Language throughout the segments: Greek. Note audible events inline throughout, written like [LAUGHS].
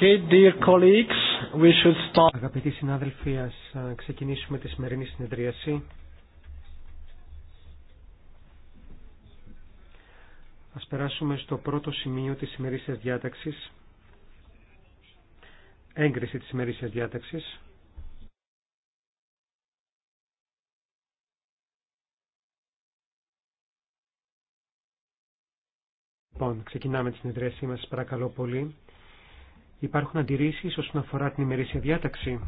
Okay, dear colleagues, we should start. Αγαπητοί συνάδελφοι, ας ξεκινήσουμε τη σημερινή συνεδρίαση. Ας περάσουμε στο πρώτο σημείο της ημερήσιας διάταξης. Έγκριση της ημερήσιας διάταξης. Λοιπόν, ξεκινάμε τη συνεδρίασή μας, παρακαλώ πολύ. Υπάρχουν αντιρρήσεις όσον αφορά την ημερήσια διάταξη.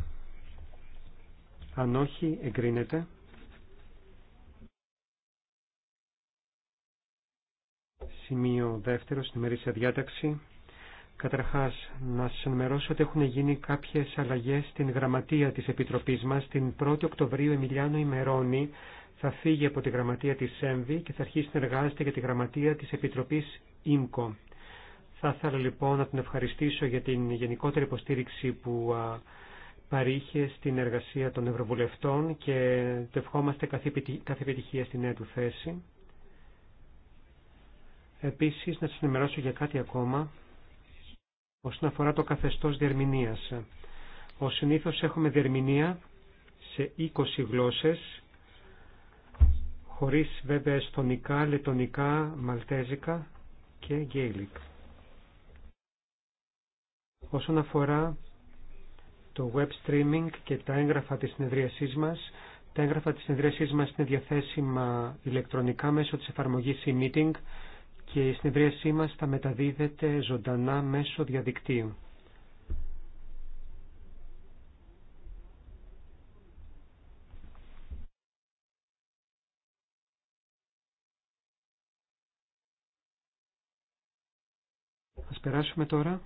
Αν όχι, εγκρίνεται. Σημείο δεύτερο στην ημερήσια διάταξη. Καταρχάς, να σας ενημερώσω ότι έχουν γίνει κάποιες αλλαγές στην γραμματεία της Επιτροπής μας. Την 1η Οκτωβρίου, Εμιλιάνο Ημερώνη θα φύγει από τη γραμματεία της ΣΕΜΒΗ και θα αρχίσει να εργάζεται για τη γραμματεία της Επιτροπής ΙΜΚΟ. Θα ήθελα λοιπόν να τον ευχαριστήσω για την γενικότερη υποστήριξη που παρήχε στην εργασία των Ευρωβουλευτών και το ευχόμαστε κάθε επιτυχία στη νέα του θέση. Επίσης, να σας ενημερώσω για κάτι ακόμα όσον αφορά το καθεστώς διερμηνίας. Ο συνήθως έχουμε διερμηνία σε 20 γλώσσες, χωρίς βέβαια εστονικά, λετονικά, μαλτέζικα και γκέιλικα. Όσον αφορά το web streaming και τα έγγραφα της συνεδρίασής μας, τα έγγραφα της συνεδρίασής μας είναι διαθέσιμα ηλεκτρονικά μέσω της εφαρμογής e-meeting και η συνεδρίασή μας θα μεταδίδεται ζωντανά μέσω διαδικτύου. Ας περάσουμε τώρα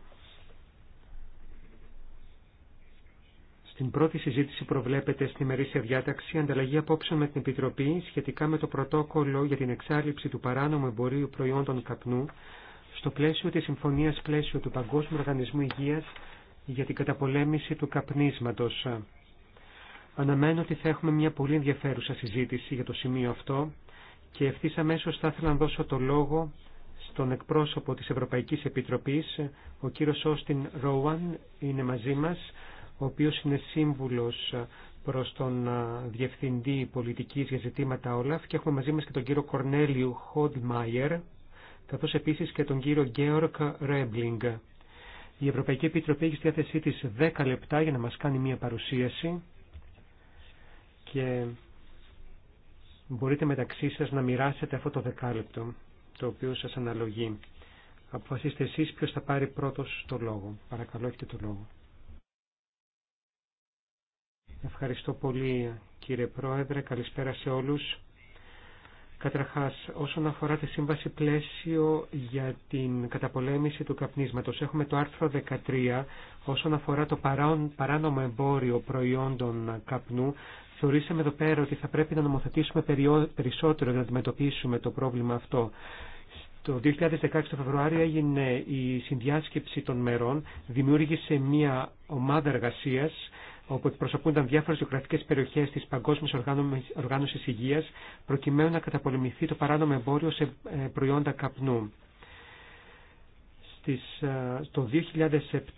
Στην πρώτη συζήτηση προβλέπεται στη μερίσια διάταξη ανταλλαγή απόψεων με την Επιτροπή σχετικά με το πρωτόκολλο για την εξάλληψη του παράνομου εμπορίου προϊόντων καπνού στο πλαίσιο της Συμφωνίας Πλαίσιο του Παγκόσμιου Οργανισμού Υγείας για την καταπολέμηση του καπνίσματος. Αναμένω ότι θα έχουμε μια πολύ ενδιαφέρουσα συζήτηση για το σημείο αυτό και ευθύ αμέσω θα ήθελα να δώσω το λόγο στον εκπρόσωπο της Ευρωπαϊκής Επιτροπής, ο κύριος Όστιν Ρόουαν είναι μαζί μας ο οποίος είναι σύμβουλος ε, προς τον ε, Διευθυντή Πολιτικής για ζητήματα Όλαφ και έχουμε μαζί μας και τον κύριο Κορνέλιου Χόντμάιερ, καθώς επίσης και τον κύριο Γκέορκ Ρέμπλινγκ. Η Ευρωπαϊκή Επιτροπή έχει στη διάθεσή της 10 λεπτά για να μας κάνει μία παρουσίαση και μπορείτε μεταξύ σας να μοιράσετε αυτό το δεκάλεπτο το οποίο σας αναλογεί. Αποφασίστε εσείς ποιος θα πάρει πρώτος το λόγο. Παρακαλώ έχετε το λόγο. Ευχαριστώ πολύ κύριε Πρόεδρε. Καλησπέρα σε όλους. Καταρχάς, όσον αφορά τη σύμβαση πλαίσιο για την καταπολέμηση του καπνίσματος, έχουμε το άρθρο 13 όσον αφορά το παράνομο εμπόριο προϊόντων καπνού. Θεωρήσαμε εδώ πέρα ότι θα πρέπει να νομοθετήσουμε περισσότερο για να αντιμετωπίσουμε το πρόβλημα αυτό. Το 2016 το Φεβρουάριο έγινε η συνδιάσκεψη των μερών, δημιούργησε μια ομάδα εργασίας όπου εκπροσωπούνταν διάφορε γεωγραφικέ περιοχέ τη Παγκόσμια Οργάνωση Υγεία, προκειμένου να καταπολεμηθεί το παράνομο εμπόριο σε ε, προϊόντα καπνού. Στις, ε, το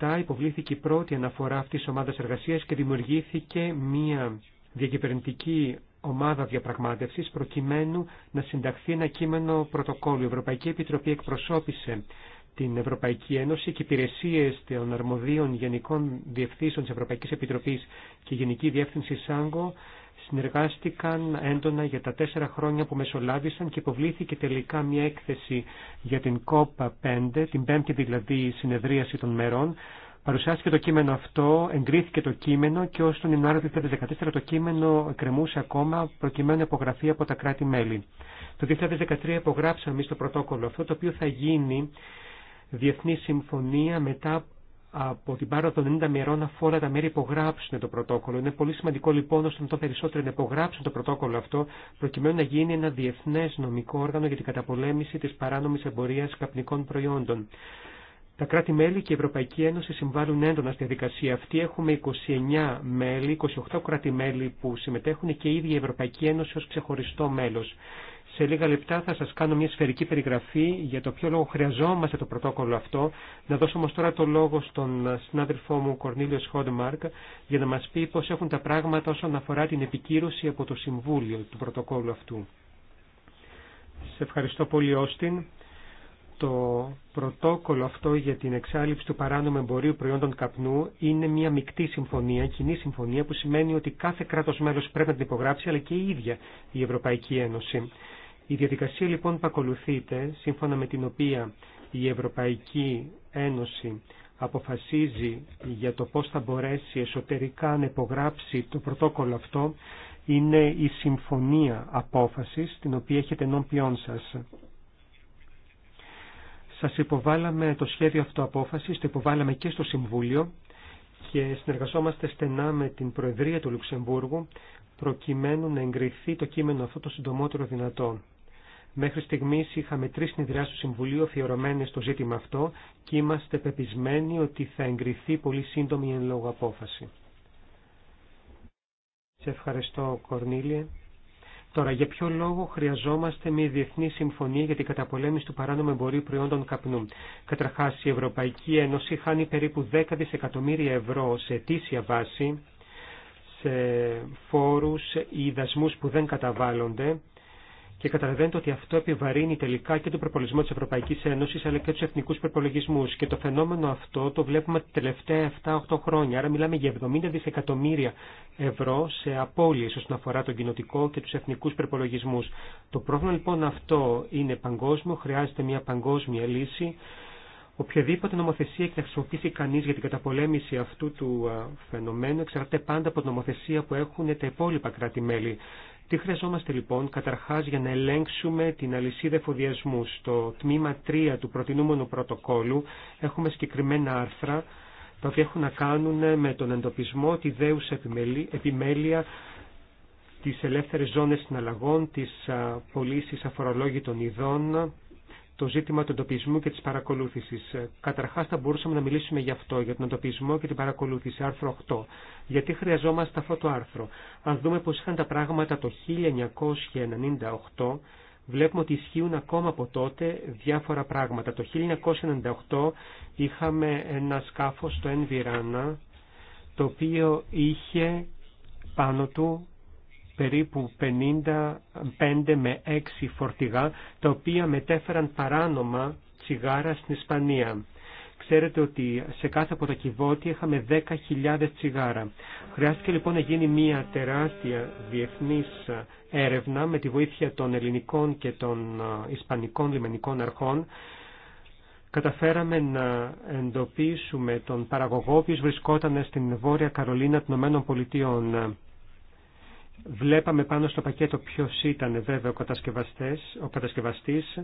2007 υποβλήθηκε η πρώτη αναφορά αυτής τη ομάδας εργασία και δημιουργήθηκε μία διακυβερνητική ομάδα διαπραγματεύση προκειμένου να συνταχθεί ένα κείμενο πρωτοκόλλου. Η Ευρωπαϊκή Επιτροπή εκπροσώπησε την Ευρωπαϊκή Ένωση και υπηρεσίε των αρμοδίων γενικών διευθύνσεων τη Ευρωπαϊκή Επιτροπή και Γενική Διεύθυνση ΣΑΝΚΟ συνεργάστηκαν έντονα για τα τέσσερα χρόνια που μεσολάβησαν και υποβλήθηκε τελικά μια έκθεση για την COP5, την πέμπτη δηλαδή συνεδρίαση των μερών. Παρουσιάστηκε το κείμενο αυτό, εγκρίθηκε το κείμενο και ω τον Ιανουάριο του 2014 το κείμενο εκκρεμούσε ακόμα προκειμένου να υπογραφεί από τα κράτη-μέλη. Το 2013 υπογράψαμε εμεί το πρωτόκολλο αυτό, το οποίο θα γίνει διεθνή συμφωνία μετά από την πάρα των 90 μερών αφορά τα μέρη υπογράψουν το πρωτόκολλο. Είναι πολύ σημαντικό λοιπόν ώστε το περισσότερο να υπογράψουν το πρωτόκολλο αυτό προκειμένου να γίνει ένα διεθνές νομικό όργανο για την καταπολέμηση της παράνομης εμπορίας καπνικών προϊόντων. Τα κράτη-μέλη και η Ευρωπαϊκή Ένωση συμβάλλουν έντονα στη διαδικασία αυτή. Έχουμε 29 μέλη, 28 κράτη-μέλη που συμμετέχουν και η ίδια η Ευρωπαϊκή Ένωση ω ξεχωριστό μέλος. Σε λίγα λεπτά θα σας κάνω μια σφαιρική περιγραφή για το ποιο λόγο χρειαζόμαστε το πρωτόκολλο αυτό. Να δώσω όμως τώρα το λόγο στον συνάδελφό μου Κορνίλιο Χόντμαρκ για να μας πει πώς έχουν τα πράγματα όσον αφορά την επικύρωση από το Συμβούλιο του πρωτοκόλλου αυτού. Σε ευχαριστώ πολύ Όστιν. Το πρωτόκολλο αυτό για την εξάλληψη του παράνομου εμπορίου προϊόντων καπνού είναι μια μεικτή συμφωνία, κοινή συμφωνία που σημαίνει ότι κάθε κράτος μέλος πρέπει να την υπογράψει αλλά και η ίδια η Ευρωπαϊκή Ένωση. Η διαδικασία λοιπόν που σύμφωνα με την οποία η Ευρωπαϊκή Ένωση αποφασίζει για το πώς θα μπορέσει εσωτερικά να υπογράψει το πρωτόκολλο αυτό, είναι η συμφωνία απόφασης, την οποία έχετε ενώπιόν σας. Σας υποβάλαμε το σχέδιο αυτό απόφασης, το υποβάλαμε και στο Συμβούλιο και συνεργαζόμαστε στενά με την Προεδρία του Λουξεμβούργου προκειμένου να εγκριθεί το κείμενο αυτό το συντομότερο δυνατόν. Μέχρι στιγμή είχαμε τρει συνεδριάσει του Συμβουλίου αφιερωμένε στο ζήτημα αυτό και είμαστε πεπισμένοι ότι θα εγκριθεί πολύ σύντομη εν λόγω απόφαση. Σε ευχαριστώ, Κορνίλια. Τώρα, για ποιο λόγο χρειαζόμαστε μια διεθνή συμφωνία για την καταπολέμηση του παράνομου εμπορίου προϊόντων καπνού. Καταρχά, η Ευρωπαϊκή Ένωση χάνει περίπου 10 δισεκατομμύρια ευρώ σε αιτήσια βάση σε φόρους ή δασμούς που δεν καταβάλλονται και καταλαβαίνετε ότι αυτό επιβαρύνει τελικά και τον προπολογισμό της Ευρωπαϊκής Ένωσης αλλά και τους εθνικούς προπολογισμούς και το φαινόμενο αυτό το βλέπουμε τα τελευταία 7-8 χρόνια άρα μιλάμε για 70 δισεκατομμύρια ευρώ σε απώλειες όσον αφορά τον κοινοτικό και τους εθνικούς προπολογισμούς. Το πρόβλημα λοιπόν αυτό είναι παγκόσμιο, χρειάζεται μια παγκόσμια λύση Οποιαδήποτε νομοθεσία και να χρησιμοποιήσει κανεί για την καταπολέμηση αυτού του φαινομένου εξαρτάται πάντα από την νομοθεσία που έχουν τα υπόλοιπα κράτη-μέλη. Τι χρειαζόμαστε λοιπόν καταρχάς για να ελέγξουμε την αλυσίδα εφοδιασμού. Στο τμήμα 3 του προτινούμενου πρωτοκόλου έχουμε συγκεκριμένα άρθρα τα οποία έχουν να κάνουν με τον εντοπισμό, τη δέουσα επιμέλεια, τις ελεύθερες ζώνες συναλλαγών, τις πωλήσει αφορολόγητων ειδών, το ζήτημα του εντοπισμού και της παρακολούθησης. Ε, καταρχάς θα μπορούσαμε να μιλήσουμε γι' αυτό, για τον εντοπισμό και την παρακολούθηση, άρθρο 8. Γιατί χρειαζόμαστε αυτό το άρθρο. Αν δούμε πώς είχαν τα πράγματα το 1998, βλέπουμε ότι ισχύουν ακόμα από τότε διάφορα πράγματα. Το 1998 είχαμε ένα σκάφος, το Envirana, το οποίο είχε πάνω του περίπου 55 με 6 φορτηγά, τα οποία μετέφεραν παράνομα τσιγάρα στην Ισπανία. Ξέρετε ότι σε κάθε από είχαμε 10.000 τσιγάρα. Χρειάστηκε λοιπόν να γίνει μια τεράστια διεθνής έρευνα με τη βοήθεια των ελληνικών και των ισπανικών λιμενικών αρχών. Καταφέραμε να εντοπίσουμε τον παραγωγό, ο βρισκόταν στην Βόρεια Καρολίνα των Ηνωμένων Βλέπαμε πάνω στο πακέτο ποιος ήταν βέβαια ο, κατασκευαστές, ο κατασκευαστής.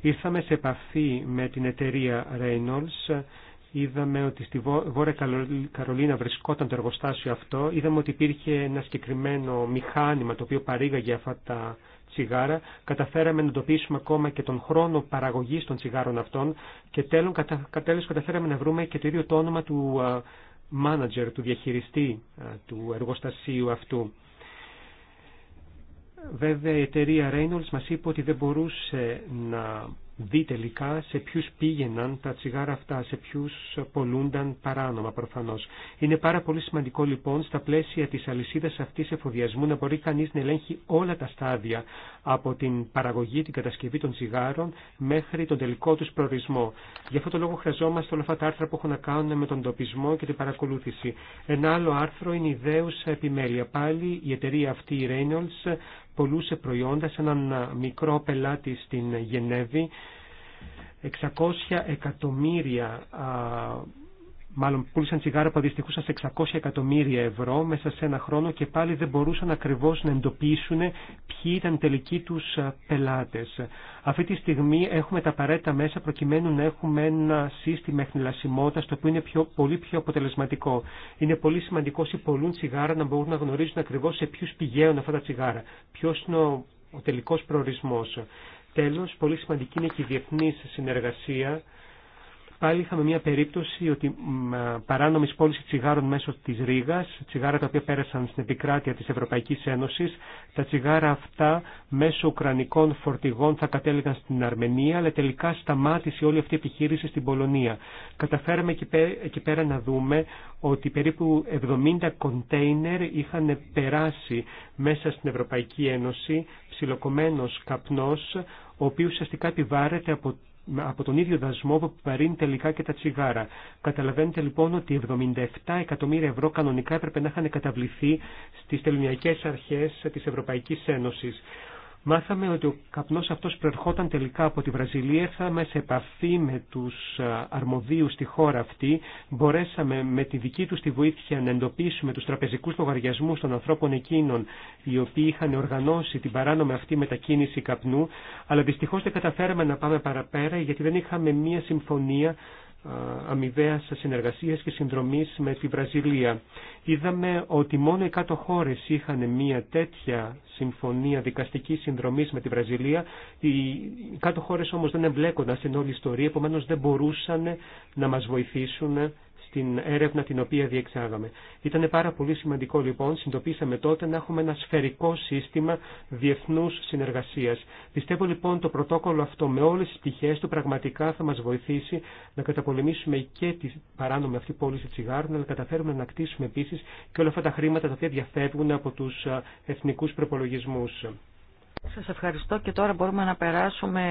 Ήρθαμε σε επαφή με την εταιρεία Reynolds. Είδαμε ότι στη Βόρεια Καρολίνα βρισκόταν το εργοστάσιο αυτό. Είδαμε ότι υπήρχε ένα συγκεκριμένο μηχάνημα το οποίο παρήγαγε αυτά τα τσιγάρα. Καταφέραμε να εντοπίσουμε ακόμα και τον χρόνο παραγωγής των τσιγάρων αυτών. Και τέλος καταφέραμε να βρούμε και το ίδιο το όνομα του μάνατζερ, του διαχειριστή ε, του εργοστασίου αυτού. Βέβαια η εταιρεία Reynolds μας είπε ότι δεν μπορούσε να δει τελικά σε ποιους πήγαιναν τα τσιγάρα αυτά, σε ποιους πολλούνταν παράνομα προφανώς. Είναι πάρα πολύ σημαντικό λοιπόν στα πλαίσια της αλυσίδας αυτής εφοδιασμού να μπορεί κανείς να ελέγχει όλα τα στάδια από την παραγωγή, την κατασκευή των τσιγάρων μέχρι τον τελικό τους προορισμό. Γι' αυτό το λόγο χρειαζόμαστε όλα αυτά τα άρθρα που έχουν να κάνουν με τον τοπισμό και την παρακολούθηση. Ένα άλλο άρθρο είναι η Δέουσα επιμέλεια. Πάλι η εταιρεία αυτή, η Reynolds, πολλούσε προϊόντα σε έναν μικρό πελάτη στην Γενέβη. 600 εκατομμύρια μάλλον πούλησαν τσιγάρα που αντιστοιχούσαν σε 600 εκατομμύρια ευρώ μέσα σε ένα χρόνο και πάλι δεν μπορούσαν ακριβώς να εντοπίσουν ποιοι ήταν οι τελικοί τους ε, πελάτες. Αυτή τη στιγμή έχουμε τα απαραίτητα μέσα προκειμένου να έχουμε ένα σύστημα εχνηλασιμότητας το οποίο είναι πιο, πολύ πιο αποτελεσματικό. Είναι πολύ σημαντικό όσοι πολλούν τσιγάρα να μπορούν να γνωρίζουν ακριβώς σε ποιους πηγαίνουν αυτά τα τσιγάρα, ποιο είναι ο, ο τελικός προορισμός. Τέλος, πολύ σημαντική είναι και η διεθνής συνεργασία πάλι είχαμε μια περίπτωση ότι παράνομη πώληση τσιγάρων μέσω της Ρήγα, τσιγάρα τα οποία πέρασαν στην επικράτεια τη Ευρωπαϊκή Ένωση, τα τσιγάρα αυτά μέσω ουκρανικών φορτηγών θα κατέληγαν στην Αρμενία, αλλά τελικά σταμάτησε όλη αυτή η επιχείρηση στην Πολωνία. Καταφέραμε εκεί πέρα να δούμε ότι περίπου 70 κοντέινερ είχαν περάσει μέσα στην Ευρωπαϊκή Ένωση, ψιλοκομμένος καπνός, ο οποίο ουσιαστικά επιβάρεται από από τον ίδιο δασμό που παρήνει τελικά και τα τσιγάρα. Καταλαβαίνετε λοιπόν ότι 77 εκατομμύρια ευρώ κανονικά έπρεπε να είχαν καταβληθεί στις τελωνιακές αρχές της Ευρωπαϊκής Ένωσης. Μάθαμε ότι ο καπνός αυτός προερχόταν τελικά από τη Βραζιλία, ήρθαμε σε επαφή με τους αρμοδίους στη χώρα αυτή, μπορέσαμε με τη δική τους τη βοήθεια να εντοπίσουμε τους τραπεζικούς λογαριασμούς των ανθρώπων εκείνων οι οποίοι είχαν οργανώσει την παράνομη αυτή μετακίνηση καπνού, αλλά δυστυχώς δεν καταφέραμε να πάμε παραπέρα γιατί δεν είχαμε μία συμφωνία αμοιβαία συνεργασία και συνδρομής με τη Βραζιλία. Είδαμε ότι μόνο οι κάτω χώρες είχαν μια τέτοια συμφωνία δικαστική συνδρομής με τη Βραζιλία. Οι κάτω χώρες όμως δεν εμπλέκονταν στην όλη ιστορία, επομένω δεν μπορούσαν να μας βοηθήσουν στην έρευνα την οποία διεξάγαμε. Ήταν πάρα πολύ σημαντικό λοιπόν, συντοπίσαμε τότε να έχουμε ένα σφαιρικό σύστημα διεθνούς συνεργασίας. Πιστεύω λοιπόν το πρωτόκολλο αυτό με όλες τις πτυχές του πραγματικά θα μας βοηθήσει να καταπολεμήσουμε και τη παράνομη αυτή πώληση τσιγάρων, αλλά καταφέρουμε να κτίσουμε επίσης και όλα αυτά τα χρήματα τα οποία διαφεύγουν από τους εθνικούς προπολογισμούς. Σας ευχαριστώ και τώρα μπορούμε να περάσουμε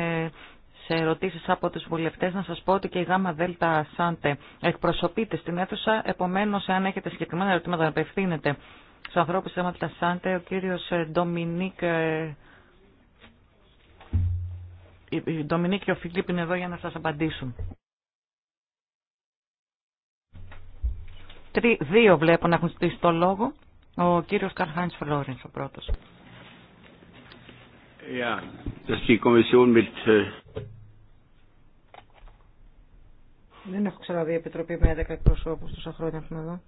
σε ερωτήσεις από τους βουλευτές να σας πω ότι και η ΓΑΜΑ ΔΕΛΤΑ ΣΑΝΤΕ εκπροσωπείται στην αίθουσα. Επομένως, αν έχετε συγκεκριμένα ερωτήματα να απευθύνετε στους ανθρώπους της ΓΑΜΑ ΣΑΝΤΕ, ο κύριος ε, Ντομινίκ... Ε, η Ντομινίκ και ο Φιλίπ είναι εδώ για να σας απαντήσουν. Τρι, δύο βλέπω να έχουν στήσει το λόγο. Ο κύριος Καρχάνης Φλόρινς ο πρώτος. Äh, δεν έχω ξαναδεί επιτροπή με 11 εκπροσώπους τόσα χρόνια έχουμε εδώ.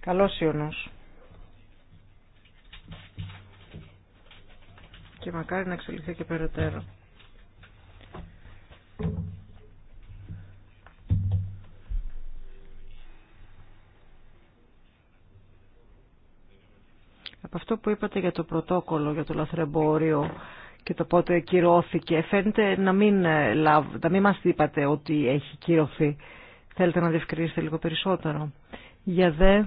Καλός Ιωνός. Και μακάρι να εξελιχθεί και περαιτέρω. Από αυτό που είπατε για το πρωτόκολλο, για το λαθρεμπόριο, και το πότε κυρώθηκε. Φαίνεται να μην, ε, να μην μας είπατε ότι έχει κυρωθεί. Θέλετε να διευκρινίσετε λίγο περισσότερο. Για δε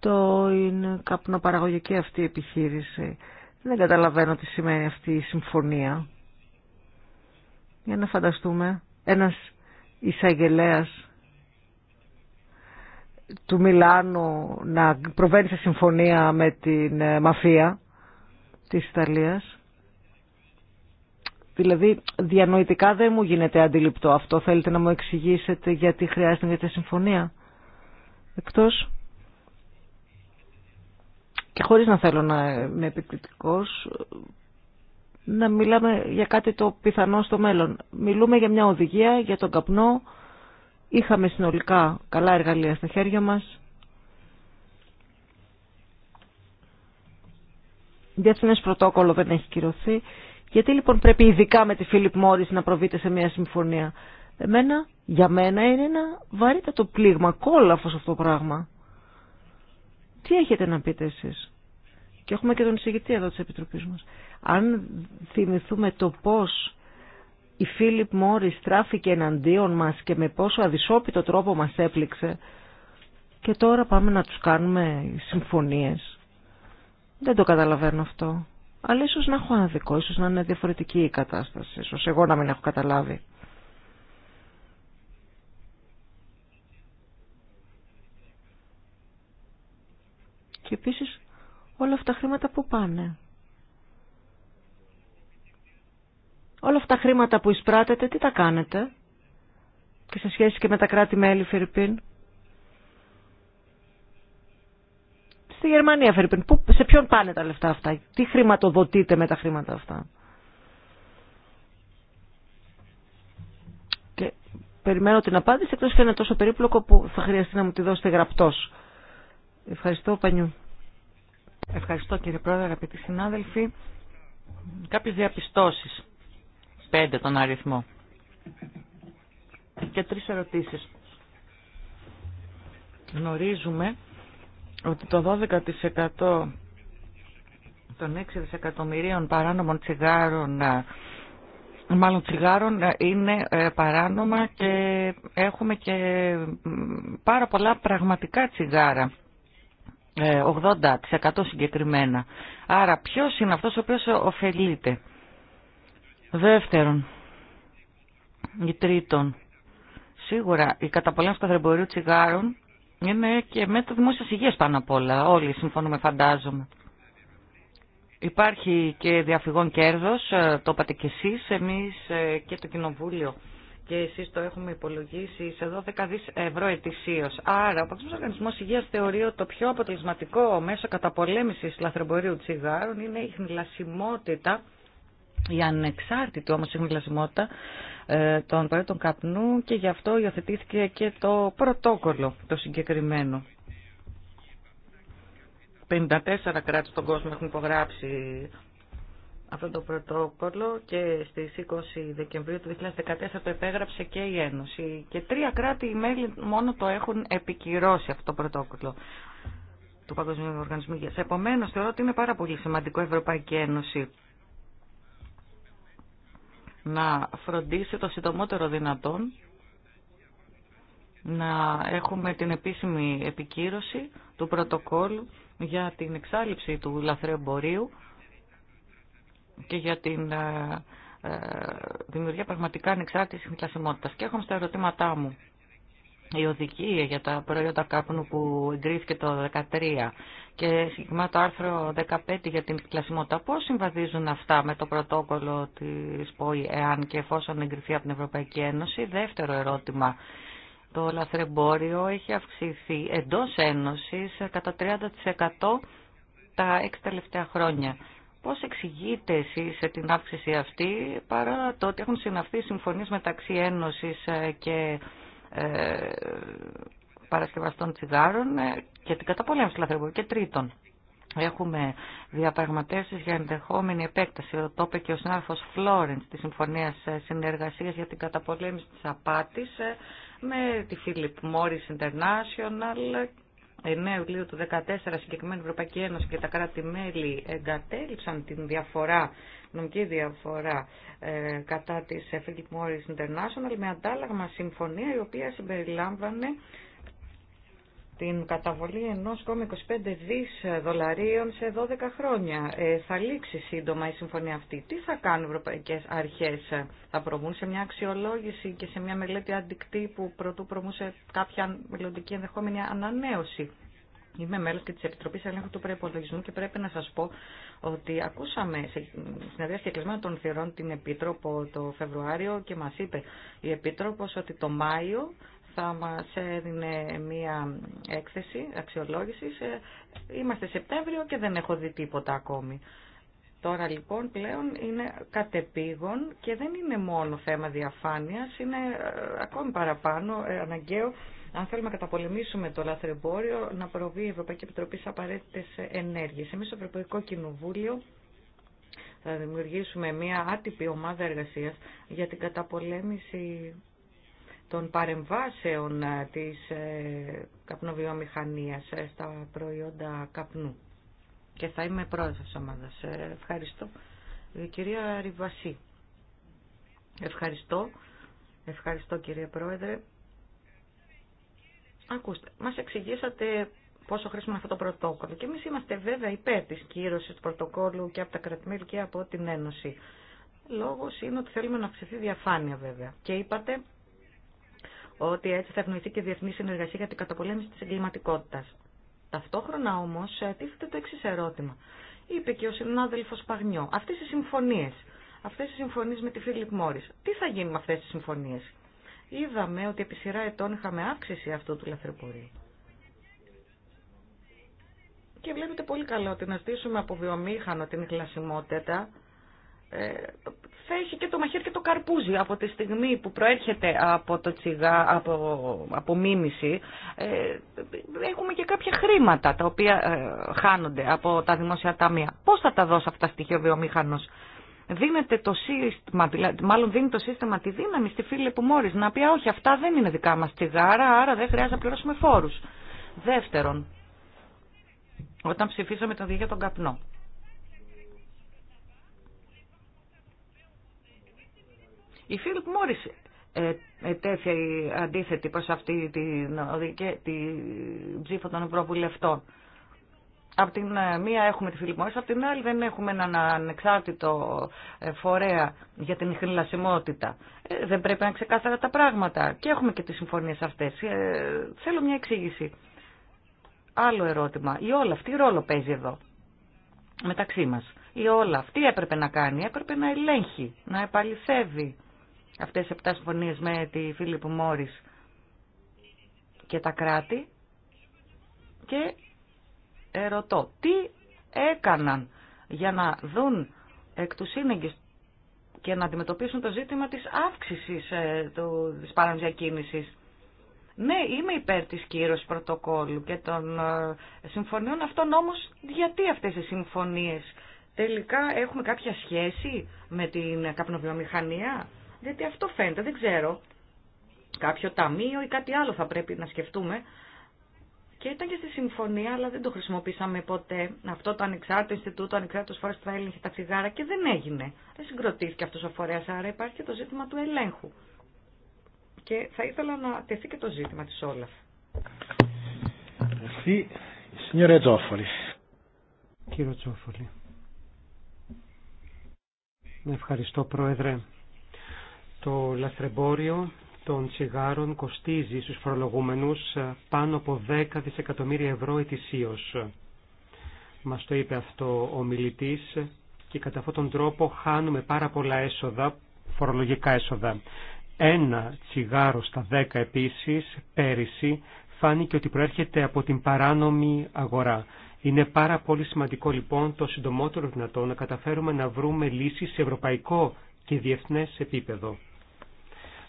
το είναι καπνοπαραγωγική αυτή η επιχείρηση. Δεν καταλαβαίνω τι σημαίνει αυτή η συμφωνία. Για να φανταστούμε ένας εισαγγελέα του Μιλάνου να προβαίνει σε συμφωνία με την ε, μαφία της Ιταλίας Δηλαδή διανοητικά δεν μου γίνεται αντιληπτό αυτό. Θέλετε να μου εξηγήσετε γιατί χρειάζεται μια συμφωνία. Εκτός και χωρίς να θέλω να είμαι επικριτικός, να μιλάμε για κάτι το πιθανό στο μέλλον. Μιλούμε για μια οδηγία, για τον καπνό. Είχαμε συνολικά καλά εργαλεία στα χέρια μας. Διεθνές πρωτόκολλο δεν έχει κυρωθεί. Γιατί λοιπόν πρέπει ειδικά με τη Φίλιπ Μόρις να προβείτε σε μια συμφωνία. Εμένα, για μένα είναι ένα βαρύτατο πλήγμα, κόλαφος αυτό το πράγμα. Τι έχετε να πείτε εσείς. Και έχουμε και τον εισηγητή εδώ της Επιτροπής μας. Αν θυμηθούμε το πώς η Φίλιπ Μόρις στράφηκε εναντίον μας και με πόσο αδυσόπιτο τρόπο μας έπληξε και τώρα πάμε να τους κάνουμε συμφωνίες. Δεν το καταλαβαίνω αυτό. Αλλά ίσως να έχω άδικο, ίσως να είναι διαφορετική η κατάσταση, ίσως εγώ να μην έχω καταλάβει. Και επίσης όλα αυτά τα χρήματα που πάνε. Όλα αυτά τα χρήματα που εισπράτετε, τι τα κάνετε. Και σε σχέση και με τα κράτη-μέλη, Φερρυπίν. στη Γερμανία, Φερρυπίν. Πού, σε ποιον πάνε τα λεφτά αυτά, τι χρηματοδοτείτε με τα χρήματα αυτά. Και περιμένω την απάντηση, εκτός και είναι τόσο περίπλοκο που θα χρειαστεί να μου τη δώσετε γραπτός. Ευχαριστώ, Πανιού. Ευχαριστώ κύριε Πρόεδρε, αγαπητοί συνάδελφοι. Κάποιες διαπιστώσεις, πέντε τον αριθμό και τρεις ερωτήσεις. Γνωρίζουμε ότι το 12% των 6 δισεκατομμυρίων παράνομων τσιγάρων ε, μάλλον τσιγάρων ε, είναι ε, παράνομα και έχουμε και πάρα πολλά πραγματικά τσιγάρα 80% συγκεκριμένα άρα ποιος είναι αυτός ο οποίος ωφελείται δεύτερον ή τρίτον σίγουρα η καταπολέμηση του τσιγάρων είναι και το δημόσια υγεία πάνω απ' όλα. Όλοι συμφωνούμε, φαντάζομαι. Υπάρχει και διαφυγόν κέρδος, ε, το είπατε κι εσείς, εμείς ε, και το Κοινοβούλιο και εσείς το έχουμε υπολογίσει σε 12 δις ευρώ ετησίως. Άρα ο Παγκόσμιος Οργανισμός Υγείας θεωρεί ότι το πιο αποτελεσματικό μέσο καταπολέμησης λαθρεμπορίου τσιγάρων είναι η χνηλασιμότητα η ανεξάρτητη όμως η χνηλασιμότητα ε, των παρέτων καπνού και γι' αυτό υιοθετήθηκε και το πρωτόκολλο το συγκεκριμένο. 54 κράτη στον κόσμο έχουν υπογράψει αυτό το πρωτόκολλο και στις 20 Δεκεμβρίου του 2014 το επέγραψε και η Ένωση. Και τρία κράτη μέλη μόνο το έχουν επικυρώσει αυτό το πρωτόκολλο του Παγκοσμίου Οργανισμού Υγείας. Επομένως, θεωρώ ότι είναι πάρα πολύ σημαντικό η Ευρωπαϊκή Ένωση να φροντίσει το συντομότερο δυνατόν να έχουμε την επίσημη επικύρωση του πρωτοκόλου για την εξάλληψη του λαθρεμπορίου και για την ε, ε, δημιουργία πραγματικά ανεξάρτησης συνκλασιμότητας. Και έχω στα ερωτήματά μου η οδηγία για τα προϊόντα κάπνου που εγκρίθηκε το 2013 και συγκεκριμένα το άρθρο 15 για την κλασιμότητα. Πώς συμβαδίζουν αυτά με το πρωτόκολλο της ΠΟΗ εάν και εφόσον εγκριθεί από την Ευρωπαϊκή Ένωση. Δεύτερο ερώτημα. Το λαθρεμπόριο έχει αυξηθεί εντός Ένωσης κατά 30% τα έξι τελευταία χρόνια. Πώς εξηγείτε εσείς την αύξηση αυτή παρά το ότι έχουν συναυθεί συμφωνίες μεταξύ Ένωσης και ε, παρασκευαστών τσιγάρων ε, και την καταπολέμηση του λαθρεμπορίου. Και τρίτον, έχουμε διαπραγματεύσει για ενδεχόμενη επέκταση, το είπε και ο συνάδελφο Φλόρεντ, τη Συμφωνία Συνεργασία για την Καταπολέμηση τη Απάτη ε, με τη Philip Morris International 9 ναι, Ιουλίου του 2014 συγκεκριμένη Ευρωπαϊκή Ένωση και τα κράτη-μέλη εγκατέλειψαν την διαφορά νομική διαφορά ε, κατά της Philip Morris International με αντάλλαγμα συμφωνία η οποία συμπεριλάμβανε την καταβολή ενός 25 δις δολαρίων σε 12 χρόνια. Ε, θα λήξει σύντομα η συμφωνία αυτή. Τι θα κάνουν οι ευρωπαϊκές αρχές. Θα προβούν σε μια αξιολόγηση και σε μια μελέτη αντικτύπου πρωτού προβούν σε κάποια μελλοντική ενδεχόμενη ανανέωση. Είμαι μέλος και της Επιτροπής Ελέγχου του Προπολογισμού και πρέπει να σας πω ότι ακούσαμε σε συνεδρία των θηρών την Επίτροπο το Φεβρουάριο και μας είπε η Επίτροπος ότι το Μάιο θα μας έδινε μία έκθεση αξιολόγησης. Ε, είμαστε Σεπτέμβριο και δεν έχω δει τίποτα ακόμη. Τώρα λοιπόν πλέον είναι κατεπήγον και δεν είναι μόνο θέμα διαφάνειας, είναι ε, ακόμη παραπάνω ε, αναγκαίο αν θέλουμε να καταπολεμήσουμε το λαθρεμπόριο, να προβεί η Ευρωπαϊκή Επιτροπή σε απαραίτητε ενέργειε. Εμεί στο Ευρωπαϊκό Κοινοβούλιο θα δημιουργήσουμε μια άτυπη ομάδα εργασία για την καταπολέμηση των παρεμβάσεων ε, της καπνοβιομηχανίας στα προϊόντα καπνού και θα είμαι πρόεδρος τη ομάδας. Ε, ευχαριστώ. Ε, κυρία Ριβασί. Ευχαριστώ. Ευχαριστώ κύριε Πρόεδρε. Ακούστε, μας εξηγήσατε πόσο χρήσιμο είναι αυτό το πρωτόκολλο και εμείς είμαστε βέβαια υπέρ της κύρωσης του πρωτοκόλλου και από τα κρατημέλη και από την Ένωση. Λόγος είναι ότι θέλουμε να αυξηθεί διαφάνεια βέβαια. Και είπατε ότι έτσι θα ευνοηθεί και η διεθνή συνεργασία για την καταπολέμηση της εγκληματικότητα Ταυτόχρονα όμως ε, τίθεται το εξή ερώτημα. Είπε και ο συνάδελφο Παγνιό, αυτές οι συμφωνίες, Αυτέ οι συμφωνίε με τη Φίλιπ Μόρι. τι θα γίνει με αυτές τις συμφωνίες. Είδαμε ότι επί σειρά ετών είχαμε αύξηση αυτού του λαθρεπορείου. Και βλέπετε πολύ καλό ότι να στήσουμε από βιομήχανο την κλασιμότητα ε, θα έχει και το μαχαίρι και το καρπούζι από τη στιγμή που προέρχεται από το τσιγά, από, από μίμηση ε, έχουμε και κάποια χρήματα τα οποία ε, χάνονται από τα δημόσια ταμεία πώς θα τα δώσει αυτά στοιχεία ο βιομήχανος δίνεται το σύστημα, δηλαδή, μάλλον δίνει το σύστημα τη δύναμη στη φίλη που μόλι να πει όχι αυτά δεν είναι δικά μας τσιγάρα άρα δεν χρειάζεται να πληρώσουμε φόρους δεύτερον όταν ψηφίσαμε τον για τον καπνό Η Φίλιπ Μόρις ε, ετέθη αντίθετη προς αυτή την, ψήφα ψήφο των Ευρωβουλευτών. Από την ε, μία έχουμε τη Φίλιπ Μόρις, από την άλλη δεν έχουμε έναν ανεξάρτητο ε, φορέα για την χρηλασιμότητα. Ε, δεν πρέπει να ξεκάθαρα τα πράγματα. Και έχουμε και τις συμφωνίες αυτές. Ε, θέλω μια εξήγηση. Άλλο ερώτημα. Η όλα αυτή ρόλο παίζει εδώ μεταξύ μας. Η όλα αυτή έπρεπε να κάνει, έπρεπε να ελέγχει, να επαληθεύει αυτές οι επτά συμφωνίες με τη Φίλιππο Μόρις και τα κράτη και ερωτώ τι έκαναν για να δουν εκ του σύνεγγες και να αντιμετωπίσουν το ζήτημα της αύξησης ε, του, της παραμυζιακίνησης. Ναι, είμαι υπέρ της κύρωσης πρωτοκόλλου και των ε, συμφωνιών αυτών, όμως γιατί αυτές οι συμφωνίες τελικά έχουμε κάποια σχέση με την καπνοβιομηχανία γιατί αυτό φαίνεται, δεν ξέρω. Κάποιο ταμείο ή κάτι άλλο θα πρέπει να σκεφτούμε. Και ήταν και στη συμφωνία, αλλά δεν το χρησιμοποίησαμε ποτέ. Αυτό το ανεξάρτητο Ινστιτούτο, ανεξάρτητο φορέα που θα έλεγχε τα τσιγάρα και δεν έγινε. Δεν συγκροτήθηκε αυτό ο φορέα, άρα υπάρχει και το ζήτημα του ελέγχου. Και θα ήθελα να τεθεί και το ζήτημα τη Όλαφ. Τσόφολη. Ευχαριστώ, Πρόεδρε. Το λαθρεμπόριο των τσιγάρων κοστίζει στους φορολογούμενους ε, πάνω από 10 δισεκατομμύρια ευρώ ετησίως. Μας το είπε αυτό ο μιλητής και κατά αυτόν τον τρόπο χάνουμε πάρα πολλά έσοδα, φορολογικά έσοδα. Ένα τσιγάρο στα 10 επίσης πέρυσι φάνηκε ότι προέρχεται από την παράνομη αγορά. Είναι πάρα πολύ σημαντικό λοιπόν το συντομότερο δυνατό να καταφέρουμε να βρούμε λύσεις σε ευρωπαϊκό και διεθνές επίπεδο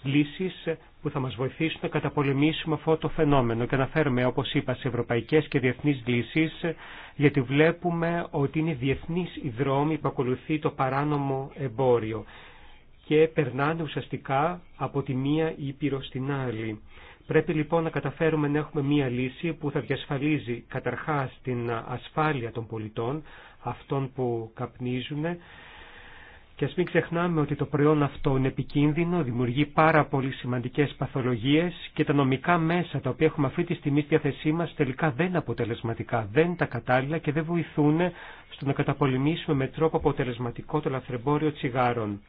λύσεις που θα μας βοηθήσουν να καταπολεμήσουμε αυτό το φαινόμενο και να φέρουμε, όπως είπα, σε ευρωπαϊκές και διεθνείς λύσεις, γιατί βλέπουμε ότι είναι διεθνείς οι δρόμοι που ακολουθεί το παράνομο εμπόριο και περνάνε ουσιαστικά από τη μία ήπειρο στην άλλη. Πρέπει λοιπόν να καταφέρουμε να έχουμε μία λύση που θα διασφαλίζει καταρχάς την ασφάλεια των πολιτών, αυτών που καπνίζουν, και ας μην ξεχνάμε ότι το προϊόν αυτό είναι επικίνδυνο, δημιουργεί πάρα πολύ σημαντικές παθολογίες και τα νομικά μέσα τα οποία έχουμε αυτή τη στιγμή στη διάθεσή μας τελικά δεν αποτελεσματικά, δεν τα κατάλληλα και δεν βοηθούν στο να καταπολεμήσουμε με τρόπο αποτελεσματικό το λαθρεμπόριο τσιγάρων.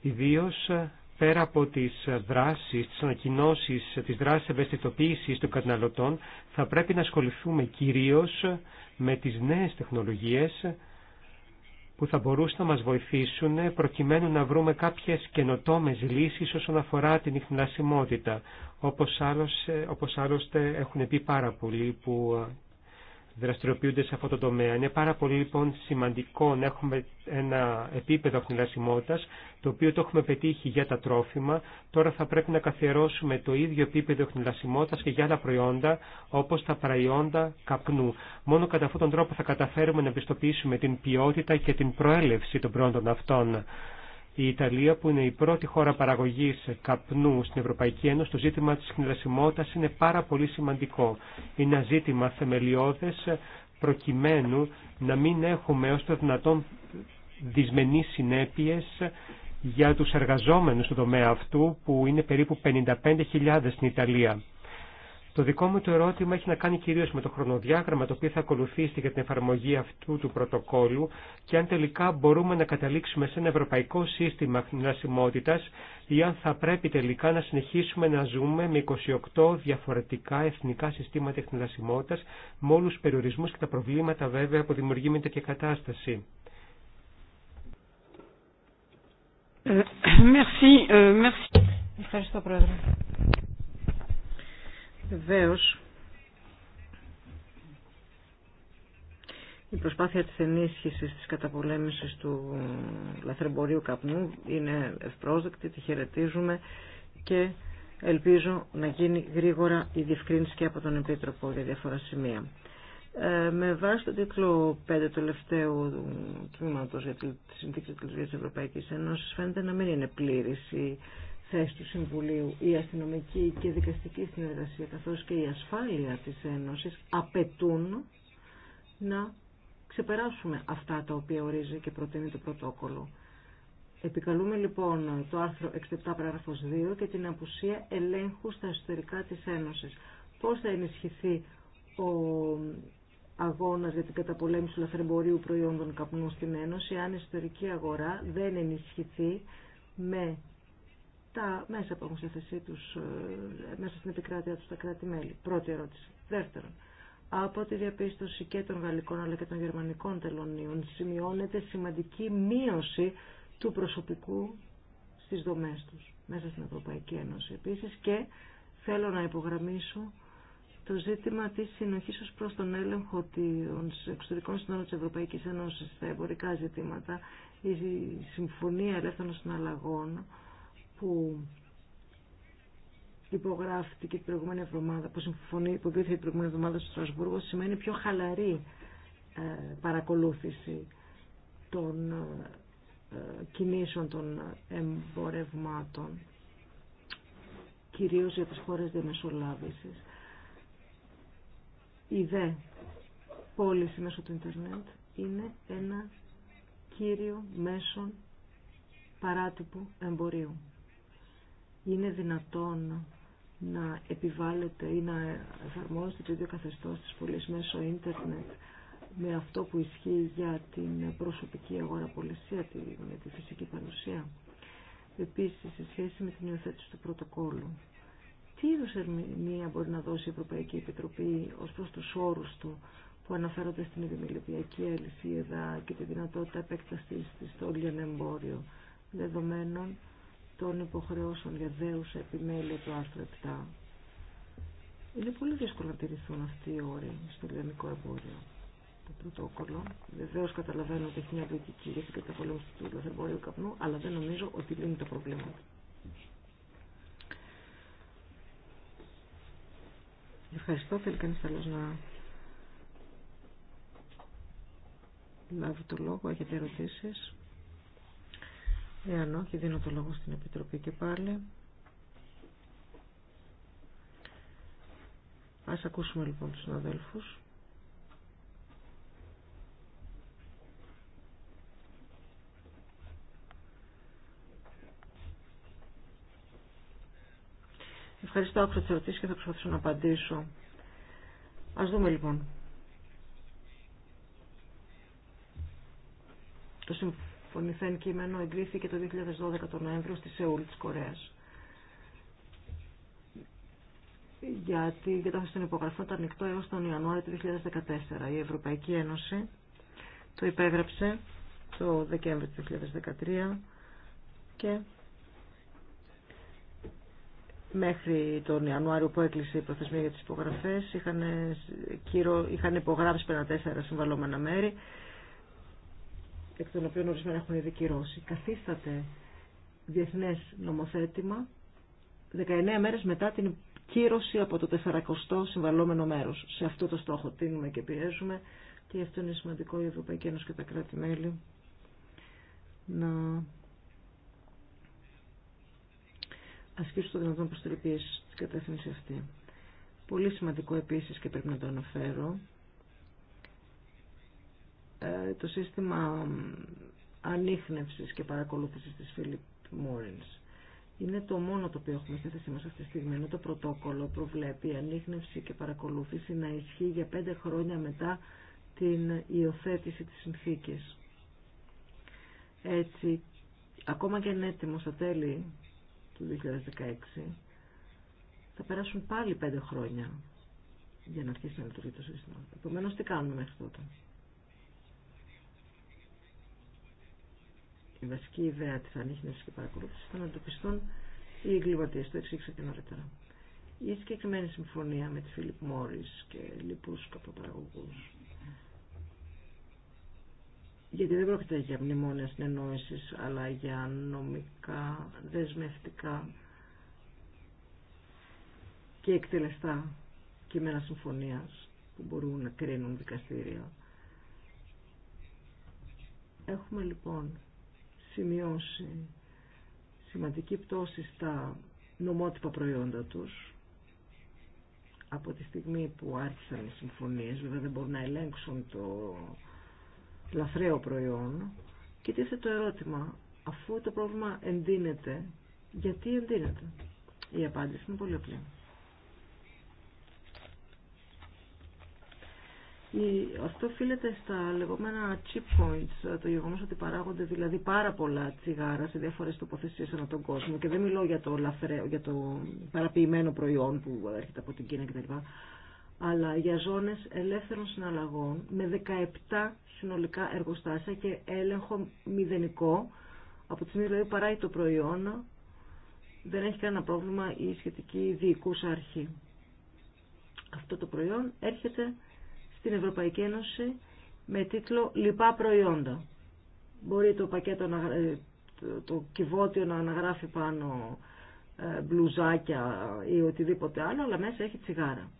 Ιδίως πέρα από τις δράσεις, τις ανακοινώσεις, τις δράσεις ευαισθητοποίησης των καταναλωτών, θα πρέπει να ασχοληθούμε κυρίως με τις νέες τεχνολογίες που θα μπορούσαν να μας βοηθήσουν προκειμένου να βρούμε κάποιες καινοτόμες λύσεις όσον αφορά την ιχνηλασιμότητα, όπως, όπως άλλωστε έχουν πει πάρα πολλοί που ε, δραστηριοποιούνται σε αυτό το τομέα. Είναι πάρα πολύ λοιπόν σημαντικό να έχουμε ένα επίπεδο χνηλασιμότητας, το οποίο το έχουμε πετύχει για τα τρόφιμα. Τώρα θα πρέπει να καθιερώσουμε το ίδιο επίπεδο χνηλασιμότητας και για άλλα προϊόντα, όπως τα προϊόντα καπνού. Μόνο κατά αυτόν τον τρόπο θα καταφέρουμε να πιστοποιήσουμε την ποιότητα και την προέλευση των προϊόντων αυτών η Ιταλία που είναι η πρώτη χώρα παραγωγή καπνού στην Ευρωπαϊκή Ένωση, το ζήτημα τη χνηλασιμότητας είναι πάρα πολύ σημαντικό. Είναι ένα ζήτημα θεμελιώδε προκειμένου να μην έχουμε ως το δυνατόν δυσμενεί συνέπειε για τους εργαζόμενους του τομέα αυτού που είναι περίπου 55.000 στην Ιταλία. Το δικό μου το ερώτημα έχει να κάνει κυρίως με το χρονοδιάγραμμα το οποίο θα ακολουθήσει για την εφαρμογή αυτού του πρωτοκόλου και αν τελικά μπορούμε να καταλήξουμε σε ένα ευρωπαϊκό σύστημα χνηλασιμότητας ή αν θα πρέπει τελικά να συνεχίσουμε να ζούμε με 28 διαφορετικά εθνικά συστήματα χνηλασιμότητας με όλους τους περιορισμούς και τα προβλήματα βέβαια που δημιουργεί με τέτοια κατάσταση. Ε, ε, ε, Βεβαίω, η προσπάθεια της ενίσχυσης της καταπολέμησης του λαθρεμπορίου καπνού είναι ευπρόσδεκτη, τη χαιρετίζουμε και ελπίζω να γίνει γρήγορα η διευκρίνηση και από τον Επίτροπο για διάφορα σημεία. Ε, με βάση το τίτλο 5 του τελευταίου τμήματος για τη συνθήκη της Ευρωπαϊκής Ένωσης φαίνεται να μην είναι πλήρης θέση του Συμβουλίου. Η αστυνομική και δικαστική συνεργασία καθώς και η ασφάλεια της Ένωσης απαιτούν να ξεπεράσουμε αυτά τα οποία ορίζει και προτείνει το πρωτόκολλο. Επικαλούμε λοιπόν το άρθρο 67 παράγραφος 2 και την απουσία ελέγχου στα εσωτερικά της Ένωσης. Πώς θα ενισχυθεί ο αγώνας για την καταπολέμηση του λαθρεμπορίου προϊόντων καπνού στην Ένωση αν η εσωτερική αγορά δεν ενισχυθεί με τα μέσα που έχουν θέση ε, μέσα στην επικράτεια του τα κράτη-μέλη. Πρώτη ερώτηση. Δεύτερον, από τη διαπίστωση και των γαλλικών αλλά και των γερμανικών τελωνίων σημειώνεται σημαντική μείωση του προσωπικού στις δομές τους μέσα στην Ευρωπαϊκή Ένωση. Επίσης και θέλω να υπογραμμίσω το ζήτημα της συνοχής ως προς τον έλεγχο των εξωτερικών συνόρων της Ευρωπαϊκής Ένωσης στα εμπορικά ζητήματα, η Συμφωνία Ελεύθερων Συναλλαγών, που υπογράφτηκε την προηγούμενη εβδομάδα, που συμφωνεί, που την προηγούμενη εβδομάδα στο Στρασβούργο, σημαίνει πιο χαλαρή ε, παρακολούθηση των ε, ε, κινήσεων των εμπορευμάτων, κυρίως για τις χώρες διαμεσολάβησης. Η δε πώληση μέσω του ίντερνετ είναι ένα κύριο μέσον παράτυπου εμπορίου είναι δυνατόν να επιβάλλεται ή να εφαρμόζεται το ίδιο καθεστώς της πωλής μέσω ίντερνετ με αυτό που ισχύει για την προσωπική αγοραπολισία, τη, με τη φυσική παρουσία. Επίσης, σε σχέση με την υιοθέτηση του πρωτοκόλου. τι είδους ερμηνεία μπορεί να δώσει η Ευρωπαϊκή Επιτροπή ως προς τους όρους του που αναφέρονται στην επιμελητιακή αλυσίδα και τη δυνατότητα επέκτασης της στο εμπόριο δεδομένων των υποχρεώσεων για δέουσα επιμέλεια του άρθρου 7. Είναι πολύ δύσκολο να τηρηθούν αυτοί οι όροι στο ελληνικό εμπόριο. Το πρωτόκολλο. Βεβαίω καταλαβαίνω ότι έχει μια λογική για την καταπολέμηση του λαθρεμπορίου καπνού, αλλά δεν νομίζω ότι λύνει το προβλήματα. Ευχαριστώ. Θέλει κανεί άλλο να λάβει το λόγο. Έχετε ερωτήσει. Εάν όχι, δίνω το λόγο στην Επιτροπή και πάλι. Ας ακούσουμε λοιπόν τους συναδέλφους. Ευχαριστώ, άκουσα τις και θα προσπαθήσω να απαντήσω. Ας δούμε λοιπόν. Το φωνηθέν λοιπόν, κείμενο εγκρίθηκε το 2012 τον Νοέμβριο στη Σεούλ της Κορέας. Γιατί η κατάσταση των υπογραφών ήταν ανοιχτό έως τον Ιανουάριο του 2014. Η Ευρωπαϊκή Ένωση το υπέγραψε το Δεκέμβριο του 2013 και μέχρι τον Ιανουάριο που έκλεισε η προθεσμία για τις υπογραφές είχαν, κύρο, είχαν υπογράψει τέσσερα συμβαλόμενα μέρη εκ των οποίων ορισμένα έχουν ήδη κυρώσει, καθίσταται διεθνές νομοθέτημα 19 μέρες μετά την κύρωση από το 400 συμβαλόμενο μέρο. Σε αυτό το στόχο τίνουμε και πιέζουμε και αυτό είναι σημαντικό η Ευρωπαϊκή Ένωση και τα κράτη-μέλη να ασκήσουν το δυνατόν προς την κατεύθυνση αυτή. Πολύ σημαντικό επίσης και πρέπει να το αναφέρω ε, το σύστημα ανείχνευσης και παρακολούθησης της Φίλιπ Morris. Είναι το μόνο το οποίο έχουμε στη θέση μας αυτή τη στιγμή. Είναι το πρωτόκολλο προβλέπει η ανείχνευση και παρακολούθηση να ισχύει για πέντε χρόνια μετά την υιοθέτηση της συνθήκης. Έτσι, ακόμα και αν έτοιμο στα τέλη του 2016, θα περάσουν πάλι πέντε χρόνια για να αρχίσει να λειτουργεί το σύστημα. Επομένως, τι κάνουμε μέχρι τότε. η βασική ιδέα της ανείχνευσης και παρακολούθησης θα εντοπιστούν οι εγκληματίες. Το εξήγησα και νωρίτερα. Η συγκεκριμένη συμφωνία με τη Φίλιπ Μόρις και λοιπούς καποπαραγωγούς γιατί δεν πρόκειται για μνημόνια συνεννόησης αλλά για νομικά, δεσμευτικά και εκτελεστά κείμενα συμφωνίας που μπορούν να κρίνουν δικαστήρια. Έχουμε λοιπόν σημειώσει σημαντική πτώση στα νομότυπα προϊόντα τους από τη στιγμή που άρχισαν οι συμφωνίες, βέβαια δεν μπορούν να ελέγξουν το λαθρέο προϊόν και τίθε το ερώτημα, αφού το πρόβλημα εντείνεται, γιατί εντείνεται. Η απάντηση είναι πολύ απλή. Αυτό οφείλεται στα λεγόμενα chip points, το γεγονό ότι παράγονται δηλαδή πάρα πολλά τσιγάρα σε διαφορέ τοποθεσίες ανά τον κόσμο και δεν μιλώ για το, λαφρέο, για το παραποιημένο προϊόν που έρχεται από την Κίνα κτλ. Αλλά για ζώνες ελεύθερων συναλλαγών με 17 συνολικά εργοστάσια και έλεγχο μηδενικό από τη στιγμή δηλαδή που παράγει το προϊόν δεν έχει κανένα πρόβλημα η σχετική διοικούσα αρχή. Αυτό το προϊόν έρχεται στην Ευρωπαϊκή Ένωση με τίτλο «Λοιπά προϊόντα». Μπορεί το πακέτο, να, ε, το κυβότιο να αναγράφει πάνω ε, μπλουζάκια ή οτιδήποτε άλλο, αλλά μέσα έχει τσιγάρα.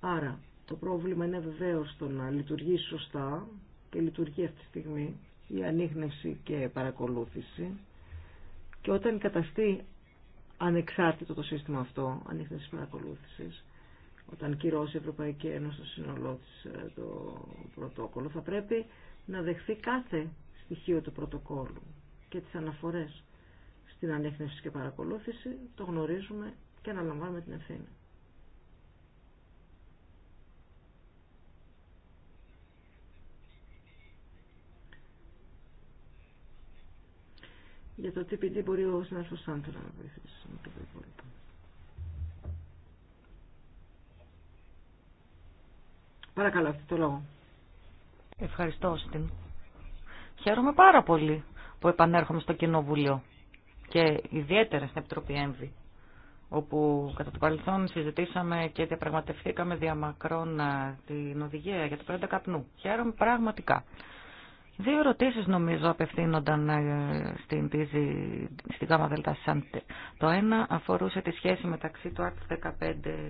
Άρα, το πρόβλημα είναι βεβαίω το να λειτουργεί σωστά και λειτουργεί αυτή τη στιγμή η ανείχνευση και παρακολούθηση και όταν καταστεί ανεξάρτητο το σύστημα αυτό, και παρακολούθησης, όταν κυρώσει η Ευρωπαϊκή Ένωση στο σύνολό τη ε, το πρωτόκολλο, θα πρέπει να δεχθεί κάθε στοιχείο του πρωτοκόλλου και τις αναφορές στην ανέχνευση και παρακολούθηση, το γνωρίζουμε και αναλαμβάνουμε την ευθύνη. Για το TPD μπορεί ο συνάδελφος Σάντρα να βοηθήσει Παρακαλώ, αυτό το λόγο. Ευχαριστώ, στην. Χαίρομαι πάρα πολύ που επανέρχομαι στο Κοινοβούλιο και ιδιαίτερα στην Επιτροπή Έμβη, όπου κατά το παρελθόν συζητήσαμε και διαπραγματευθήκαμε διαμακρών ε, την οδηγία για το πρώτο καπνού. Χαίρομαι πραγματικά. Δύο ερωτήσεις νομίζω απευθύνονταν ε, στην τίζη, στην ΓΑΜΑ ΔΕΛΤΑ ΣΑΝΤΕ. Το ένα αφορούσε τη σχέση μεταξύ του άρθρου 15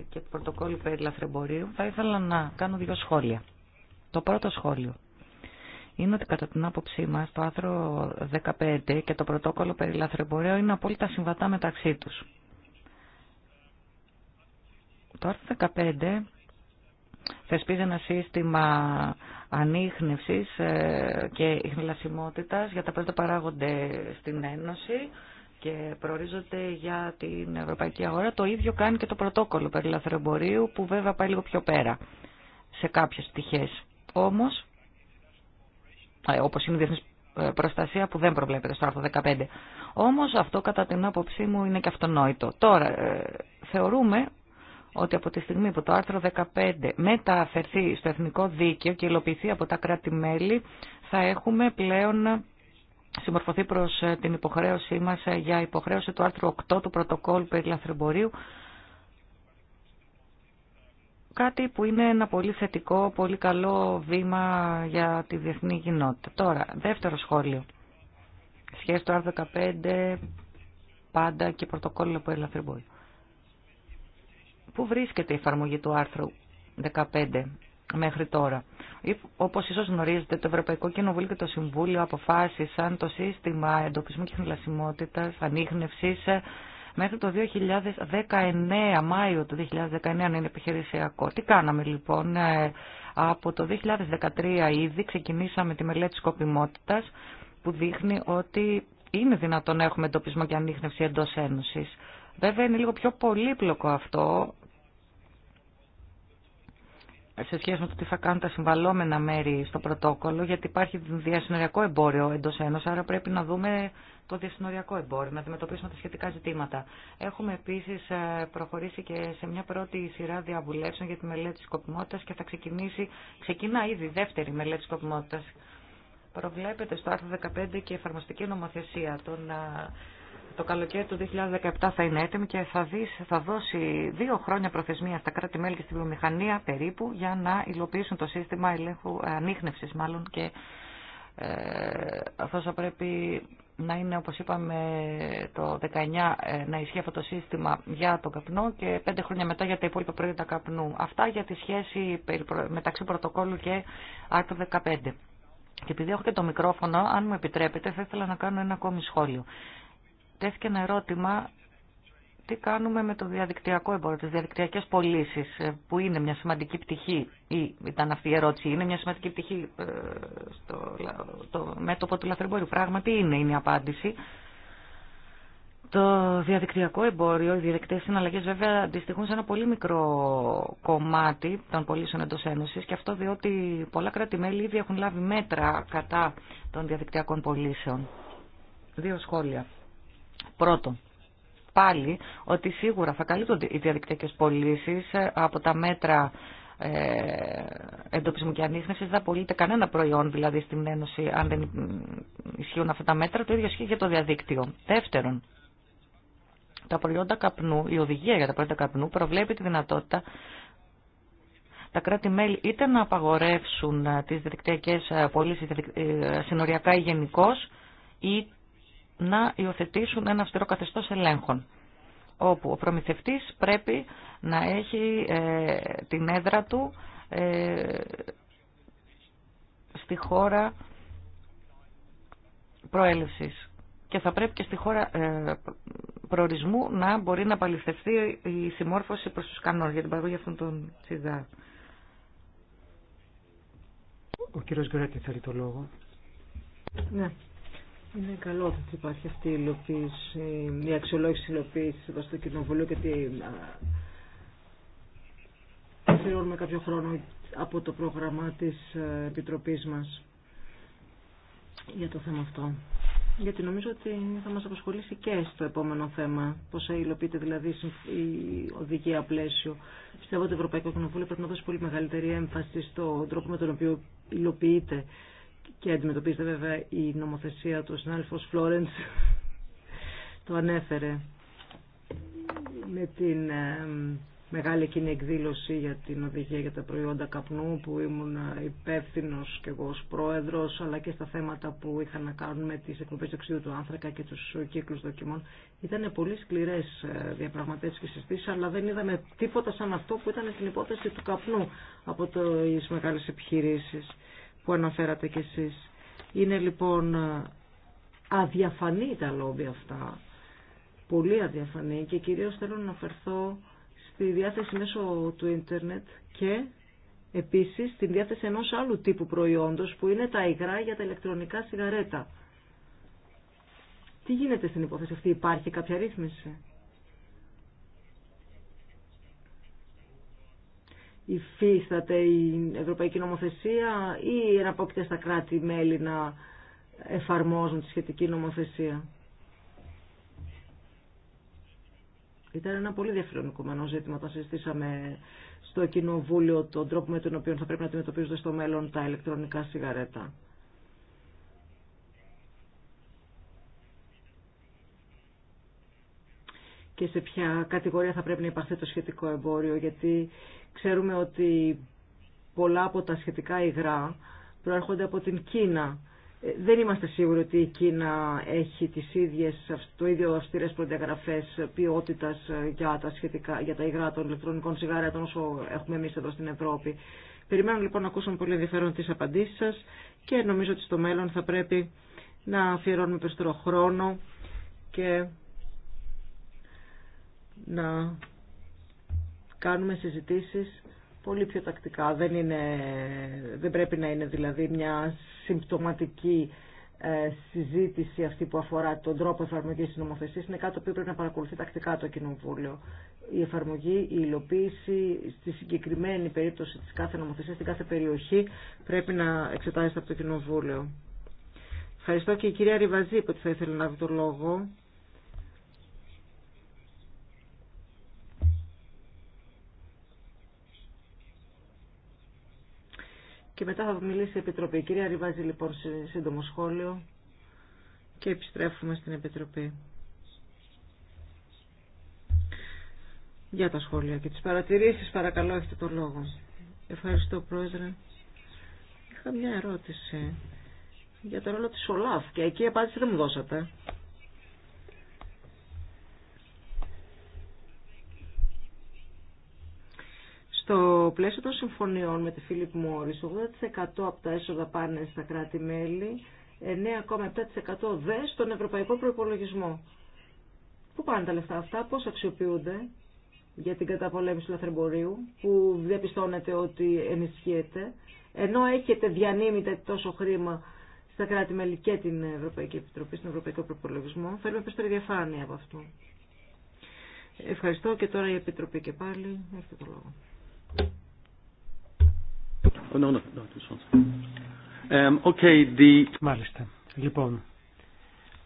και του πρωτοκόλλου περί λαθρεμπορίου. Θα ήθελα να κάνω δύο σχόλια. Το πρώτο σχόλιο είναι ότι κατά την άποψή μας το άρθρο 15 και το πρωτόκολλο περί λαθρεμπορίου είναι απόλυτα συμβατά μεταξύ τους. Το άρθρο 15 θεσπίζει ένα σύστημα ανείχνευσης ε, και ιχνηλασιμότητας για τα πρώτα παράγονται στην Ένωση και προορίζονται για την ευρωπαϊκή αγορά. Το ίδιο κάνει και το πρωτόκολλο περί λαθρεμπορίου που βέβαια πάει λίγο πιο πέρα σε κάποιες πτυχές. Όμως, ε, όπως είναι η διεθνής ε, προστασία που δεν προβλέπεται στο άρθρο 15. Όμως αυτό κατά την άποψή μου είναι και αυτονόητο. Τώρα, θεωρούμε ότι από τη στιγμή που το άρθρο 15 μεταφερθεί στο εθνικό δίκαιο και υλοποιηθεί από τα κράτη-μέλη, θα έχουμε πλέον συμμορφωθεί προς ε, την υποχρέωσή μας ε, για υποχρέωση του άρθρου 8 του πρωτοκόλλου περί λαθρεμπορίου, κάτι που είναι ένα πολύ θετικό, πολύ καλό βήμα για τη διεθνή κοινότητα. Τώρα, δεύτερο σχόλιο. Σχέση του άρθρου 15 πάντα και πρωτοκόλλου περί Πού βρίσκεται η εφαρμογή του άρθρου 15 μέχρι τώρα. Όπως ίσως γνωρίζετε, το Ευρωπαϊκό Κοινοβούλιο και το Συμβούλιο αποφάσισαν το σύστημα εντοπισμού και χνηλασιμότητας, ανείχνευσης, ε, μέχρι το 2019, Μάιο του 2019 είναι επιχειρησιακό. Τι κάναμε λοιπόν, ε, από το 2013 ήδη ξεκινήσαμε τη μελέτη σκοπιμότητας που δείχνει ότι είναι δυνατόν να έχουμε εντοπισμό και ανείχνευση εντός Ένωσης. Βέβαια είναι λίγο πιο πολύπλοκο αυτό σε σχέση με το τι θα κάνουν τα συμβαλόμενα μέρη στο πρωτόκολλο, γιατί υπάρχει διασυνοριακό εμπόριο εντό Ένωση, άρα πρέπει να δούμε το διασυνοριακό εμπόριο, να αντιμετωπίσουμε τα σχετικά ζητήματα. Έχουμε επίση ε, προχωρήσει και σε μια πρώτη σειρά διαβουλεύσεων για τη μελέτη τη σκοπιμότητα και θα ξεκινήσει, ξεκινά ήδη η δεύτερη μελέτη τη σκοπιμότητα. Προβλέπεται στο άρθρο 15 και εφαρμοστική νομοθεσία των ε, το καλοκαίρι του 2017 θα είναι έτοιμη και θα, δεις, θα δώσει δύο χρόνια προθεσμία στα κράτη-μέλη και στην βιομηχανία περίπου για να υλοποιήσουν το σύστημα ελέγχου ε, ανείχνευσης μάλλον και ε, αυτό θα πρέπει να είναι όπως είπαμε το 19 ε, να ισχύει αυτό το σύστημα για τον καπνό και πέντε χρόνια μετά για τα υπόλοιπα προϊόντα καπνού. Αυτά για τη σχέση μεταξύ πρωτοκόλλου και άρθρο 15. Και επειδή έχω και το μικρόφωνο, αν μου επιτρέπετε, θα ήθελα να κάνω ένα ακόμη σχόλιο τέθηκε ένα ερώτημα τι κάνουμε με το διαδικτυακό εμπόριο, τις διαδικτυακές πωλήσει, ε, που είναι μια σημαντική πτυχή, ή ήταν αυτή η ερώτηση, είναι μια σημαντική πτυχή ε, στο το μέτωπο του λαθρεμπόριου. Πράγματι είναι, είναι η απάντηση. Το διαδικτυακό εμπόριο, οι διαδικτυακέ συναλλαγέ βέβαια αντιστοιχούν σε ένα πολύ μικρό κομμάτι των πωλήσεων εντό Ένωση και αυτό διότι πολλά κράτη-μέλη ήδη έχουν λάβει μέτρα κατά των διαδικτυακών πωλήσεων. Δύο σχόλια. Πρώτον, πάλι ότι σίγουρα θα καλύπτονται οι διαδικτυακές πωλήσει ε, από τα μέτρα ε, εντοπισμού και ανείχνευση δεν απολύεται κανένα προϊόν δηλαδή στην Ένωση αν δεν ισχύουν αυτά τα μέτρα, το ίδιο ισχύει για το διαδίκτυο. Δεύτερον, τα προϊόντα καπνού, η οδηγία για τα προϊόντα καπνού προβλέπει τη δυνατότητα τα κράτη-μέλη είτε να απαγορεύσουν ε, τις διαδικτυακές ε, πωλήσει συνοριακά ή γενικώ, είτε να υιοθετήσουν ένα αυστηρό καθεστώς ελέγχων όπου ο προμηθευτής πρέπει να έχει ε, την έδρα του ε, στη χώρα προέλευσης και θα πρέπει και στη χώρα ε, προορισμού να μπορεί να παληθευτεί η συμμόρφωση προς τους κανόνες για την παραγωγή αυτών των τσιγάρων. Ο κύριος Γκρέτη θέλει το λόγο. Ναι. Είναι καλό ότι υπάρχει αυτή η υλοποίηση, η αξιολόγηση υλοποίηση εδώ στο κοινοβούλιο γιατί αφιερώνουμε κάποιο χρόνο από το πρόγραμμα της Επιτροπής μας για το θέμα αυτό. Γιατί νομίζω ότι θα μας απασχολήσει και στο επόμενο θέμα, πώς υλοποιείται δηλαδή η οδηγία πλαίσιο. Πιστεύω ότι το Ευρωπαϊκό Κοινοβούλιο πρέπει να δώσει πολύ μεγαλύτερη έμφαση στον τρόπο με τον οποίο υλοποιείται και αντιμετωπίζεται βέβαια η νομοθεσία του συνάδελφος Φλόρεντς [LAUGHS] το ανέφερε με την ε, μεγάλη εκείνη εκδήλωση για την οδηγία για τα προϊόντα καπνού που ήμουν υπεύθυνο και εγώ ως πρόεδρος αλλά και στα θέματα που είχαν να κάνουν με τις εκπομπές οξύδου του άνθρακα και τους κύκλους δοκιμών ήταν πολύ σκληρές ε, διαπραγματεύσεις και συστήσεις αλλά δεν είδαμε τίποτα σαν αυτό που ήταν στην υπόθεση του καπνού από τις μεγάλες επιχειρήσεις που αναφέρατε κι εσείς. Είναι λοιπόν αδιαφανή τα λόμπι αυτά, πολύ αδιαφανή και κυρίως θέλω να αναφερθώ στη διάθεση μέσω του ίντερνετ και επίσης στη διάθεση ενός άλλου τύπου προϊόντος που είναι τα υγρά για τα ηλεκτρονικά σιγαρέτα. Τι γίνεται στην υπόθεση αυτή, υπάρχει κάποια ρύθμιση. υφίσταται η Ευρωπαϊκή Νομοθεσία ή εναπόκειται στα κράτη-μέλη να εφαρμόζουν τη σχετική νομοθεσία. Ήταν ένα πολύ διαφιλονικούμενο ζήτημα όταν συζητήσαμε στο Κοινοβούλιο τον τρόπο με τον οποίο θα πρέπει να αντιμετωπίζονται στο μέλλον τα ηλεκτρονικά σιγαρέτα. Και σε ποια κατηγορία θα πρέπει να υπαρθεί το σχετικό εμπόριο, γιατί Ξέρουμε ότι πολλά από τα σχετικά υγρά προέρχονται από την Κίνα. Ε, δεν είμαστε σίγουροι ότι η Κίνα έχει τις ίδιες, το ίδιο αυστηρές προδιαγραφές ποιότητας ε, για τα, σχετικά, για τα υγρά των ηλεκτρονικών σιγάρετων όσο έχουμε εμείς εδώ στην Ευρώπη. Περιμένω λοιπόν να ακούσουμε πολύ ενδιαφέρον τις απαντήσεις σας και νομίζω ότι στο μέλλον θα πρέπει να αφιερώνουμε περισσότερο χρόνο και να κάνουμε συζητήσεις πολύ πιο τακτικά. Δεν, είναι, δεν πρέπει να είναι δηλαδή μια συμπτωματική ε, συζήτηση αυτή που αφορά τον τρόπο εφαρμογή τη νομοθεσία είναι κάτι που πρέπει να παρακολουθεί τακτικά το Κοινοβούλιο. Η εφαρμογή, η υλοποίηση στη συγκεκριμένη περίπτωση τη κάθε νομοθεσία, στην κάθε περιοχή πρέπει να εξετάζεται από το Κοινοβούλιο. Ευχαριστώ και η κυρία Ριβαζή που θα ήθελε να δει το λόγο. και μετά θα μιλήσει η Επιτροπή. Η κυρία Ριβάζη λοιπόν σύντομο σχόλιο και επιστρέφουμε στην Επιτροπή. Για τα σχόλια και τις παρατηρήσεις παρακαλώ έχετε το λόγο. Ευχαριστώ Πρόεδρε. Είχα μια ερώτηση για το ρόλο της ΟΛΑΦ και εκεί απάντηση δεν μου δώσατε. Στο πλαίσιο των συμφωνιών με τη Φίλιπ Μόρις, 80% από τα έσοδα πάνε στα κράτη-μέλη, 9,7% δε στον ευρωπαϊκό προϋπολογισμό. Πού πάνε τα λεφτά αυτά, πώς αξιοποιούνται για την καταπολέμηση του λαθρεμπορίου, που διαπιστώνεται ότι ενισχύεται, ενώ έχετε διανύμητα τόσο χρήμα στα κράτη-μέλη και την Ευρωπαϊκή Επιτροπή, στον Ευρωπαϊκό Προπολογισμό. Θέλουμε τη διαφάνεια από αυτό. Ευχαριστώ και τώρα η Επιτροπή και πάλι. Έχετε λόγο. Oh, no, um, okay, Μάλιστα. Λοιπόν,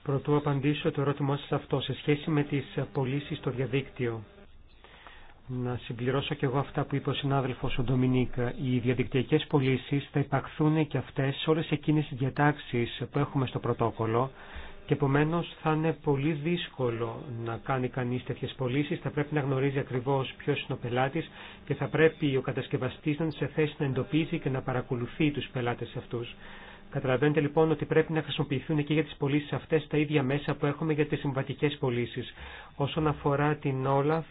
πρωτού απαντήσω το ερώτημά σα αυτό σε σχέση με τις πωλήσει στο διαδίκτυο. Να συμπληρώσω και εγώ αυτά που είπε ο συνάδελφος ο Ντομινίκ. Οι διαδικτυακές πωλήσει θα υπαχθούν και αυτές σε όλες εκείνες τις διατάξεις που έχουμε στο πρωτόκολλο και επομένω θα είναι πολύ δύσκολο να κάνει κανεί τέτοιε πωλήσει. Θα πρέπει να γνωρίζει ακριβώ ποιο είναι ο πελάτη και θα πρέπει ο κατασκευαστή να είναι σε θέση να εντοπίζει και να παρακολουθεί του πελάτε αυτού. Καταλαβαίνετε λοιπόν ότι πρέπει να χρησιμοποιηθούν και για τι πωλήσει αυτέ τα ίδια μέσα που έχουμε για τι συμβατικέ πωλήσει. Όσον αφορά την Όλαφ,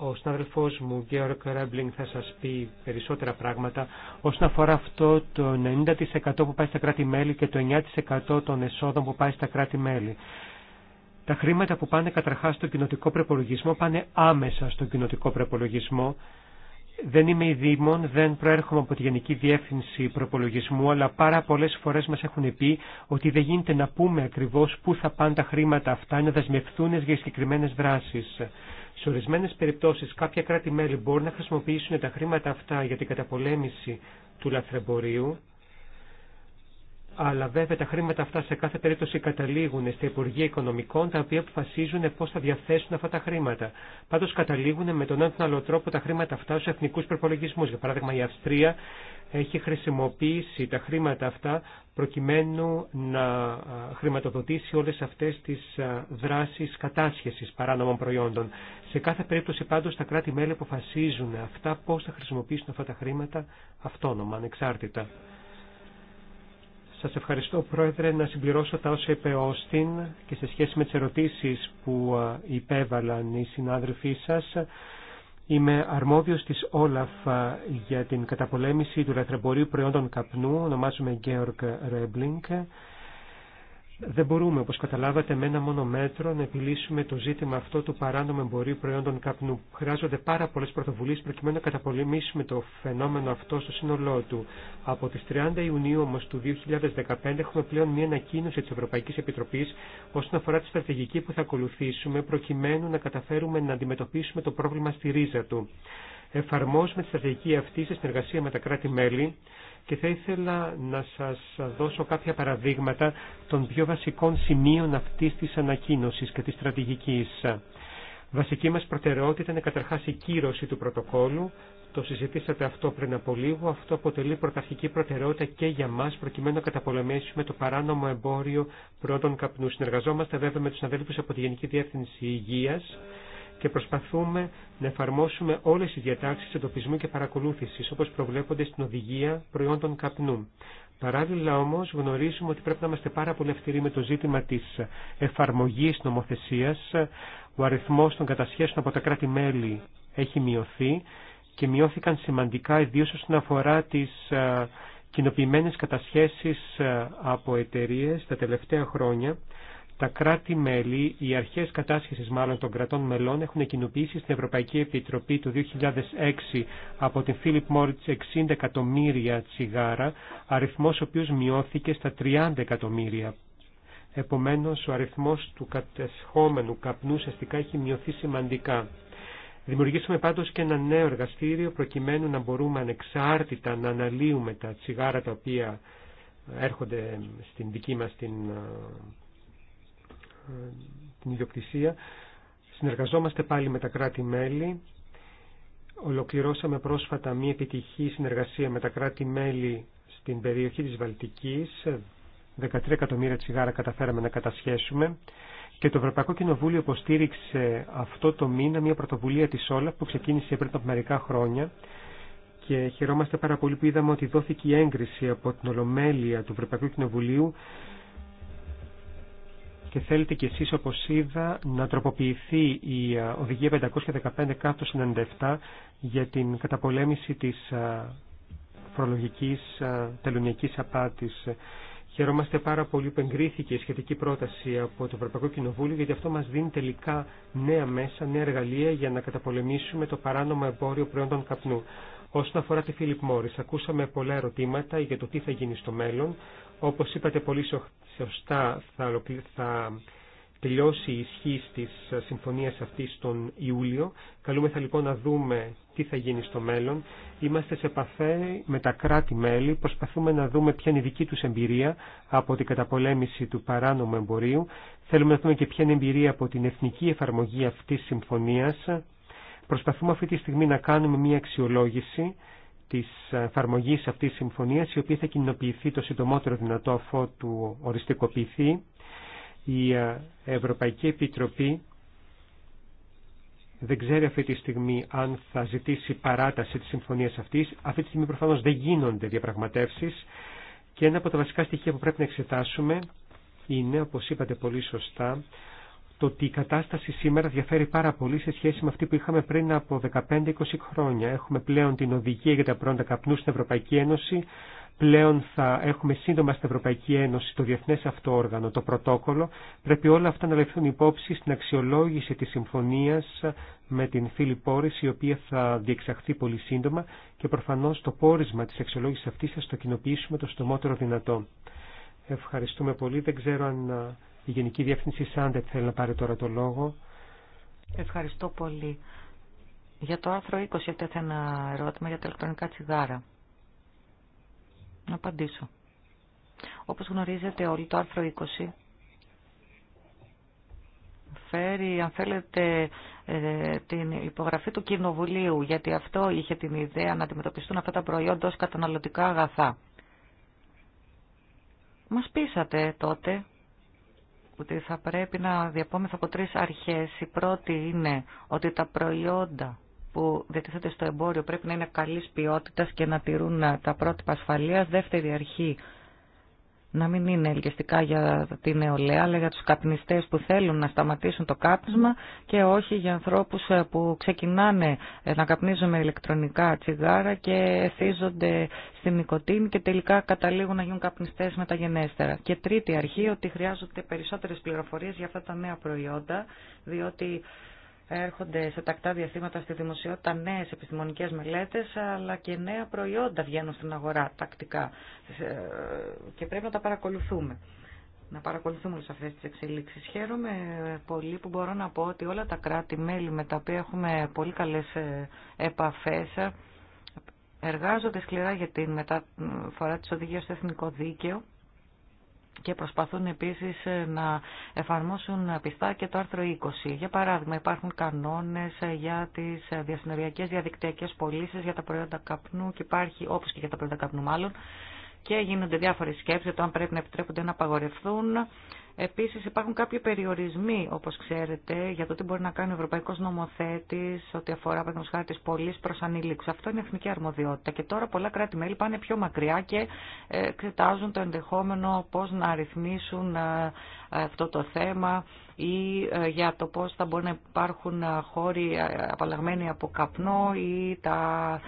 ο συνάδελφός μου, Γεώργ Ρέμπλινγκ, θα σας πει περισσότερα πράγματα όσον αφορά αυτό το 90% που πάει στα κράτη-μέλη και το 9% των εσόδων που πάει στα κράτη-μέλη. Τα χρήματα που πάνε καταρχάς στο κοινοτικό προπολογισμό πάνε άμεσα στον κοινοτικό προπολογισμό. Δεν είμαι η Δήμων, δεν προέρχομαι από τη Γενική Διεύθυνση Προπολογισμού, αλλά πάρα πολλές φορές μας έχουν πει ότι δεν γίνεται να πούμε ακριβώς πού θα πάνε τα χρήματα αυτά, να δεσμευθούν για συγκεκριμένε δράσει. Σε ορισμένε περιπτώσει κάποια κράτη-μέλη μπορούν να χρησιμοποιήσουν τα χρήματα αυτά για την καταπολέμηση του λαθρεμπορίου, αλλά βέβαια τα χρήματα αυτά σε κάθε περίπτωση καταλήγουν στα Υπουργεία Οικονομικών, τα οποία αποφασίζουν πώ θα διαθέσουν αυτά τα χρήματα. Πάντω καταλήγουν με τον έναν άλλο τρόπο τα χρήματα αυτά στου εθνικού προπολογισμού. Για παράδειγμα, η Αυστρία έχει χρησιμοποιήσει τα χρήματα αυτά προκειμένου να χρηματοδοτήσει όλες αυτές τις δράσεις κατάσχεσης παράνομων προϊόντων. Σε κάθε περίπτωση πάντως τα κράτη-μέλη αποφασίζουν αυτά πώς θα χρησιμοποιήσουν αυτά τα χρήματα αυτόνομα, ανεξάρτητα. Σας ευχαριστώ Πρόεδρε να συμπληρώσω τα όσα είπε ο και σε σχέση με τις ερωτήσεις που υπέβαλαν οι συνάδελφοί σας. Είμαι αρμόδιος της Όλαφ ε, για την καταπολέμηση του λαθρεμπορίου προϊόντων καπνού, ονομάζομαι Γκέωρκ Ρέμπλινγκ δεν μπορούμε, όπως καταλάβατε, με ένα μόνο μέτρο να επιλύσουμε το ζήτημα αυτό του παράνομου εμπορίου προϊόντων καπνού. Χρειάζονται πάρα πολλές πρωτοβουλίες προκειμένου να καταπολεμήσουμε το φαινόμενο αυτό στο σύνολό του. Από τις 30 Ιουνίου όμως του 2015 έχουμε πλέον μια ανακοίνωση της Ευρωπαϊκής Επιτροπής όσον αφορά τη στρατηγική που θα ακολουθήσουμε προκειμένου να καταφέρουμε να αντιμετωπίσουμε το πρόβλημα στη ρίζα του. Εφαρμόζουμε τη στρατηγική αυτή σε συνεργασία με τα κράτη-μέλη και θα ήθελα να σας δώσω κάποια παραδείγματα των πιο βασικών σημείων αυτής της ανακοίνωσης και της στρατηγικής. Βασική μας προτεραιότητα είναι καταρχάς η κύρωση του πρωτοκόλου. Το συζητήσατε αυτό πριν από λίγο. Αυτό αποτελεί πρωταρχική προτεραιότητα και για μας προκειμένου να καταπολεμήσουμε το παράνομο εμπόριο πρώτων καπνού. Συνεργαζόμαστε βέβαια με τους αδέλφους από τη Γενική Διεύθυνση Υγείας και προσπαθούμε να εφαρμόσουμε όλε οι διατάξει εντοπισμού και παρακολούθηση όπω προβλέπονται στην οδηγία προϊόντων καπνού. Παράλληλα όμω, γνωρίζουμε ότι πρέπει να είμαστε πάρα πολύ αυστηροί με το ζήτημα τη εφαρμογή νομοθεσία, Ο αριθμό των κατασχέσεων από τα κράτη-μέλη έχει μειωθεί και μειώθηκαν σημαντικά ιδίω όσον αφορά τι ε, κοινοποιημένε κατασχέσεις ε, από εταιρείε τα τελευταία χρόνια τα κράτη-μέλη, οι αρχές κατάσχεσης μάλλον των κρατών μελών έχουν κοινοποιήσει στην Ευρωπαϊκή Επιτροπή το 2006 από την Φίλιπ Morris 60 εκατομμύρια τσιγάρα, αριθμός ο οποίος μειώθηκε στα 30 εκατομμύρια. Επομένως, ο αριθμός του κατεσχόμενου καπνού ουσιαστικά έχει μειωθεί σημαντικά. Δημιουργήσαμε πάντως και ένα νέο εργαστήριο προκειμένου να μπορούμε ανεξάρτητα να αναλύουμε τα τσιγάρα τα οποία έρχονται στην δική μας την την ιδιοκτησία. Συνεργαζόμαστε πάλι με τα κράτη-μέλη. Ολοκληρώσαμε πρόσφατα μία επιτυχή συνεργασία με τα κράτη-μέλη στην περιοχή της Βαλτικής. 13 εκατομμύρια τσιγάρα καταφέραμε να κατασχέσουμε. Και το Ευρωπαϊκό Κοινοβούλιο υποστήριξε αυτό το μήνα μία πρωτοβουλία της όλα που ξεκίνησε πριν από μερικά χρόνια και χαιρόμαστε πάρα πολύ που είδαμε ότι δόθηκε η έγκριση από την Ολομέλεια του Ευρωπαϊκού Κοινοβουλίου και θέλετε κι εσείς όπως είδα να τροποποιηθεί η ε, οδηγία 515 κάτω 97 για την καταπολέμηση της ε, φορολογικής ε, τελωνιακής απάτης. Χαιρόμαστε πάρα πολύ που εγκρίθηκε η σχετική πρόταση από το Ευρωπαϊκό Κοινοβούλιο γιατί αυτό μας δίνει τελικά νέα μέσα, νέα εργαλεία για να καταπολεμήσουμε το παράνομο εμπόριο προϊόντων καπνού. Όσον αφορά τη Φίλιπ Μόρις, ακούσαμε πολλά ερωτήματα για το τι θα γίνει στο μέλλον. Όπως είπατε πολύ σωστά, θα, θα τελειώσει η ισχύ της συμφωνίας αυτής τον Ιούλιο. Καλούμεθα λοιπόν να δούμε τι θα γίνει στο μέλλον. Είμαστε σε επαφέ με τα κράτη-μέλη, προσπαθούμε να δούμε ποια είναι η δική τους εμπειρία από την καταπολέμηση του παράνομου εμπορίου. Θέλουμε να δούμε και ποια είναι η εμπειρία από την εθνική εφαρμογή αυτής της συμφωνίας. Προσπαθούμε αυτή τη στιγμή να κάνουμε μια αξιολόγηση της εφαρμογή αυτής της συμφωνίας, η οποία θα κοινοποιηθεί το συντομότερο δυνατό αφού του οριστικοποιηθεί. Η ε, Ευρωπαϊκή Επιτροπή δεν ξέρει αυτή τη στιγμή αν θα ζητήσει παράταση της συμφωνίας αυτής. Αυτή τη στιγμή προφανώς δεν γίνονται διαπραγματεύσεις και ένα από τα βασικά στοιχεία που πρέπει να εξετάσουμε είναι, όπως είπατε πολύ σωστά, το ότι η κατάσταση σήμερα διαφέρει πάρα πολύ σε σχέση με αυτή που είχαμε πριν από 15-20 χρόνια. Έχουμε πλέον την οδηγία για τα πρώτα καπνού στην Ευρωπαϊκή Ένωση. Πλέον θα έχουμε σύντομα στην Ευρωπαϊκή Ένωση το διεθνέ αυτό όργανο, το πρωτόκολλο. Πρέπει όλα αυτά να λεφθούν υπόψη στην αξιολόγηση τη συμφωνία με την Φίλη Πόρη, η οποία θα διεξαχθεί πολύ σύντομα και προφανώ το πόρισμα τη αξιολόγηση αυτή θα στο κοινοποιήσουμε το στομότερο δυνατό. Ευχαριστούμε πολύ. Δεν ξέρω αν η Γενική Διεύθυνση Σάντετ θέλει να πάρει τώρα το λόγο. Ευχαριστώ πολύ. Για το άρθρο 20 έθεσα ένα ερώτημα για τα ηλεκτρονικά τσιγάρα. Να απαντήσω. Όπως γνωρίζετε όλοι το άρθρο 20 φέρει, αν θέλετε, ε, την υπογραφή του Κοινοβουλίου, γιατί αυτό είχε την ιδέα να αντιμετωπιστούν αυτά τα προϊόντα ως καταναλωτικά αγαθά. Μας πείσατε τότε ότι θα πρέπει να διαπόμεθα από τρεις αρχές. Η πρώτη είναι ότι τα προϊόντα που διατίθεται στο εμπόριο πρέπει να είναι καλής ποιότητας και να τηρούν τα πρότυπα ασφαλείας. Δεύτερη αρχή να μην είναι ελκυστικά για την νεολαία, αλλά για τους καπνιστές που θέλουν να σταματήσουν το κάπνισμα και όχι για ανθρώπους ε, που ξεκινάνε ε, να καπνίζουν με ηλεκτρονικά τσιγάρα και εθίζονται στην νοικοτήνη και τελικά καταλήγουν να γίνουν καπνιστές μεταγενέστερα. Και τρίτη αρχή, ότι χρειάζονται περισσότερες πληροφορίες για αυτά τα νέα προϊόντα, διότι έρχονται σε τακτά διαστήματα στη δημοσιότητα νέε επιστημονικές μελέτες, αλλά και νέα προϊόντα βγαίνουν στην αγορά τακτικά ε, και πρέπει να τα παρακολουθούμε. Να παρακολουθούμε όλε αυτέ τι εξελίξεις. Χαίρομαι ε, πολύ που μπορώ να πω ότι όλα τα κράτη-μέλη με τα οποία έχουμε πολύ καλές ε, επαφές εργάζονται σκληρά για την μεταφορά τη οδηγία στο εθνικό δίκαιο και προσπαθούν επίσης ε, να εφαρμόσουν πιστά και το άρθρο 20. Για παράδειγμα υπάρχουν κανόνες ε, για τις ε, διασυνοριακές διαδικτυακές πωλήσει για τα προϊόντα καπνού και υπάρχει, όπως και για τα προϊόντα καπνού μάλλον, και γίνονται διάφορες σκέψεις το αν πρέπει να επιτρέπονται να απαγορευθούν. Επίσης υπάρχουν κάποιοι περιορισμοί, όπως ξέρετε, για το τι μπορεί να κάνει ο Ευρωπαϊκός Νομοθέτης ό,τι αφορά, παραδείγματος χάρη, τις πωλήσεις προς ανήλικους. Αυτό είναι εθνική αρμοδιότητα και τώρα πολλά κράτη-μέλη πάνε πιο μακριά και ε, εξετάζουν το ενδεχόμενο πώς να ρυθμίσουν ε, αυτό το θέμα ή ε, για το πώς θα μπορεί να υπάρχουν ε, χώροι ε, απαλλαγμένοι από καπνό ή τα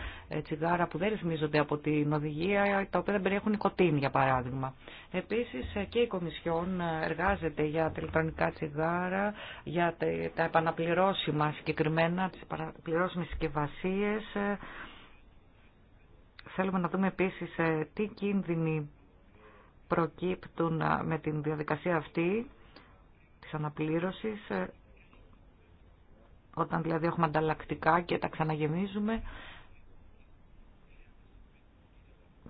τσιγάρα που δεν ρυθμίζονται από την οδηγία, τα οποία δεν περιέχουν νοικοτήν, για παράδειγμα. Επίσης και η Κομισιόν εργάζεται για τα ηλεκτρονικά τσιγάρα, για τα επαναπληρώσιμα συγκεκριμένα, τις επαναπληρώσιμες συσκευασίε. Θέλουμε να δούμε επίσης τι κίνδυνοι προκύπτουν με την διαδικασία αυτή της ε, όταν δηλαδή έχουμε ανταλλακτικά και τα ξαναγεμίζουμε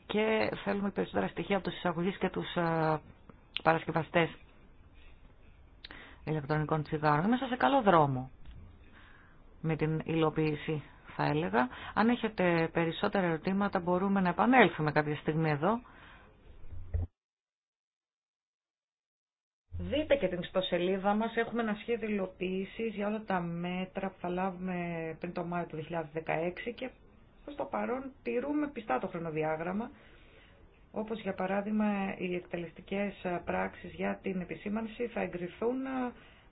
και θέλουμε περισσότερα στοιχεία από τους εισαγωγείς και τους ε, παρασκευαστές ηλεκτρονικών τσιγάρων. Είμαστε σε καλό δρόμο με την υλοποίηση θα έλεγα. Αν έχετε περισσότερα ερωτήματα μπορούμε να επανέλθουμε κάποια στιγμή εδώ. Δείτε και την ιστοσελίδα μας, έχουμε ένα σχέδιο υλοποίηση για όλα τα μέτρα που θα λάβουμε πριν το Μάιο του 2016 και προς το παρόν τηρούμε πιστά το χρονοδιάγραμμα, όπως για παράδειγμα οι εκτελεστικές πράξεις για την επισήμανση θα εγκριθούν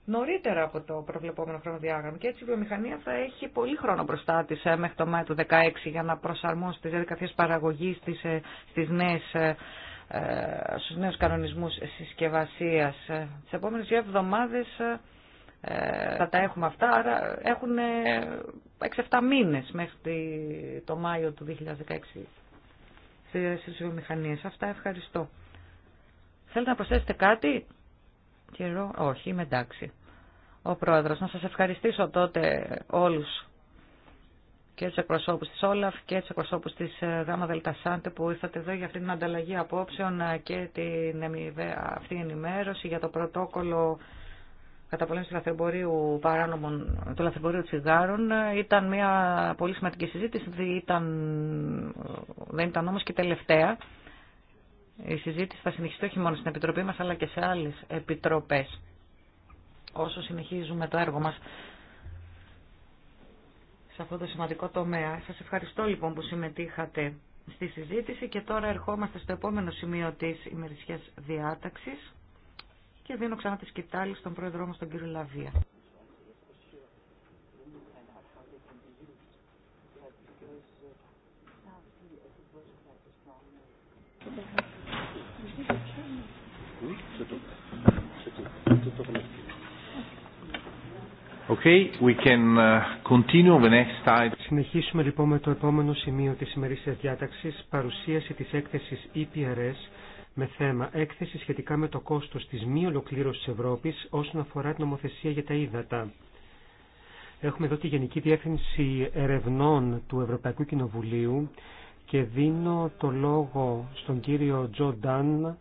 νωρίτερα από το προβλεπόμενο χρονοδιάγραμμα και έτσι η βιομηχανία θα έχει πολύ χρόνο μπροστά τη ε, μέχρι το Μάιο του 2016 για να προσαρμόσει τις διαδικασίες παραγωγής της, ε, στις νέες ε, ε, στους νέους κανονισμούς συσκευασίας. Ε, τις επόμενες δύο εβδομάδες ε, θα τα έχουμε αυτά, άρα έχουν 6-7 μήνες μέχρι το Μάιο του 2016 στις βιομηχανίες. Αυτά ευχαριστώ. Θέλετε να προσθέσετε κάτι? Καιρό, όχι, είμαι εντάξει. Ο πρόεδρος, να σας ευχαριστήσω τότε όλους και του εκπροσώπου τη Όλαφ και του εκπροσώπου τη ε, ΓΑΜΑ ΣΑΝΤΕ που ήρθατε εδώ για αυτή την ανταλλαγή απόψεων ε, και την ε, αυτή η ενημέρωση για το πρωτόκολλο καταπολέμηση του λαθρεμπορίου του λαθρεμπορίου τσιγάρων. Ήταν μια πολύ σημαντική συζήτηση, ήταν, δεν ήταν όμω και τελευταία. Η συζήτηση θα συνεχιστεί όχι μόνο στην Επιτροπή μα αλλά και σε άλλες επιτροπές. Όσο συνεχίζουμε το έργο μας σε αυτό το σημαντικό τομέα. Σας ευχαριστώ λοιπόν που συμμετείχατε στη συζήτηση και τώρα ερχόμαστε στο επόμενο σημείο της ημερησίας διάταξης και δίνω ξανά τη σκητάλη στον πρόεδρό μας τον κύριο Λαβία. Okay, we can uh, continue the next Συνεχίσουμε λοιπόν με το επόμενο σημείο της σημερινής διάταξης, παρουσίαση της έκθεσης EPRS με θέμα έκθεση σχετικά με το κόστος της μη ολοκλήρωσης Ευρώπης όσον αφορά την νομοθεσία για τα ύδατα. Έχουμε εδώ τη Γενική Διεύθυνση Ερευνών του Ευρωπαϊκού Κοινοβουλίου και δίνω το λόγο στον κύριο Τζο Ντάν,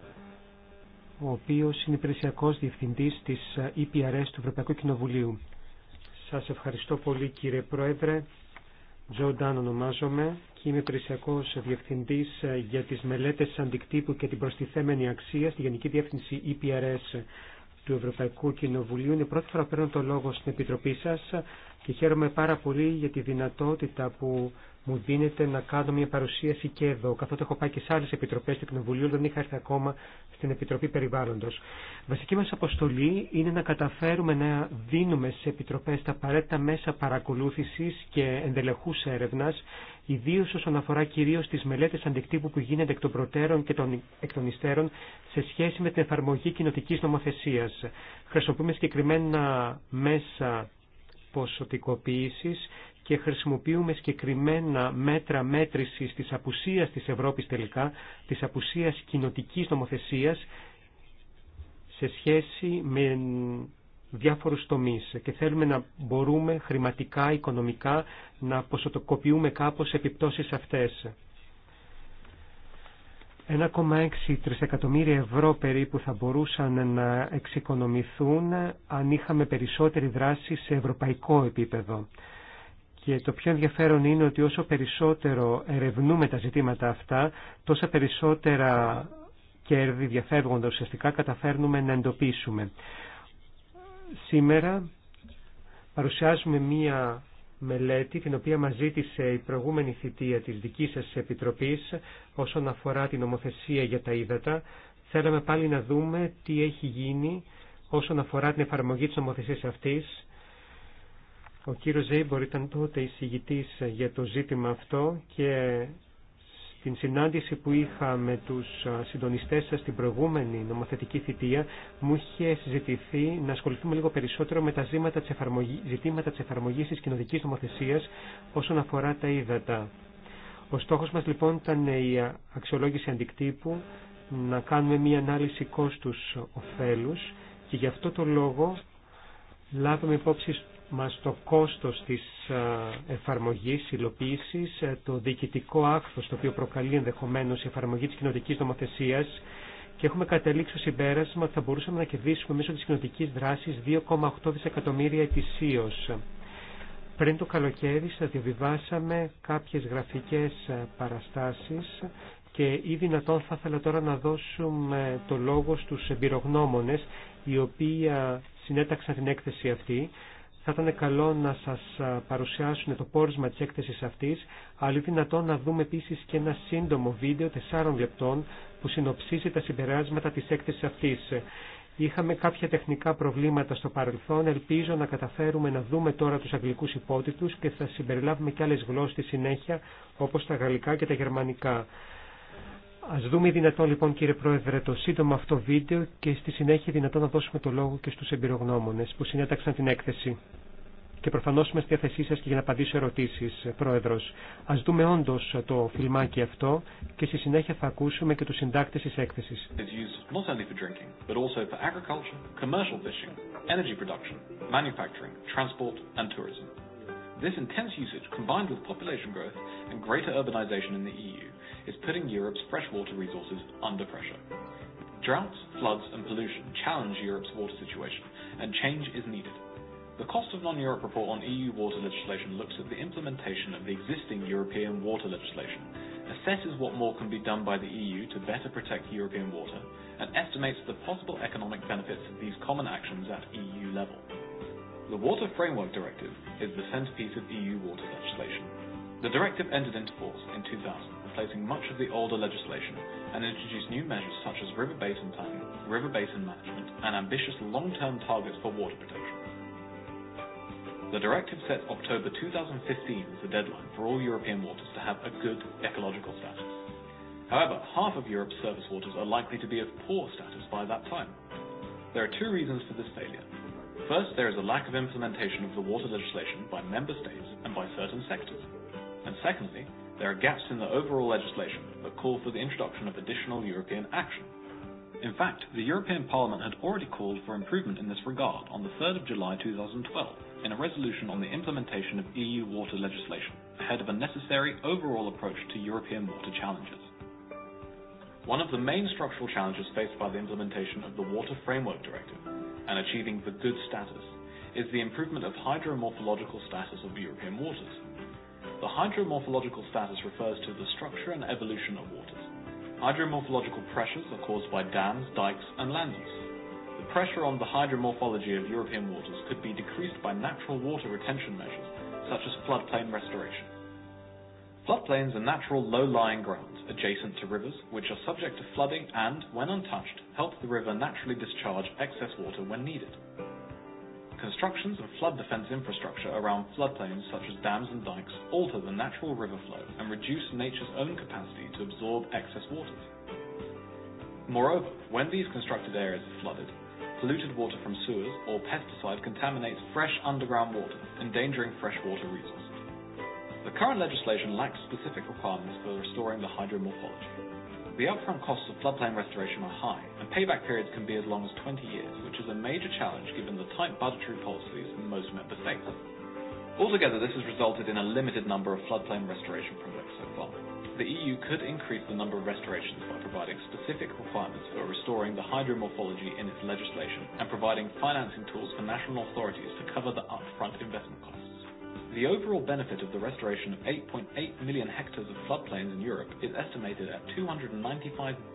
ο οποίος είναι υπηρεσιακός διευθυντής της EPRS του Ευρωπαϊκού Κοινοβουλίου. Σας ευχαριστώ πολύ κύριε Πρόεδρε. Ντάν ονομάζομαι και είμαι υπηρεσιακός διευθυντής ε, για τις μελέτες αντικτύπου και την προστιθέμενη αξία στη Γενική Διεύθυνση EPRS του Ευρωπαϊκού Κοινοβουλίου. Είναι πρώτη φορά που παίρνω το λόγο στην Επιτροπή σας και χαίρομαι πάρα πολύ για τη δυνατότητα που μου δίνεται να κάνω μια παρουσίαση και εδώ, καθότι έχω πάει και σε άλλε επιτροπέ του Κοινοβουλίου, δεν είχα έρθει ακόμα στην Επιτροπή Περιβάλλοντο. Βασική μα αποστολή είναι να καταφέρουμε να δίνουμε σε επιτροπέ τα απαραίτητα μέσα παρακολούθηση και εντελεχού έρευνα, ιδίω όσον αφορά κυρίω τι μελέτε αντικτύπου που γίνεται εκ των προτέρων και των εκ των υστέρων σε σχέση με την εφαρμογή κοινοτική νομοθεσία. Χρησιμοποιούμε συγκεκριμένα μέσα ποσοτικοποίησης και χρησιμοποιούμε συγκεκριμένα μέτρα μέτρησης της απουσίας της Ευρώπης τελικά, της απουσίας κοινοτική νομοθεσίας σε σχέση με διάφορους τομείς και θέλουμε να μπορούμε χρηματικά, οικονομικά να ποσοτοκοποιούμε κάπως επιπτώσεις αυτές. 1,6 εκατομμύρια ευρώ περίπου θα μπορούσαν να εξοικονομηθούν αν είχαμε περισσότερη δράση σε ευρωπαϊκό επίπεδο. Και το πιο ενδιαφέρον είναι ότι όσο περισσότερο ερευνούμε τα ζητήματα αυτά, τόσα περισσότερα κέρδη διαφεύγοντα ουσιαστικά καταφέρνουμε να εντοπίσουμε. Σήμερα παρουσιάζουμε μία μελέτη την οποία μας ζήτησε η προηγούμενη θητεία της δικής σας επιτροπής όσον αφορά την ομοθεσία για τα ύδατα. Θέλαμε πάλι να δούμε τι έχει γίνει όσον αφορά την εφαρμογή της νομοθεσίας αυτής ο κύριος Ζέιμπορ ήταν τότε εισηγητής για το ζήτημα αυτό και στην συνάντηση που είχα με τους συντονιστές σας στην προηγούμενη νομοθετική θητεία μου είχε συζητηθεί να ασχοληθούμε λίγο περισσότερο με τα ζητήματα της εφαρμογή, ζητήματα της εφαρμογής της νομοθεσίας όσον αφορά τα ύδατα. Ο στόχος μας λοιπόν ήταν η αξιολόγηση αντικτύπου, να κάνουμε μία ανάλυση κόστους-οφέλους και γι' αυτό το λόγο λάβουμε υπόψη Μα το κόστο τη εφαρμογή υλοποίηση, ε, το διοικητικό άκθο το οποίο προκαλεί ενδεχομένω η εφαρμογή τη κοινωτικής νομοθεσία. και έχουμε καταλήξει στο συμπέρασμα ότι θα μπορούσαμε να κερδίσουμε μέσω τη κοινωτικής δράση 2,8 δισεκατομμύρια ετησίω. Πριν το καλοκαίρι θα διαβιβάσαμε κάποιες γραφικές ε, παραστάσεις και ή δυνατόν θα ήθελα τώρα να δώσουμε το λόγο στους εμπειρογνώμονες οι οποίοι συνέταξαν την έκθεση αυτή. Θα ήταν καλό να σας παρουσιάσουν το πόρισμα της έκθεσης αυτής, αλλά δυνατόν να δούμε επίσης και ένα σύντομο βίντεο 4 λεπτών που συνοψίζει τα συμπεράσματα της έκθεσης αυτής. Είχαμε κάποια τεχνικά προβλήματα στο παρελθόν, ελπίζω να καταφέρουμε να δούμε τώρα τους αγγλικούς υπότιτλους και θα συμπεριλάβουμε και άλλες γλώσσες στη συνέχεια, όπως τα γαλλικά και τα γερμανικά. Ας δούμε δυνατόν λοιπόν κύριε Πρόεδρε το σύντομο αυτό βίντεο και στη συνέχεια δυνατόν να δώσουμε το λόγο και στους εμπειρογνώμονες που συνέταξαν την έκθεση. Και προφανώς είμαστε στη διάθεσή σα και για να απαντήσω ερωτήσεις, Πρόεδρος. Ας δούμε όντως το φιλμάκι αυτό και στη συνέχεια θα ακούσουμε και του συντάκτε τη έκθεση. This intense usage, combined with population growth and greater urbanisation in the EU, is putting Europe's freshwater resources under pressure. Droughts, floods, and pollution challenge Europe's water situation, and change is needed. The Cost of Non-Europe report on EU water legislation looks at the implementation of the existing European water legislation, assesses what more can be done by the EU to better protect European water, and estimates the possible economic benefits of these common actions at EU level. The Water Framework Directive is the centerpiece of EU water legislation. The directive entered into force in 2000, replacing much of the older legislation, and introduced new measures such as river basin planning, river basin management, and ambitious long-term targets for water protection. The directive sets October 2015 as the deadline for all European waters to have a good ecological status. However, half of Europe's surface waters are likely to be of poor status by that time. There are two reasons for this failure. First, there is a lack of implementation of the water legislation by member states and by certain sectors. And secondly, there are gaps in the overall legislation that call for the introduction of additional European action. In fact, the European Parliament had already called for improvement in this regard on the 3rd of July 2012 in a resolution on the implementation of EU water legislation ahead of a necessary overall approach to European water challenges one of the main structural challenges faced by the implementation of the Water Framework Directive and achieving the good status is the improvement of hydromorphological status of European waters. The hydromorphological status refers to the structure and evolution of waters. Hydromorphological pressures are caused by dams, dikes, and land use. The pressure on the hydromorphology of European waters could be decreased by natural water retention measures, such as floodplain restoration. Floodplains are natural low-lying grounds adjacent to rivers, which are subject to flooding and, when untouched, help the river naturally discharge excess water when needed. Constructions of flood defense infrastructure around floodplains such as dams and dikes alter the natural river flow and reduce nature's own capacity to absorb excess waters. Moreover, when these constructed areas are flooded, polluted water from sewers or pesticide contaminates fresh underground water, endangering freshwater resources. The current legislation lacks specific requirements for restoring the hydromorphology. The upfront costs of floodplain restoration are high, and payback periods can be as long as 20 years, which is a major challenge given the tight budgetary policies in most member states. Altogether, this has resulted in a limited number of floodplain restoration projects so far. The EU could increase the number of restorations by providing specific requirements for restoring the hydromorphology in its legislation and providing financing tools for national authorities to cover the upfront investment costs. The overall benefit of the restoration of 8.8 million hectares of floodplains in Europe is estimated at 295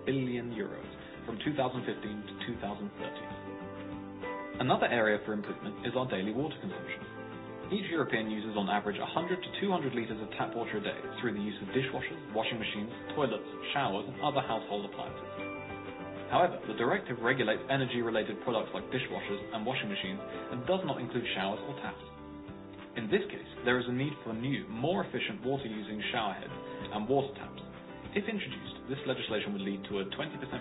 billion euros from 2015 to 2030. Another area for improvement is our daily water consumption. Each European uses on average 100 to 200 litres of tap water a day through the use of dishwashers, washing machines, toilets, showers and other household appliances. However, the directive regulates energy-related products like dishwashers and washing machines and does not include showers or taps. In this case, there is a need for new, more efficient water-using showerheads and water taps. If introduced, this legislation would lead to a 20%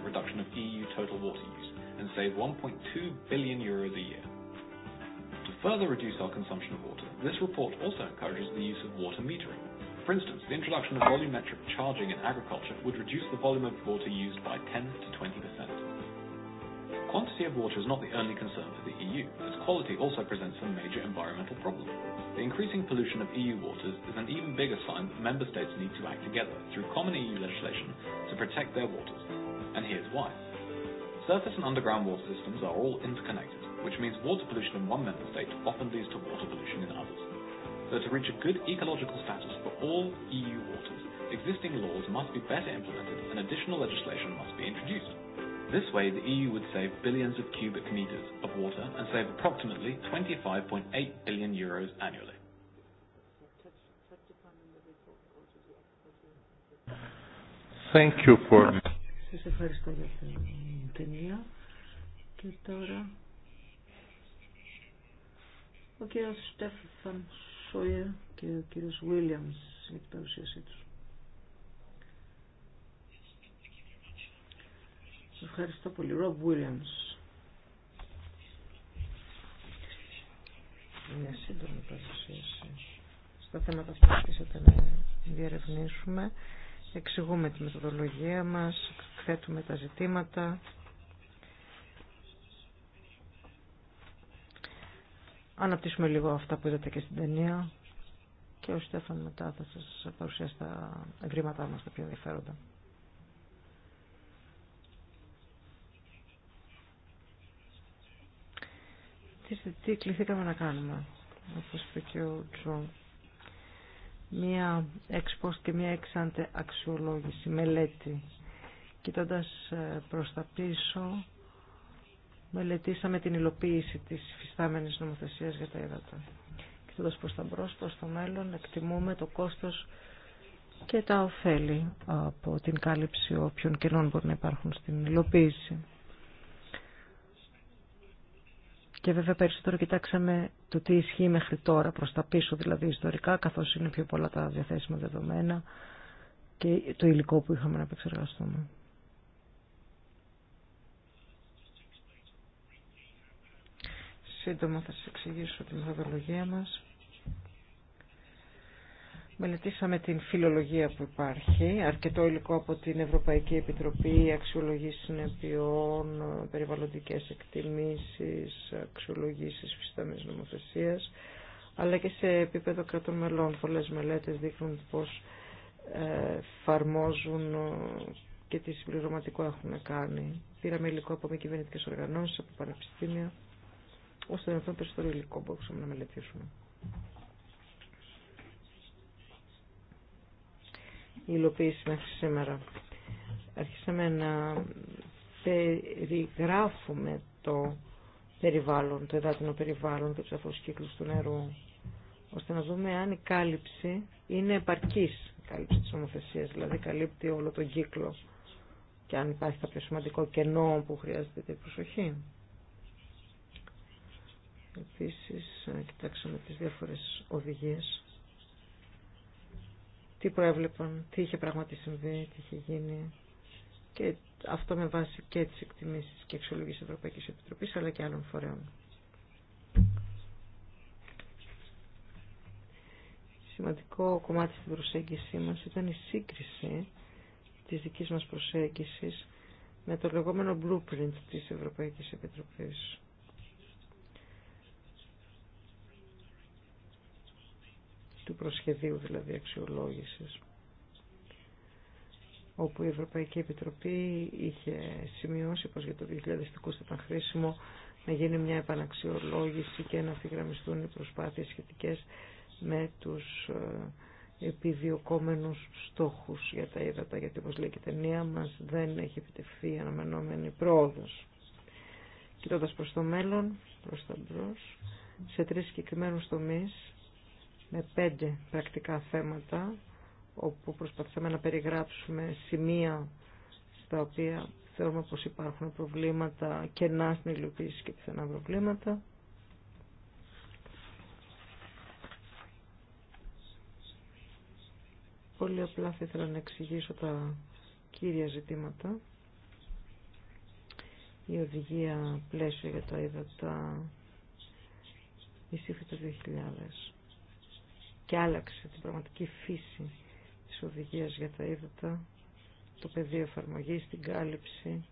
reduction of EU total water use and save 1.2 billion euros a year. To further reduce our consumption of water, this report also encourages the use of water metering. For instance, the introduction of volumetric charging in agriculture would reduce the volume of water used by 10 to 20% quantity of water is not the only concern for the EU, as quality also presents a major environmental problem. The increasing pollution of EU waters is an even bigger sign that member states need to act together through common EU legislation to protect their waters. And here's why. Surface and underground water systems are all interconnected, which means water pollution in one member state often leads to water pollution in others. So to reach a good ecological status for all EU waters, existing laws must be better implemented and additional legislation must be introduced. This way, the EU would save billions of cubic meters of water and save approximately 25.8 billion euros annually. Thank you for... Σας ευχαριστώ για την ταινία. Και τώρα... Ο κύριος Στέφαν Σόιερ και ο κύριος Βίλιαμς για την παρουσίασή τους. Ευχαριστώ πολύ. Rob Williams. Μια σύντομη παρουσίαση. Στα θέματα που αρχίσατε να διαρευνήσουμε, εξηγούμε τη μεθοδολογία μας, εκθέτουμε τα ζητήματα. Αναπτύσσουμε λίγο αυτά που είδατε και στην ταινία και ο Στέφαν μετά θα σας παρουσιάσει τα ευρήματά μας τα πιο ενδιαφέροντα. τι κληθήκαμε να κάνουμε, όπως είπε και ο Τζον. Μία εξπόστη και μία εξάντε αξιολόγηση, μελέτη. Κοιτώντα ε, προς τα πίσω, μελετήσαμε την υλοποίηση της φυστάμενης νομοθεσίας για τα έδατα. Κοιτώντας προς τα μπρο προς το μέλλον, εκτιμούμε το κόστος και τα ωφέλη από την κάλυψη όποιων κενών μπορεί να υπάρχουν στην υλοποίηση. Και βέβαια περισσότερο κοιτάξαμε το τι ισχύει μέχρι τώρα, προς τα πίσω δηλαδή ιστορικά, καθώς είναι πιο πολλά τα διαθέσιμα δεδομένα και το υλικό που είχαμε να επεξεργαστούμε. Σύντομα θα σας εξηγήσω τη μεθοδολογία μας. Μελετήσαμε την φιλολογία που υπάρχει, αρκετό υλικό από την Ευρωπαϊκή Επιτροπή, αξιολογήσεις συνεπειών, περιβαλλοντικές εκτιμήσεις, αξιολογήσεις φυσταμής νομοθεσίας, αλλά και σε επίπεδο κρατών μελών. Πολλές μελέτες δείχνουν πώς ε, εφαρμόζουν ε, και τι συμπληρωματικό έχουν κάνει. Πήραμε υλικό από μη κυβερνητικέ οργανώσει, από πανεπιστήμια, ώστε να δούμε περισσότερο υλικό μπορούσαμε να μελετήσουμε. υλοποίηση μέχρι σήμερα. Αρχίσαμε να περιγράφουμε το περιβάλλον, το εδάτινο περιβάλλον και τους αφούς κύκλους του νερού, ώστε να δούμε αν η κάλυψη είναι επαρκής, η κάλυψη της ομοθεσίας, δηλαδή καλύπτει όλο τον κύκλο και αν υπάρχει κάποιο σημαντικό κενό που χρειάζεται προσοχή. Επίσης, κοιτάξαμε τις διάφορες οδηγίες τι προέβλεπαν, τι είχε πραγματικά συμβεί, τι είχε γίνει. Και αυτό με βάση και τις εκτιμήσεις και της Ευρωπαϊκής Επιτροπής αλλά και άλλων φορέων. Σημαντικό κομμάτι στην προσέγγιση μας ήταν η σύγκριση της δικής μας προσέγγισης με το λεγόμενο blueprint της Ευρωπαϊκής Επιτροπής. του προσχεδίου δηλαδή αξιολόγησης όπου η Ευρωπαϊκή Επιτροπή είχε σημειώσει πως για το 2020 θα ήταν χρήσιμο να γίνει μια επαναξιολόγηση και να αφιγραμμιστούν οι προσπάθειες σχετικές με τους ε, επιδιωκόμενους στόχους για τα ύδατα, γιατί όπως λέει και η ταινία μας δεν έχει επιτευχθεί η αναμενόμενη πρόοδος. Κοιτώντας προς το μέλλον, προς τα μπρος, σε τρεις συγκεκριμένους τομείς με πέντε πρακτικά θέματα όπου προσπαθούμε να περιγράψουμε σημεία στα οποία θεωρούμε πως υπάρχουν προβλήματα, κενά στην υλοποίηση και πιθανά προβλήματα. Πολύ απλά θα ήθελα να εξηγήσω τα κύρια ζητήματα. Η οδηγία πλαίσιο για τα ύδατα εισήφθη το 2000 και άλλαξε την πραγματική φύση της οδηγίας για τα είδωτα, το πεδίο εφαρμογή, την κάλυψη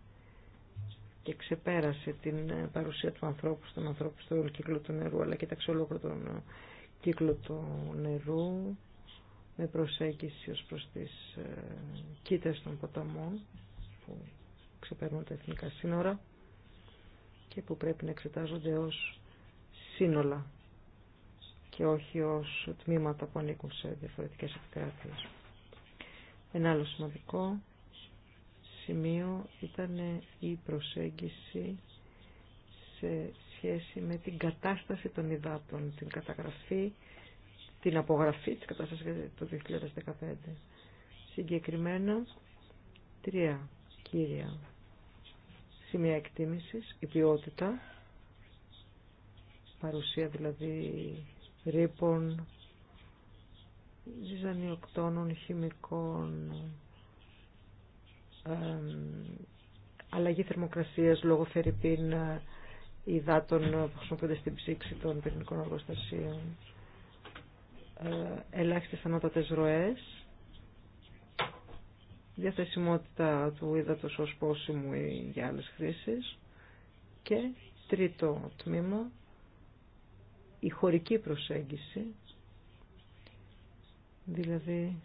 και ξεπέρασε την ε, παρουσία του ανθρώπου στον ανθρώπου στον κύκλο του νερού αλλά και ολόκληρο τον ε, κύκλο του νερού με προσέγγιση ως προς τις ε, κοίτες των ποταμών που ξεπερνούν τα εθνικά σύνορα και που πρέπει να εξετάζονται ως σύνολα και όχι ως τμήματα που ανήκουν σε διαφορετικές επικράτειες. Ένα άλλο σημαντικό σημείο ήταν η προσέγγιση σε σχέση με την κατάσταση των υδάτων, την καταγραφή, την απογραφή της κατάστασης το 2015. Συγκεκριμένα τρία κύρια σημεία εκτίμησης, η ποιότητα, παρουσία δηλαδή ρήπων, ζυζανιοκτώνων, χημικών, αλλαγή θερμοκρασίας λόγω φερρυπίν ε, υδάτων που χρησιμοποιούνται στην ψήξη των πυρηνικών εργοστασίων, ε, ελάχιστες ανώτατες ροές, διαθεσιμότητα του ύδατος ως πόσιμου ή για άλλες χρήσεις και τρίτο τμήμα η χωρική προσέγγιση, δηλαδή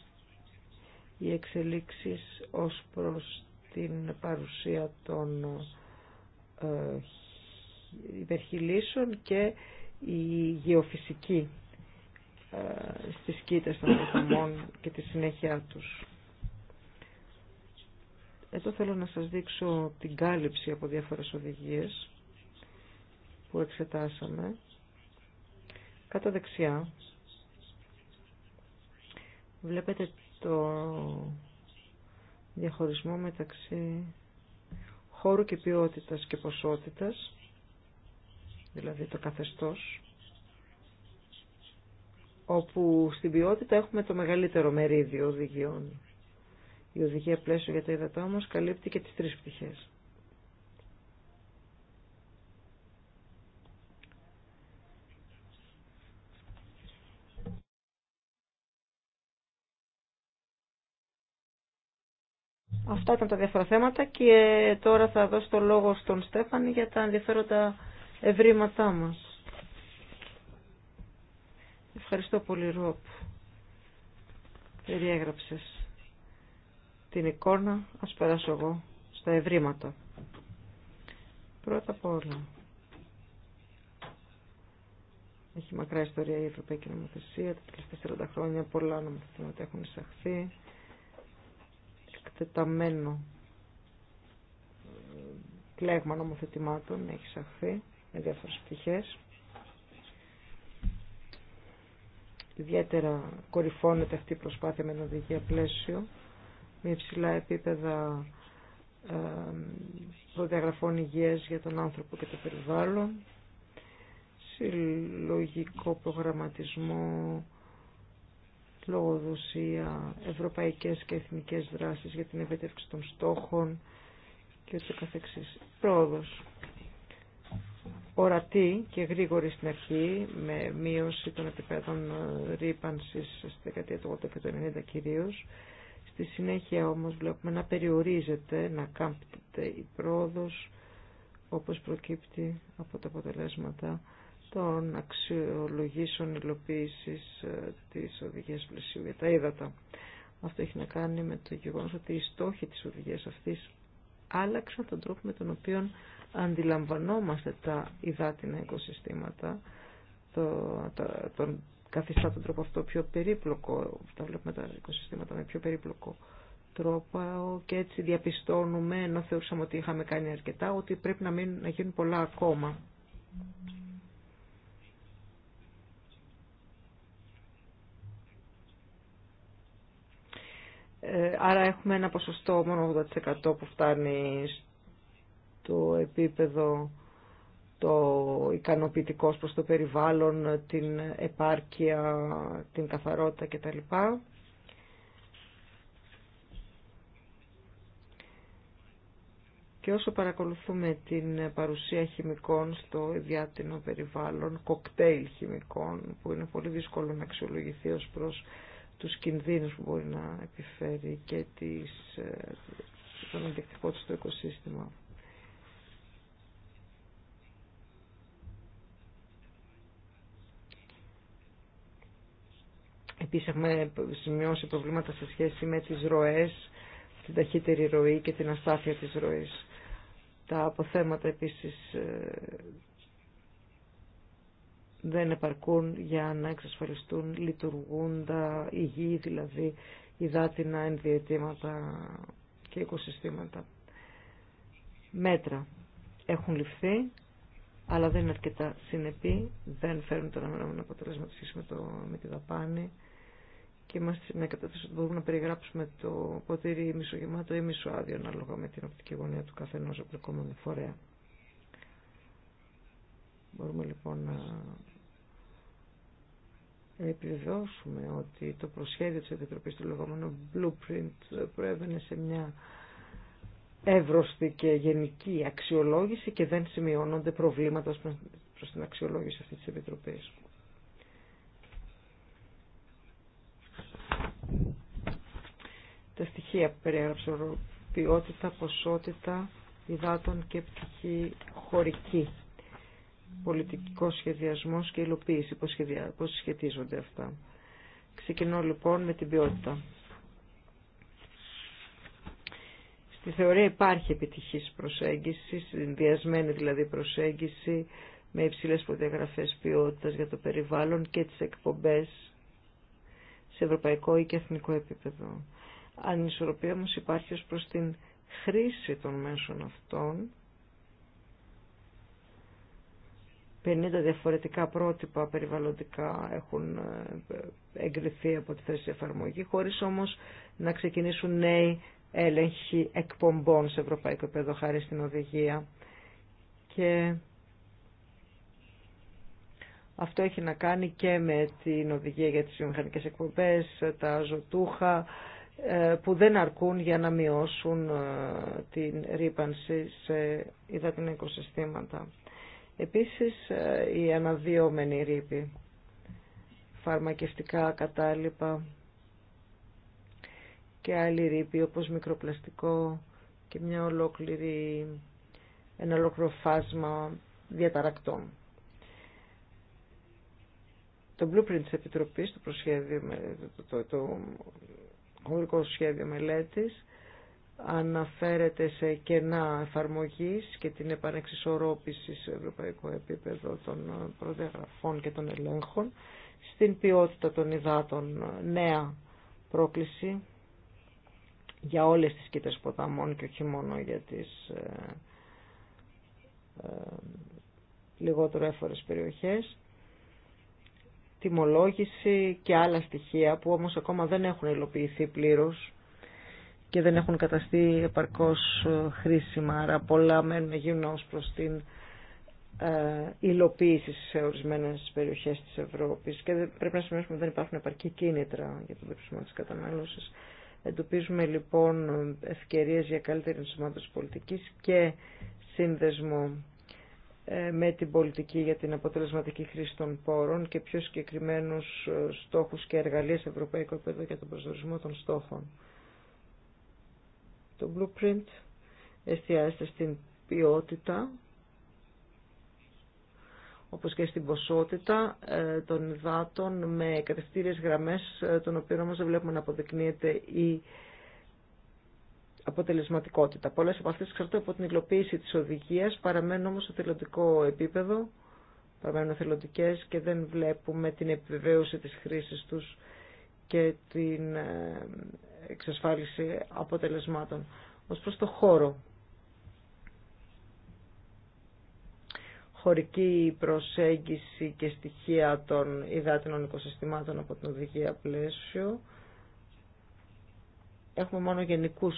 οι εξελίξεις ως προς την παρουσία των ε, και η γεωφυσική ε, στις κοίτες των ποταμών και τη συνέχεια τους. Εδώ θέλω να σας δείξω την κάλυψη από διάφορες οδηγίες που εξετάσαμε κάτω δεξιά βλέπετε το διαχωρισμό μεταξύ χώρου και ποιότητας και ποσότητας, δηλαδή το καθεστώς, όπου στην ποιότητα έχουμε το μεγαλύτερο μερίδιο οδηγιών. Η οδηγία πλαίσιο για τα υδατά όμως καλύπτει και τις τρεις πτυχές. Αυτά ήταν τα διάφορα θέματα και τώρα θα δώσω το λόγο στον Στέφανη για τα ενδιαφέροντα ευρήματά μας. Ευχαριστώ πολύ Ρόπ. Περιέγραψες την εικόνα, ας περάσω εγώ στα ευρήματα. Πρώτα απ' όλα. Έχει μακρά ιστορία η Ευρωπαϊκή Νομοθεσία, τα τελευταία 40 χρόνια πολλά νομοθετήματα έχουν εισαχθεί εκτεταμένο πλέγμα ε, νομοθετημάτων έχει σαχθεί με διάφορες πτυχές. Ιδιαίτερα κορυφώνεται αυτή η προσπάθεια με την οδηγία πλαίσιο, με υψηλά επίπεδα ε, προδιαγραφών υγείας για τον άνθρωπο και το περιβάλλον, συλλογικό προγραμματισμό λογοδοσία, ευρωπαϊκές και εθνικές δράσεις για την ευέτευξη των στόχων και ούτω καθεξής. Πρόοδος. Ορατή και γρήγορη στην αρχή, με μείωση των επιπέδων ε, ρήπανσης στη δεκαετία του 80 και του 90 κυρίως. Στη συνέχεια όμως βλέπουμε να περιορίζεται, να κάμπτεται η πρόοδος, όπως προκύπτει από τα αποτελέσματα των αξιολογήσεων υλοποίηση ε, τη οδηγίας πλαισίου για τα ύδατα. Αυτό έχει να κάνει με το γεγονός ότι οι στόχοι τη οδηγία αυτή άλλαξαν τον τρόπο με τον οποίο αντιλαμβανόμαστε τα υδάτινα οικοσυστήματα, το, το, τον, καθιστά τον τρόπο αυτό πιο περίπλοκο, τα βλέπουμε τα οικοσυστήματα με πιο περίπλοκο τρόπο και έτσι διαπιστώνουμε, ενώ θεωρούσαμε ότι είχαμε κάνει αρκετά, ότι πρέπει να, να γίνουν πολλά ακόμα. Ε, άρα έχουμε ένα ποσοστό μόνο 80% που φτάνει στο επίπεδο το ικανοποιητικό προς το περιβάλλον, την επάρκεια, την καθαρότητα κτλ. Και όσο παρακολουθούμε την παρουσία χημικών στο ιδιάτινο περιβάλλον, κοκτέιλ χημικών, που είναι πολύ δύσκολο να αξιολογηθεί ως προς τους κινδύνους που μπορεί να επιφέρει και τις, ε, τον του στο οικοσύστημα. Επίσης έχουμε σημειώσει προβλήματα σε σχέση με τις ροές, την ταχύτερη ροή και την αστάθεια της ροής. Τα αποθέματα επίσης ε, δεν επαρκούν για να εξασφαλιστούν λειτουργούντα υγιή δηλαδή υδάτινα ενδιαιτήματα και οικοσυστήματα. Μέτρα έχουν ληφθεί, αλλά δεν είναι αρκετά συνεπή, δεν φέρνουν το αναμενόμενο αποτελέσμα σχέση με, το, με τη δαπάνη και είμαστε σε μια κατάσταση ότι μπορούμε να περιγράψουμε το ποτήρι μισογεμάτο ή μισοάδιο ανάλογα με την οπτική γωνία του καθενός από φορέα. Μπορούμε λοιπόν να επιβεβαιώσουμε ότι το προσχέδιο της Επιτροπής του λεγόμενου Blueprint προέβαινε σε μια εύρωστη και γενική αξιολόγηση και δεν σημειώνονται προβλήματα προς την αξιολόγηση αυτής της Επιτροπής. Τα στοιχεία που περιέγραψε ποιότητα, ποσότητα υδάτων και πτυχή χωρική πολιτικός σχεδιασμός και υλοποίηση, πώς, πώς σχετίζονται αυτά. Ξεκινώ λοιπόν με την ποιότητα. Στη θεωρία υπάρχει επιτυχής προσέγγιση, συνδυασμένη δηλαδή προσέγγιση με υψηλές προδιαγραφές ποιότητας για το περιβάλλον και τις εκπομπές σε ευρωπαϊκό ή και εθνικό επίπεδο. Ανισορροπία όμως υπάρχει ως προς την χρήση των μέσων αυτών 50 διαφορετικά πρότυπα περιβαλλοντικά έχουν ε, εγκριθεί από τη θέση εφαρμογή, χωρίς όμως να ξεκινήσουν νέοι έλεγχοι εκπομπών σε ευρωπαϊκό επίπεδο χάρη στην οδηγία. Και αυτό έχει να κάνει και με την οδηγία για τις βιομηχανικές εκπομπές, τα ζωτούχα, ε, που δεν αρκούν για να μειώσουν ε, την ρήπανση σε υδατινά Επίσης ε, η αναδυόμενη ρήπη, φαρμακευτικά κατάλοιπα και άλλη ρήπη όπως μικροπλαστικό και μια ολόκληρη, ένα ολόκληρο φάσμα διαταρακτών. Το blueprint της Επιτροπής, το, προσχέδιο, το, το, το σχέδιο μελέτης, αναφέρεται σε κενά εφαρμογής και την επανεξισορρόπηση σε ευρωπαϊκό επίπεδο των προδιαγραφών και των ελέγχων, στην ποιότητα των υδάτων νέα πρόκληση για όλες τις κοίτες ποταμών και όχι μόνο για τις ε, ε, λιγότερο έφορες περιοχές, τιμολόγηση και άλλα στοιχεία που όμως ακόμα δεν έχουν υλοποιηθεί πλήρως και δεν έχουν καταστεί επαρκώς ε, χρήσιμα, άρα πολλά μένουν να γίνουν ως προς την ε, υλοποίηση σε ορισμένες περιοχές της Ευρώπης και πρέπει να σημειώσουμε ότι δεν υπάρχουν επαρκή κίνητρα για το δεξιμό της κατανάλωσης. Εντοπίζουμε λοιπόν ευκαιρίες για καλύτερη ενσωμάτωση πολιτικής και σύνδεσμο ε, με την πολιτική για την αποτελεσματική χρήση των πόρων και πιο συγκεκριμένους στόχους και εργαλεία σε ευρωπαϊκό επίπεδο για τον προσδορισμό των στόχων. Το blueprint εστιάζεται στην ποιότητα όπως και στην ποσότητα ε, των υδάτων με κατευθύνες γραμμές ε, των οποίων όμως δεν βλέπουμε να αποδεικνύεται η αποτελεσματικότητα. Πολλές από αυτές εξαρτώνται από την υλοποίηση της οδηγίας, παραμένουν όμως σε θελοντικό επίπεδο, παραμένουν θελοντικές και δεν βλέπουμε την επιβεβαίωση της χρήσης τους και την ε, εξασφάλιση αποτελεσμάτων ως προς το χώρο. Χωρική προσέγγιση και στοιχεία των υδάτινων οικοσυστημάτων από την οδηγία πλαίσιο. Έχουμε μόνο γενικούς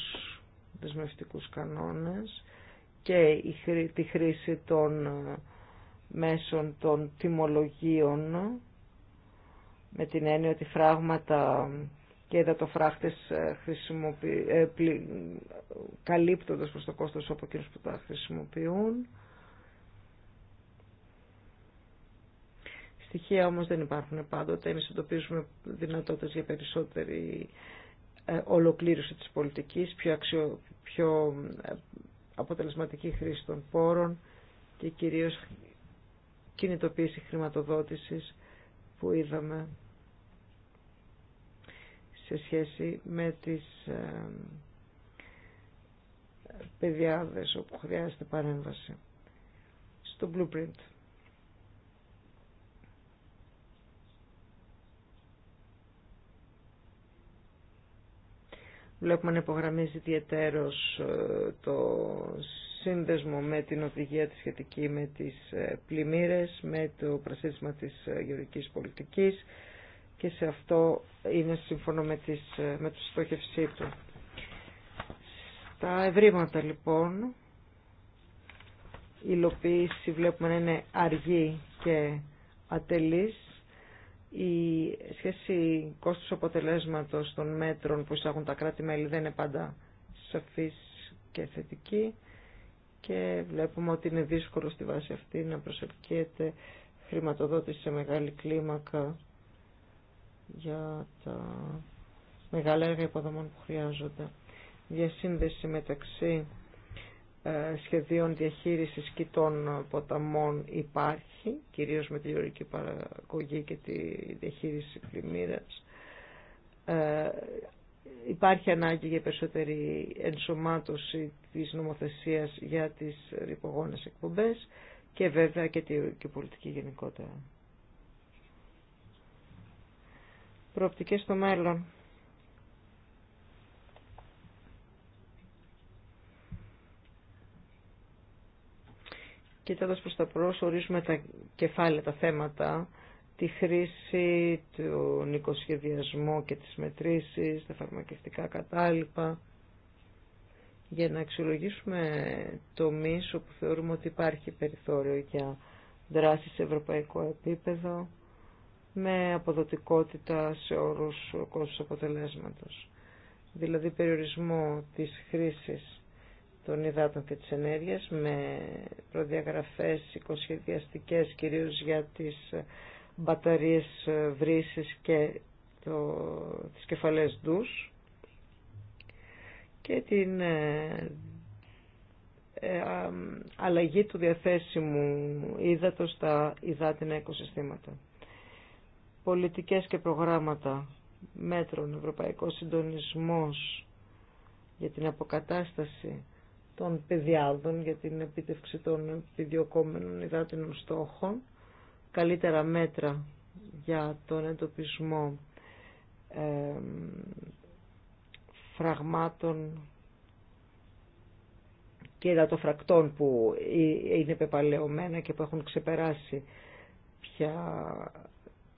δεσμευτικούς κανόνες και τη χρήση των ε, μέσων των τιμολογίων με την έννοια ότι φράγματα και το ε, χρησιμοποιη... Ε, καλύπτοντας προς το κόστος από εκείνους που τα χρησιμοποιούν. Στοιχεία όμως δεν υπάρχουν πάντοτε. Εμείς εντοπίζουμε δυνατότητες για περισσότερη ε, ολοκλήρωση της πολιτικής, πιο, αξιο... πιο αποτελεσματική χρήση των πόρων και κυρίως κινητοποίηση χρηματοδότησης που είδαμε σε σχέση με τις ε, παιδιάδες όπου χρειάζεται παρέμβαση στο blueprint. Βλέπουμε να υπογραμμίζει ιδιαίτερος ε, το σύνδεσμο με την οδηγία τη σχετική με τις ε, πλημμύρες, με το πρασίσμα της ε, γεωργικής πολιτικής, και σε αυτό είναι σύμφωνο με, τις, με τη στόχευσή του. Στα ευρήματα λοιπόν, η υλοποίηση βλέπουμε να είναι αργή και ατελής η σχέση κοστος αποτελέσματος των μέτρων που εισάγουν τα κράτη-μέλη δεν είναι πάντα σαφής και θετική και βλέπουμε ότι είναι δύσκολο στη βάση αυτή να προσελκύεται χρηματοδότηση σε μεγάλη κλίμακα για τα μεγάλα έργα υποδομών που χρειάζονται. Διασύνδεση μεταξύ ε, σχεδίων διαχείρισης των ποταμών υπάρχει, κυρίως με τη λιωρική παραγωγή και τη διαχείριση πλημμύρα. Ε, υπάρχει ανάγκη για περισσότερη ενσωμάτωση της νομοθεσίας για τις ρηπογόνες εκπομπές και βέβαια και τη πολιτική γενικότερα. προοπτικές στο μέλλον. Κοιτάζοντας προς τα προς, ορίζουμε τα κεφάλαια, τα θέματα, τη χρήση, τον οικοσχεδιασμό και τις μετρήσεις, τα φαρμακευτικά κατάλοιπα, για να αξιολογήσουμε το μίσο που θεωρούμε ότι υπάρχει περιθώριο για δράση σε ευρωπαϊκό επίπεδο με αποδοτικότητα σε όρους κόστος αποτελέσματος. Δηλαδή περιορισμό της χρήσης των υδάτων και της ενέργειας με προδιαγραφές οικοσχεδιαστικές κυρίως για τις μπαταρίες βρύσης και το, τις κεφαλές ντους και την ε, ε, αλλαγή του διαθέσιμου ύδατος στα υδάτινα οικοσυστήματα πολιτικές και προγράμματα μέτρων ευρωπαϊκός συντονισμός για την αποκατάσταση των παιδιάδων για την επίτευξη των επιδιωκόμενων υδάτινων στόχων, καλύτερα μέτρα για τον εντοπισμό φραγμάτων και υδατοφρακτών που ε, είναι πεπαλαιωμένα και που έχουν ξεπεράσει πια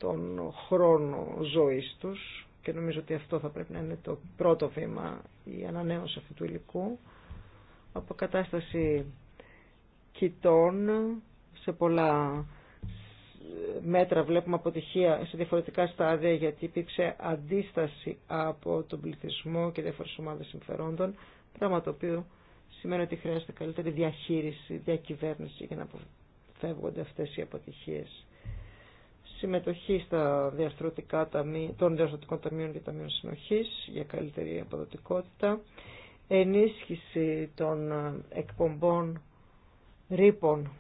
τον χρόνο ζωής τους και νομίζω ότι αυτό θα πρέπει να είναι το πρώτο βήμα η ανανέωση αυτού του υλικού από κατάσταση κοιτών σε πολλά μέτρα βλέπουμε αποτυχία σε διαφορετικά στάδια γιατί υπήρξε αντίσταση από τον πληθυσμό και διάφορες ομάδες συμφερόντων πράγμα το οποίο σημαίνει ότι χρειάζεται καλύτερη διαχείριση, διακυβέρνηση για να αποφεύγονται αυτές οι αποτυχίες συμμετοχή στα διαστρωτικά ταμεία, των διαστρωτικών ταμείων και ταμείων συνοχής για καλύτερη αποδοτικότητα, ενίσχυση των ε, εκπομπών ρήπων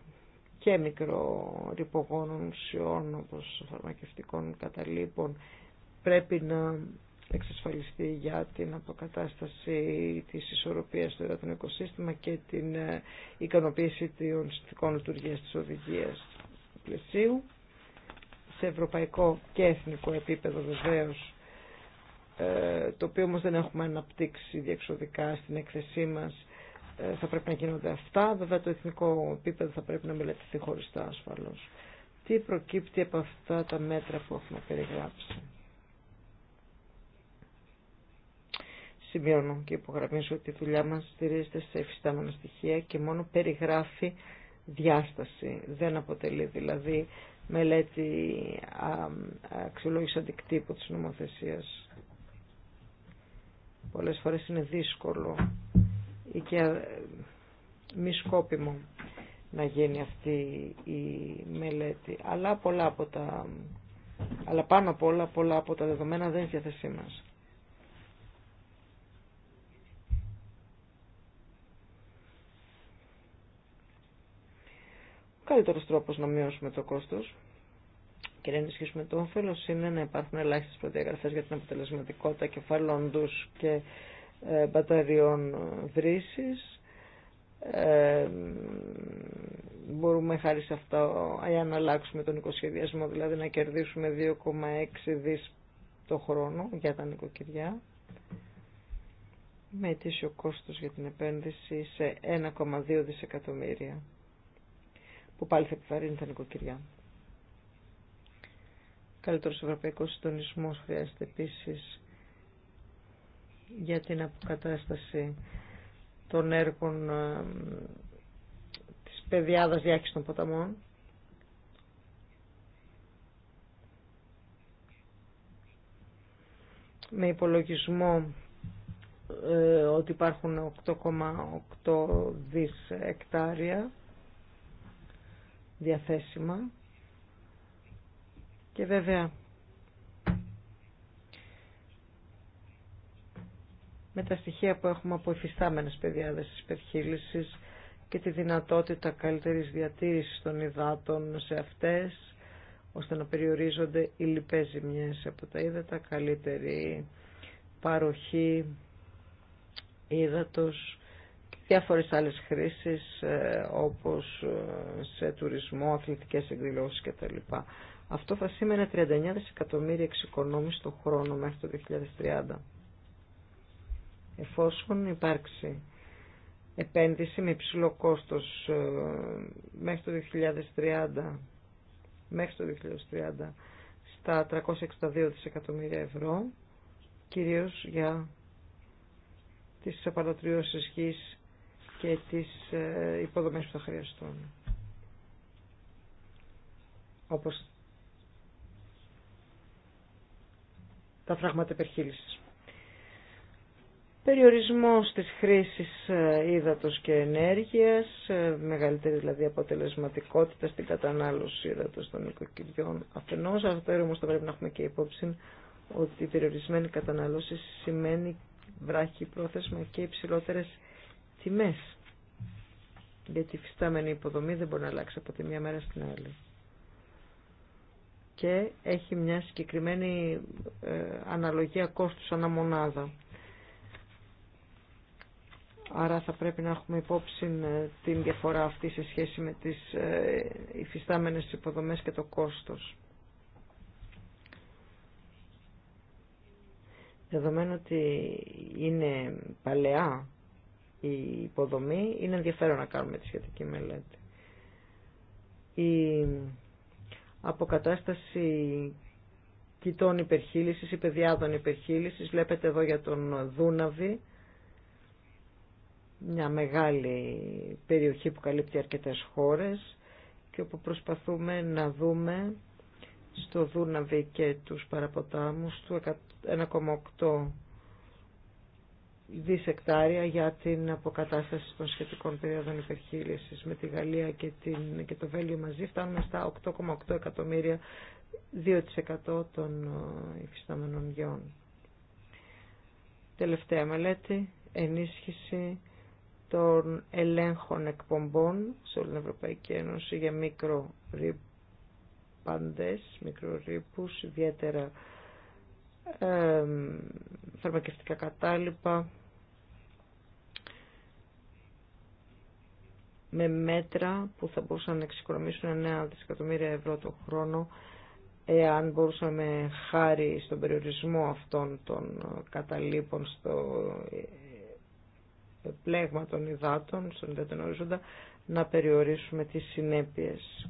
και μικρορυπογόνων ουσιών όπως φαρμακευτικών καταλήπων πρέπει να εξασφαλιστεί για την αποκατάσταση της ισορροπίας του του οικοσύστημα και την ε, ικανοποίηση των συνθηκών λειτουργία της οδηγίας πλαισίου σε ευρωπαϊκό και εθνικό επίπεδο βεβαίως, ε, το οποίο όμως δεν έχουμε αναπτύξει διεξοδικά στην έκθεσή μας, ε, θα πρέπει να γίνονται αυτά. Βέβαια το εθνικό επίπεδο θα πρέπει να μελετηθεί χωριστά ασφαλώς. Τι προκύπτει από αυτά τα μέτρα που έχουμε περιγράψει. Σημειώνω και υπογραμμίζω ότι η δουλειά μας στηρίζεται σε εφιστάμενα στοιχεία και μόνο περιγράφει διάσταση. Δεν αποτελεί δηλαδή μελέτη αξιολόγηση αντικτύπου της νομοθεσίας. Πολλές φορές είναι δύσκολο ή και ε, μη σκόπιμο να γίνει αυτή η μελέτη. Αλλά πολλά από τα αλλά πάνω απ' όλα πολλά από τα δεδομένα δεν είναι διαθεσή μας. καλύτερος τρόπος να μειώσουμε το κόστος και να ενισχύσουμε το όφελο είναι να υπάρχουν ελάχιστε προδιαγραφέ για την αποτελεσματικότητα κεφαλών του και ε, μπαταριών βρύση. Ε, μπορούμε χάρη σε αυτό, να αλλάξουμε τον οικοσχεδιασμό, δηλαδή να κερδίσουμε 2,6 δις το χρόνο για τα νοικοκυριά με αιτήσιο κόστος για την επένδυση σε 1,2 δισεκατομμύρια που πάλι θα επιβαρύνει τα νοικοκυριά. Καλύτερο ευρωπαϊκό συντονισμό χρειάζεται επίση για την αποκατάσταση των έργων ε, της παιδιάδας διάχυσης των ποταμών. Με υπολογισμό ε, ότι υπάρχουν 8,8 δις εκτάρια διαθέσιμα και βέβαια με τα στοιχεία που έχουμε από υφιστάμενες παιδιάδες της και τη δυνατότητα καλύτερης διατήρησης των υδάτων σε αυτές ώστε να περιορίζονται οι λοιπές ζημιές από τα ύδατα, καλύτερη παροχή ύδατος διάφορες άλλες χρήσεις ε, όπως ε, σε τουρισμό, αθλητικές εκδηλώσεις κτλ. Αυτό θα σήμαινε 39 δισεκατομμύρια εξοικονόμηση το χρόνο μέχρι το 2030. Εφόσον υπάρξει επένδυση με υψηλό κόστος ε, μέχρι το 2030, μέχρι το 2030 στα 362 δισεκατομμύρια ευρώ, κυρίως για τις απαλωτριώσεις γης και τις ε, υποδομές που θα χρειαστούν. Όπως τα φράγματα υπερχείλησης. Περιορισμός της χρήσης ε, ύδατος και ενέργειας, ε, μεγαλύτερη δηλαδή αποτελεσματικότητα στην κατανάλωση ύδατος των οικοκυριών αφενός. Αυτό όμως θα πρέπει να έχουμε και υπόψη ότι η περιορισμένη κατανάλωση σημαίνει βράχη πρόθεσμα και υψηλότερες τιμές. Γιατί η φυστάμενη υποδομή δεν μπορεί να αλλάξει από τη μία μέρα στην άλλη. Και έχει μια συγκεκριμένη ε, αναλογία κόστους αναμονάδα. Άρα θα πρέπει να έχουμε υπόψη ε, την διαφορά αυτή σε σχέση με τις ε, υφιστάμενες υποδομές και το κόστος. Δεδομένου ότι είναι παλαιά η υποδομή, είναι ενδιαφέρον να κάνουμε τη σχετική μελέτη. Η αποκατάσταση κοιτών υπερχείλησης ή παιδιάδων υπερχείλησης, βλέπετε εδώ για τον Δούναβη, μια μεγάλη περιοχή που καλύπτει αρκετές χώρες και όπου προσπαθούμε να δούμε στο Δούναβη και τους παραποτάμους του 1,8 δισεκτάρια για την αποκατάσταση των σχετικών περίοδων υπερχείλησης με τη Γαλλία και, την, το Βέλγιο μαζί φτάνουμε στα 8,8 εκατομμύρια 2% των ε, υφιστάμενων γεών. Τελευταία μελέτη, ενίσχυση των ελέγχων εκπομπών σε όλη την Ευρωπαϊκή Ένωση για μικρορύπαντες, μικρορύπους, ιδιαίτερα ε, φαρμακευτικά κατάλοιπα, με μέτρα που θα μπορούσαν να εξοικονομήσουν 9 δισεκατομμύρια ευρώ το χρόνο εάν μπορούσαμε χάρη στον περιορισμό αυτών των καταλήπων στο ε, πλέγμα των υδάτων, στον υδάτων ορίζοντα, να περιορίσουμε τις συνέπειες.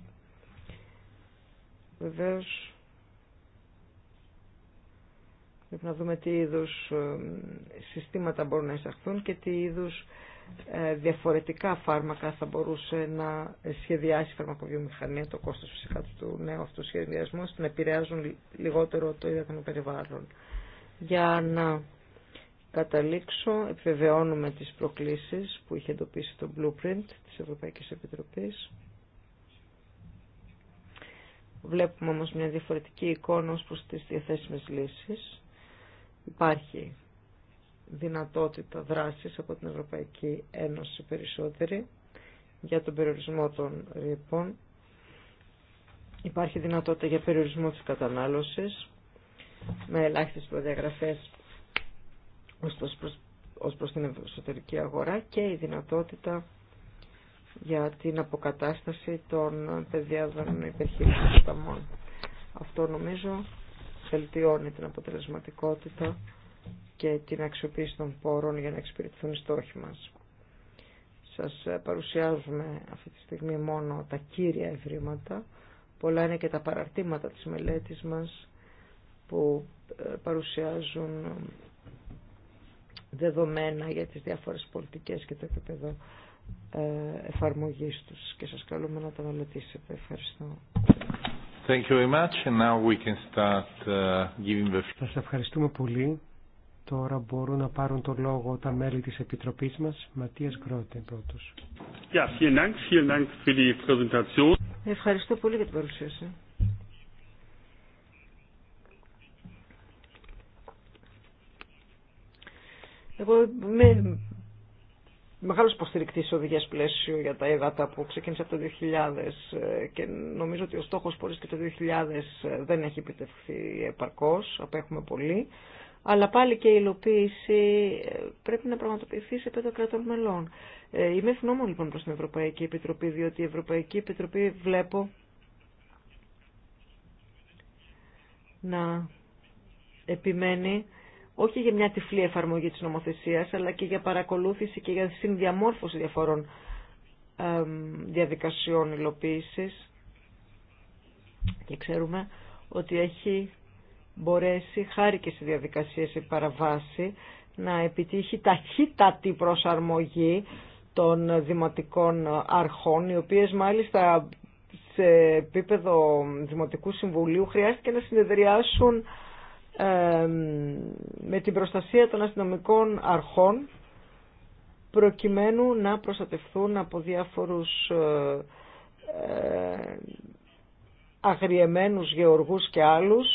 Βεβαίως, πρέπει να δούμε τι είδους ε, συστήματα μπορούν να εισαχθούν και τι είδους ε, διαφορετικά φάρμακα θα μπορούσε να σχεδιάσει η φαρμακοβιομηχανία το κόστος φυσικά του νέου αυτού σχεδιασμού να επηρεάζουν λιγότερο το ίδιο περιβάλλον. Για να καταλήξω, επιβεβαιώνουμε τις προκλήσεις που είχε εντοπίσει το blueprint της Ευρωπαϊκή Επιτροπή. Βλέπουμε όμως μια διαφορετική εικόνα ως προς τις διαθέσιμες λύσεις. Υπάρχει δυνατότητα δράσης από την Ευρωπαϊκή Ένωση περισσότερη για τον περιορισμό των ρήπων. Υπάρχει δυνατότητα για περιορισμό της κατανάλωσης με ελάχιστες προδιαγραφές ως προς, ως προς την εσωτερική αγορά και η δυνατότητα για την αποκατάσταση των παιδιάδων υπερχείρησης ταμών. Αυτό νομίζω βελτιώνει την αποτελεσματικότητα και την αξιοποίηση των πόρων για να εξυπηρετηθούν οι στόχοι μας. Σας ε, παρουσιάζουμε αυτή τη στιγμή μόνο τα κύρια ευρήματα. Πολλά είναι και τα παραρτήματα της μελέτης μας που ε, παρουσιάζουν ε, δεδομένα για τις διάφορες πολιτικές και το επίπεδο εφαρμογής τους και σας καλούμε να τα μελετήσετε. Ευχαριστώ. Thank you very much. And now we can start uh, giving Σας ευχαριστούμε πολύ. Τώρα μπορούν να πάρουν το λόγο τα μέλη της Επιτροπής μας. Ματίας Γκρότε πρώτος. Ευχαριστώ πολύ για την παρουσίαση. Εγώ είμαι μεγάλος υποστηρικτής της οδηγίας πλαίσιο για τα έδατα που ξεκίνησε από το 2000 ε, και νομίζω ότι ο στόχος που και το 2000 ε, δεν έχει επιτευχθεί επαρκώς, απέχουμε πολύ αλλά πάλι και η υλοποίηση ε, πρέπει να πραγματοποιηθεί σε πέντε κρατών μελών. Ε, είμαι ευγνώμων λοιπόν προς την Ευρωπαϊκή Επιτροπή, διότι η Ευρωπαϊκή Επιτροπή βλέπω να επιμένει όχι για μια τυφλή εφαρμογή της νομοθεσίας, αλλά και για παρακολούθηση και για συνδιαμόρφωση διαφορών διαδικασιών υλοποίησης. Και ξέρουμε ότι έχει μπορέσει, χάρη και σε διαδικασίες σε παραβάση, να επιτύχει ταχύτατη προσαρμογή των δημοτικών αρχών, οι οποίες μάλιστα σε επίπεδο Δημοτικού Συμβουλίου χρειάστηκε να συνεδριάσουν με την προστασία των αστυνομικών αρχών προκειμένου να προστατευθούν από διάφορους ε, ε, αγριεμένους γεωργούς και άλλους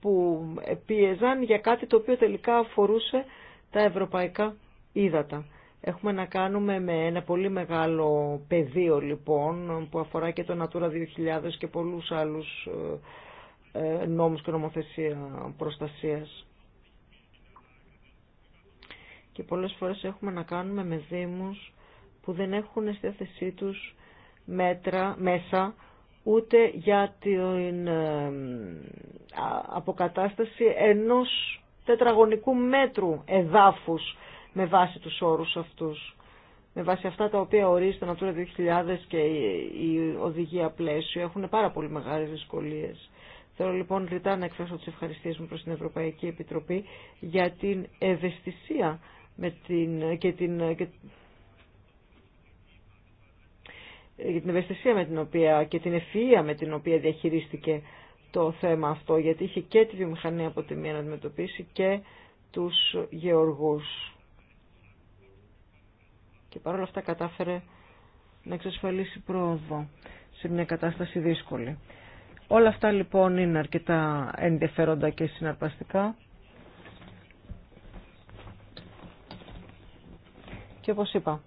που πίεζαν για κάτι το οποίο τελικά αφορούσε τα ευρωπαϊκά ύδατα. Έχουμε να κάνουμε με ένα πολύ μεγάλο πεδίο λοιπόν που αφορά και το Natura 2000 και πολλούς άλλους ε, ε, νόμους και νομοθεσία προστασίας. Και πολλές φορές έχουμε να κάνουμε με δήμους που δεν έχουν στη θέση τους μέτρα, μέσα ούτε για την ε, αποκατάσταση ενός τετραγωνικού μέτρου εδάφους με βάση τους όρους αυτούς. Με βάση αυτά τα οποία ορίζει το Natura 2000 και η οδηγία πλαίσιο έχουν πάρα πολύ μεγάλες δυσκολίες. Θέλω λοιπόν ρητά να εκφράσω τις ευχαριστίες μου προς την Ευρωπαϊκή Επιτροπή για την ευαισθησία με την, και την, ε, για την ευαισθησία με την οποία και την ευφυΐα με την οποία διαχειρίστηκε το θέμα αυτό, γιατί είχε και τη βιομηχανία από τη μία να αντιμετωπίσει και τους γεωργούς. Και παρόλα αυτά κατάφερε να εξασφαλίσει πρόοδο σε μια κατάσταση δύσκολη. Όλα αυτά λοιπόν είναι αρκετά ενδιαφέροντα και συναρπαστικά. Και όπως είπα,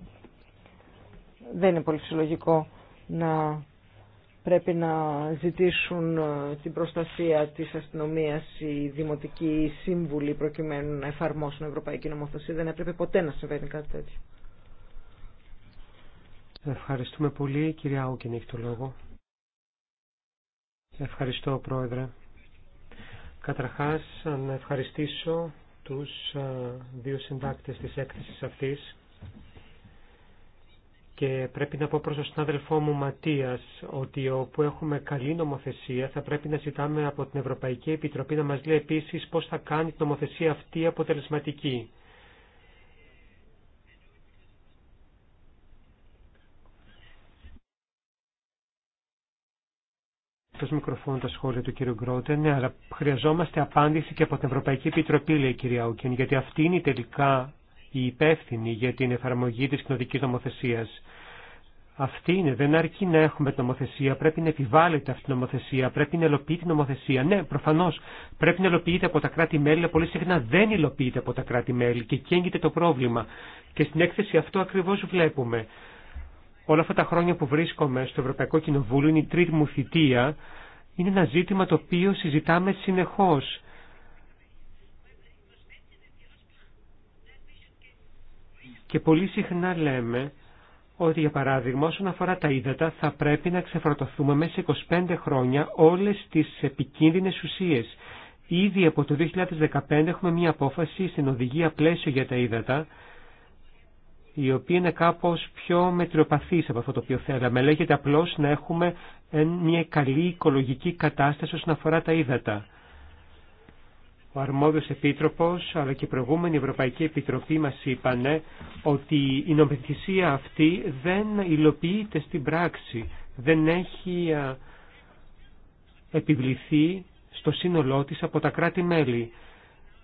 δεν είναι πολύ φυσιολογικό να πρέπει να ζητήσουν ε, την προστασία της αστυνομίας οι δημοτικοί σύμβουλοι προκειμένου να εφαρμόσουν ευρωπαϊκή νομοθεσία. Δεν έπρεπε ποτέ να συμβαίνει κάτι τέτοιο. Ευχαριστούμε πολύ. Κυρία Άουκεν έχει το λόγο. Ευχαριστώ Πρόεδρε. Καταρχάς να ευχαριστήσω τους ε, δύο συντάκτες της έκθεσης αυτής και πρέπει να πω προς τον συνάδελφό μου Ματίας ότι όπου έχουμε καλή νομοθεσία θα πρέπει να ζητάμε από την Ευρωπαϊκή Επιτροπή να μας λέει επίσης πώς θα κάνει την νομοθεσία αυτή αποτελεσματική. εκτό τα σχόλια του κύριου Γκρότε. Ναι, αλλά χρειαζόμαστε απάντηση και από την Ευρωπαϊκή Επιτροπή, λέει η κυρία γιατί αυτή είναι τελικά η υπεύθυνοι για την εφαρμογή της κοινωτικής νομοθεσίας. Αυτή είναι, δεν αρκεί να έχουμε την νομοθεσία, πρέπει να επιβάλλεται αυτή η νομοθεσία, πρέπει να υλοποιείται η νομοθεσία. Ναι, προφανώ πρέπει να υλοποιείται από τα κράτη-μέλη, αλλά πολύ συχνά δεν υλοποιείται από τα κράτη-μέλη και εκεί έγκυται το πρόβλημα. Και στην έκθεση αυτό ακριβώ βλέπουμε. Όλα αυτά τα χρόνια που βρίσκομαι στο Ευρωπαϊκό Κοινοβούλιο, είναι η τρίτη μου θητεία, είναι ένα ζήτημα το οποίο συζητάμε συνεχώ. Και πολύ συχνά λέμε ότι για παράδειγμα όσον αφορά τα ύδατα θα πρέπει να ξεφροτοθούμε μέσα 25 χρόνια όλες τις επικίνδυνες ουσίες. Ήδη από το 2015 έχουμε μία απόφαση στην οδηγία πλαίσιο για τα ύδατα, η οποία είναι κάπως πιο μετριοπαθής από αυτό το οποίο θέλαμε. Λέγεται απλώς να έχουμε μια καλή οικολογική κατάσταση όσον αφορά τα ύδατα. Ο αρμόδιος επίτροπος αλλά και η προηγούμενη Ευρωπαϊκή Επιτροπή μας είπαν ότι η νομοθεσία αυτή δεν υλοποιείται στην πράξη, δεν έχει επιβληθεί στο σύνολό της από τα κράτη-μέλη.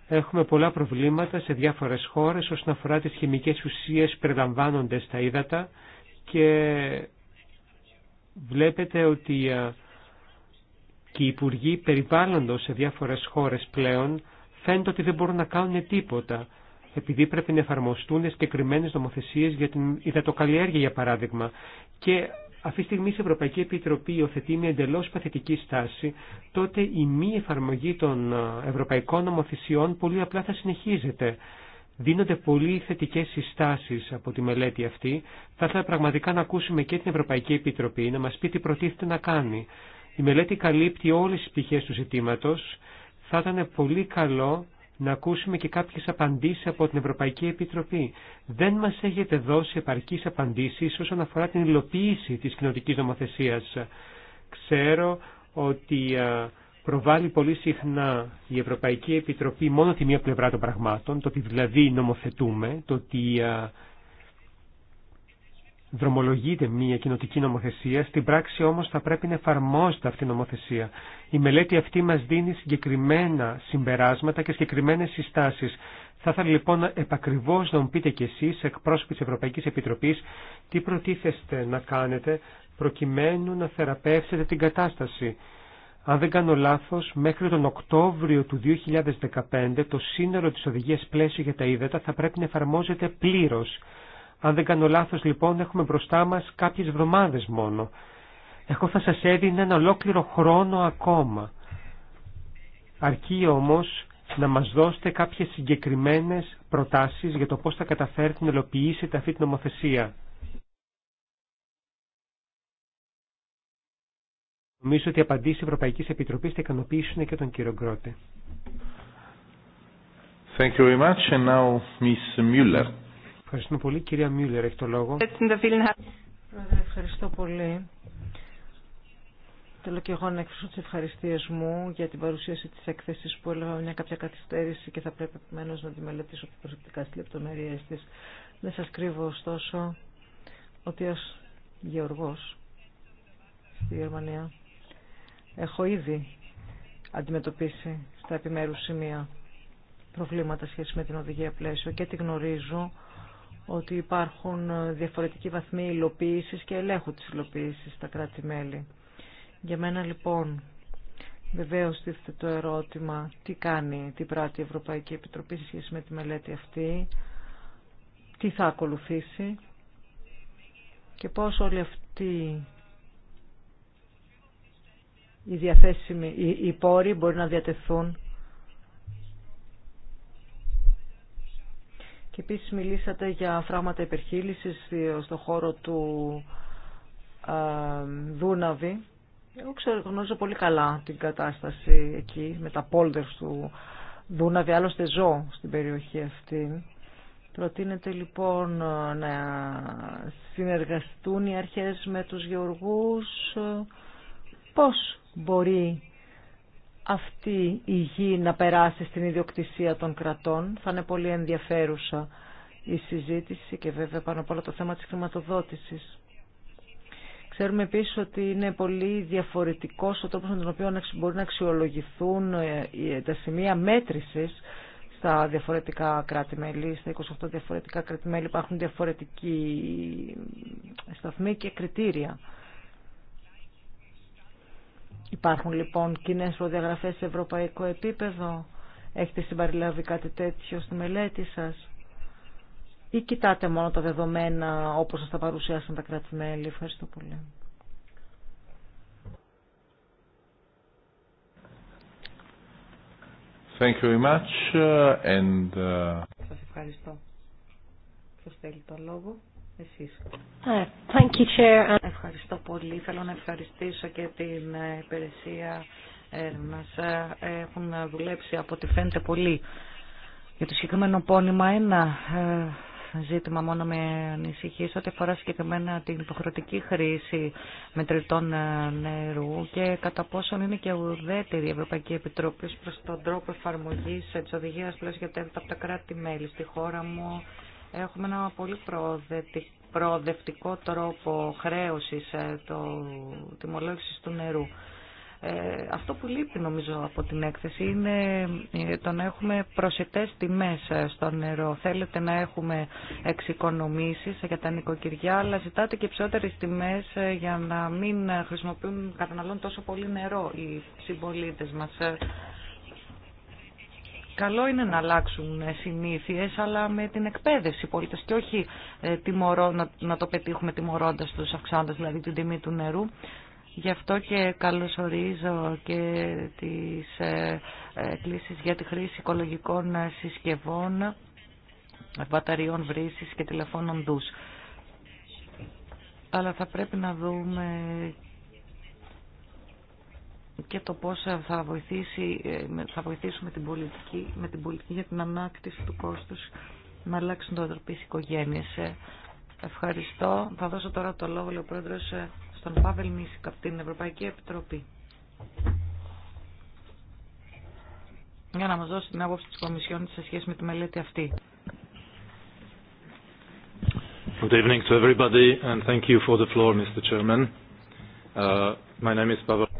Έχουμε πολλά προβλήματα σε διάφορες χώρες όσον αφορά τις χημικές ουσίες που περιλαμβάνονται στα ύδατα και βλέπετε ότι και οι υπουργοί περιβάλλοντος σε διάφορες χώρες πλέον φαίνεται ότι δεν μπορούν να κάνουν τίποτα επειδή πρέπει να εφαρμοστούν συγκεκριμένε νομοθεσίε για την υδατοκαλλιέργεια, για παράδειγμα. Και αυτή τη στιγμή η Ευρωπαϊκή Επιτροπή υιοθετεί μια εντελώ παθητική στάση, τότε η μη εφαρμογή των ε, ευρωπαϊκών νομοθεσιών πολύ απλά θα συνεχίζεται. Δίνονται πολύ θετικέ συστάσει από τη μελέτη αυτή. Θα ήθελα πραγματικά να ακούσουμε και την Ευρωπαϊκή Επιτροπή να μα πει τι προτίθεται να κάνει. Η μελέτη καλύπτει όλες τις πτυχές του ζητήματος. Θα ήταν πολύ καλό να ακούσουμε και κάποιες απαντήσεις από την Ευρωπαϊκή Επιτροπή. Δεν μας έχετε δώσει επαρκείς απαντήσεις όσον αφορά την υλοποίηση της κοινωτικής νομοθεσίας. Ξέρω ότι ε, προβάλλει πολύ συχνά η Ευρωπαϊκή Επιτροπή μόνο τη μία πλευρά των πραγμάτων, το ότι δηλαδή νομοθετούμε, το ότι ε, δρομολογείται μια κοινοτική νομοθεσία, στην πράξη όμως θα πρέπει να εφαρμόζεται αυτή η νομοθεσία. Η μελέτη αυτή μας δίνει συγκεκριμένα συμπεράσματα και συγκεκριμένες συστάσεις. Θα ήθελα λοιπόν επακριβώς να μου πείτε κι εσείς, εκπρόσωποι της Ευρωπαϊκής Επιτροπής, τι προτίθεστε να κάνετε προκειμένου να θεραπεύσετε την κατάσταση. Αν δεν κάνω λάθος, μέχρι τον Οκτώβριο του 2015 το σύνολο της οδηγίας πλαίσιο για τα ύδατα θα πρέπει να εφαρμόζεται πλήρως. Αν δεν κάνω λάθος λοιπόν έχουμε μπροστά μας κάποιες εβδομάδες μόνο. Εγώ θα σας έδινε ένα ολόκληρο χρόνο ακόμα. Αρκεί όμως να μας δώσετε κάποιες συγκεκριμένες προτάσεις για το πώς θα καταφέρετε να ελοποιήσετε αυτή την νομοθεσία. Νομίζω ότι οι απαντήσει Ευρωπαϊκή Επιτροπή θα ικανοποιήσουν και τον κύριο Γκρότε. Ευχαριστούμε πολύ. Κυρία Μιούλερ, έχει το λόγο. Πρόεδρε, ευχαριστώ πολύ. Θέλω και εγώ να εκφράσω τι ευχαριστίε μου για την παρουσίαση τη έκθεση που έλαβα μια κάποια καθυστέρηση και θα πρέπει επιμένω να τη μελετήσω προσεκτικά στι λεπτομέρειε τη. Δεν σα κρύβω ωστόσο ότι ω γεωργό στη Γερμανία έχω ήδη αντιμετωπίσει στα επιμέρου σημεία προβλήματα σχέση με την οδηγία πλαίσιο και τη γνωρίζω ότι υπάρχουν ε, διαφορετικοί βαθμοί υλοποίησης και ελέγχου της υλοποίησης στα κράτη-μέλη. Για μένα λοιπόν Βεβαίω τίθεται το ερώτημα τι κάνει, την πράτη Ευρωπαϊκή Επιτροπή σε σχέση με τη μελέτη αυτή, τι θα ακολουθήσει και πώς όλοι αυτοί η διαθέσιμη οι, οι πόροι μπορεί να διατεθούν Και επίσης μιλήσατε για φράγματα υπερχείλησης στον χώρο του Δούναβη. Εγώ ξέρω, γνωρίζω πολύ καλά την κατάσταση εκεί με τα πόλτερς του Δούναβη, άλλωστε ζω στην περιοχή αυτή. Προτείνεται λοιπόν να συνεργαστούν οι αρχές με τους γεωργούς. Πώς μπορεί αυτή η γη να περάσει στην ιδιοκτησία των κρατών. Θα είναι πολύ ενδιαφέρουσα η συζήτηση και βέβαια πάνω απ' όλα το θέμα της χρηματοδότησης. Ξέρουμε επίσης ότι είναι πολύ διαφορετικό ο τρόπο με τον οποίο μπορεί να αξιολογηθούν ε, τα σημεία μέτρησης στα διαφορετικά κράτη-μέλη, στα 28 διαφορετικά κράτη-μέλη υπάρχουν διαφορετικοί ε, σταθμοί και κριτήρια Υπάρχουν λοιπόν κοινέ προδιαγραφέ σε ευρωπαϊκό επίπεδο. Έχετε συμπαριλάβει κάτι τέτοιο στη μελέτη σας. Ή κοιτάτε μόνο τα δεδομένα όπως σας τα παρουσιάσαν τα κράτη-μέλη. Ευχαριστώ πολύ. Thank you very much. Uh, and, uh, Σας ευχαριστώ. Ποιος θέλει το λόγο εσείς. Ε, thank you, Chair. Ευχαριστώ πολύ. Θέλω να ευχαριστήσω και την ε, υπηρεσία ε, μας. Έχουν δουλέψει από ό,τι φαίνεται πολύ για το συγκεκριμένο πόνημα. Ένα ζήτημα μόνο με ανησυχίες ό,τι αφορά συγκεκριμένα την υποχρεωτική χρήση μετρητών νερού και κατά πόσον είναι και ουδέτερη η Ευρωπαϊκή Επιτροπή προς τον τρόπο εφαρμογής της οδηγίας πλέον από τα κράτη-μέλη. Στη χώρα μου Έχουμε ένα πολύ προοδευτικό τρόπο χρέωσης ε, το τιμολόγησης του νερού. Ε, αυτό που λείπει νομίζω από την έκθεση είναι ε, το να έχουμε προσιτές τιμές ε, στο νερό. Θέλετε να έχουμε εξοικονομήσεις για τα νοικοκυριά, αλλά ζητάτε και ψηλότερες τιμές για να μην χρησιμοποιούν καταναλώνουν τόσο πολύ νερό οι συμπολίτε μας. Καλό είναι να αλλάξουν συνήθειες, αλλά με την εκπαίδευση οι πολίτες και όχι ε, να, να, το πετύχουμε τιμωρώντας τους, αυξάνοντας δηλαδή την τιμή του νερού. Γι' αυτό και καλωσορίζω και τις ε, ε για τη χρήση οικολογικών ε, συσκευών, μπαταριών βρύσης και τηλεφώνων ντους. Αλλά θα πρέπει να δούμε και το πώς θα, βοηθήσει, ε, θα βοηθήσουμε την πολιτική, με την πολιτική για την ανάκτηση του κόστους να αλλάξουν το ε, Ευχαριστώ. Θα δώσω τώρα το λόγο, λέει ο Πρόεδρος, ε, στον Πάβελ Μίσικ από την Ευρωπαϊκή Επιτροπή. Για να μας δώσει την άποψη της Κομισιόν σε σχέση με τη μελέτη αυτή. Good evening to everybody and thank you for the floor, Mr. Chairman. Uh,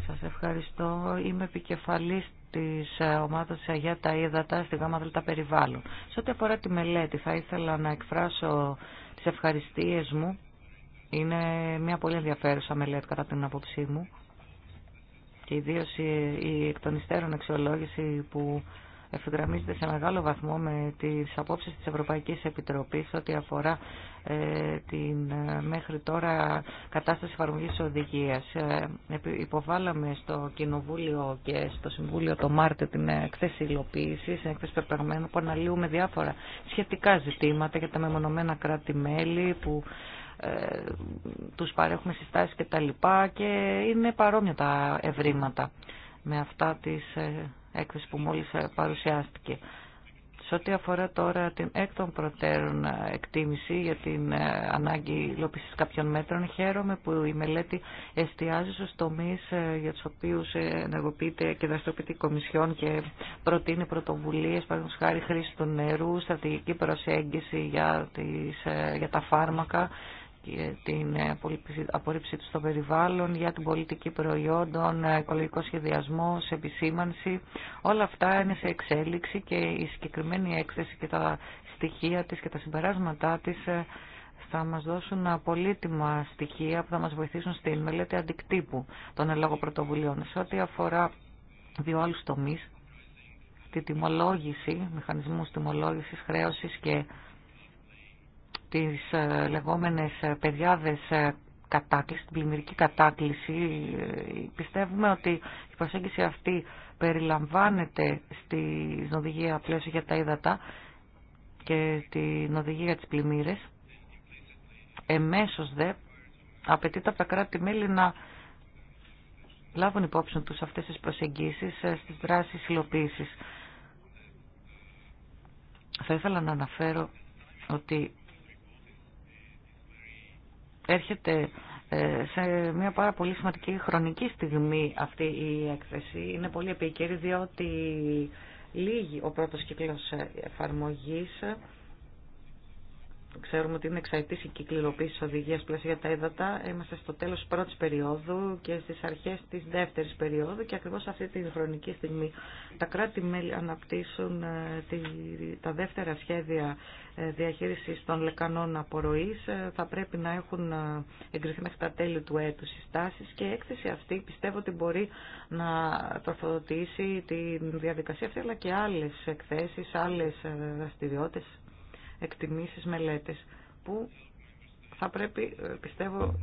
σας ευχαριστώ. Είμαι επικεφαλής της ε, ομάδας Αγία τα Ταΐδατα στη ΓΑΜΑ ΔΕΛΤΑ Περιβάλλον. Σε ό,τι αφορά τη μελέτη θα ήθελα να εκφράσω τις ευχαριστίες μου. Είναι μια πολύ ενδιαφέρουσα μελέτη κατά την άποψή μου και ιδίω η εκ των υστέρων αξιολόγηση που ευθυγραμμίζεται σε μεγάλο βαθμό με τις απόψεις της Ευρωπαϊκής Επιτροπής ό,τι αφορά ε, την ε, μέχρι τώρα κατάσταση εφαρμογή της οδηγίας. Ε, υποβάλαμε στο Κοινοβούλιο και στο Συμβούλιο το Μάρτιο την έκθεση υλοποίηση, την έκθεση πεπραγμένου που αναλύουμε διάφορα σχετικά ζητήματα για τα μεμονωμένα κράτη-μέλη που τους παρέχουμε συστάσεις και τα λοιπά και είναι παρόμοια τα ευρήματα με αυτά της έκθεση που μόλις παρουσιάστηκε. Σε ό,τι αφορά τώρα την εκ των προτέρων ε, εκτίμηση για την ε, ανάγκη υλοποίησης κάποιων μέτρων, χαίρομαι που η μελέτη εστιάζει στους τομείς ε, για τους οποίους ενεργοποιείται και δραστηριοποιείται η Κομισιόν και προτείνει πρωτοβουλίες, παραδείγματος χάρη χρήση του νερού, στρατηγική προσέγγιση για, τις, για τα φάρμακα, την ε, απορρίψη του στο περιβάλλον, για την πολιτική προϊόντων, ε, οικολογικό σχεδιασμό, επισήμανση. Όλα αυτά είναι σε εξέλιξη και η συγκεκριμένη έκθεση και τα στοιχεία της και τα συμπεράσματά της ε, θα μας δώσουν πολύτιμα στοιχεία που θα μας βοηθήσουν στην μελέτη αντικτύπου των ελόγων πρωτοβουλίων. Σε ό,τι αφορά δύο άλλους τομείς, τη τιμολόγηση, μηχανισμούς τιμολόγησης, χρέωσης και τις ε, λεγόμενες ε, παιδιάδες ε, κατάκληση, την πλημμυρική κατάκληση. Πιστεύουμε ότι η προσέγγιση αυτή περιλαμβάνεται στη οδηγία πλαίσιο για τα ύδατα και την οδηγία για τις πλημμύρες. Εμέσως δε απαιτείται από τα κράτη-μέλη να λάβουν υπόψη τους αυτές τις προσεγγίσεις στις δράσεις υλοποίησης. Θα ήθελα να αναφέρω ότι έρχεται ε, σε μια πάρα πολύ σημαντική χρονική στιγμή αυτή η έκθεση. Είναι πολύ επίκαιρη διότι λύγει ο πρώτος κύκλος εφαρμογής Ξέρουμε ότι είναι εξαετή η κυκλοποίηση της οδηγία πλαίσια για τα έδατα. Είμαστε στο τέλο τη πρώτης περίοδου και στι αρχέ τη δεύτερη περίοδου και ακριβώ αυτή τη χρονική στιγμή τα κράτη-μέλη αναπτύσσουν ε, τα δεύτερα σχέδια ε, διαχείριση των λεκανών απορροής. Ε, θα πρέπει να έχουν εγκριθεί μέχρι τα τέλη του έτου οι στάσει και η έκθεση αυτή πιστεύω ότι μπορεί να τροφοδοτήσει τη διαδικασία αυτή αλλά και άλλε εκθέσει, άλλε δραστηριότητε εκτιμήσεις, μελέτες που θα πρέπει, ε, πιστεύω, ε,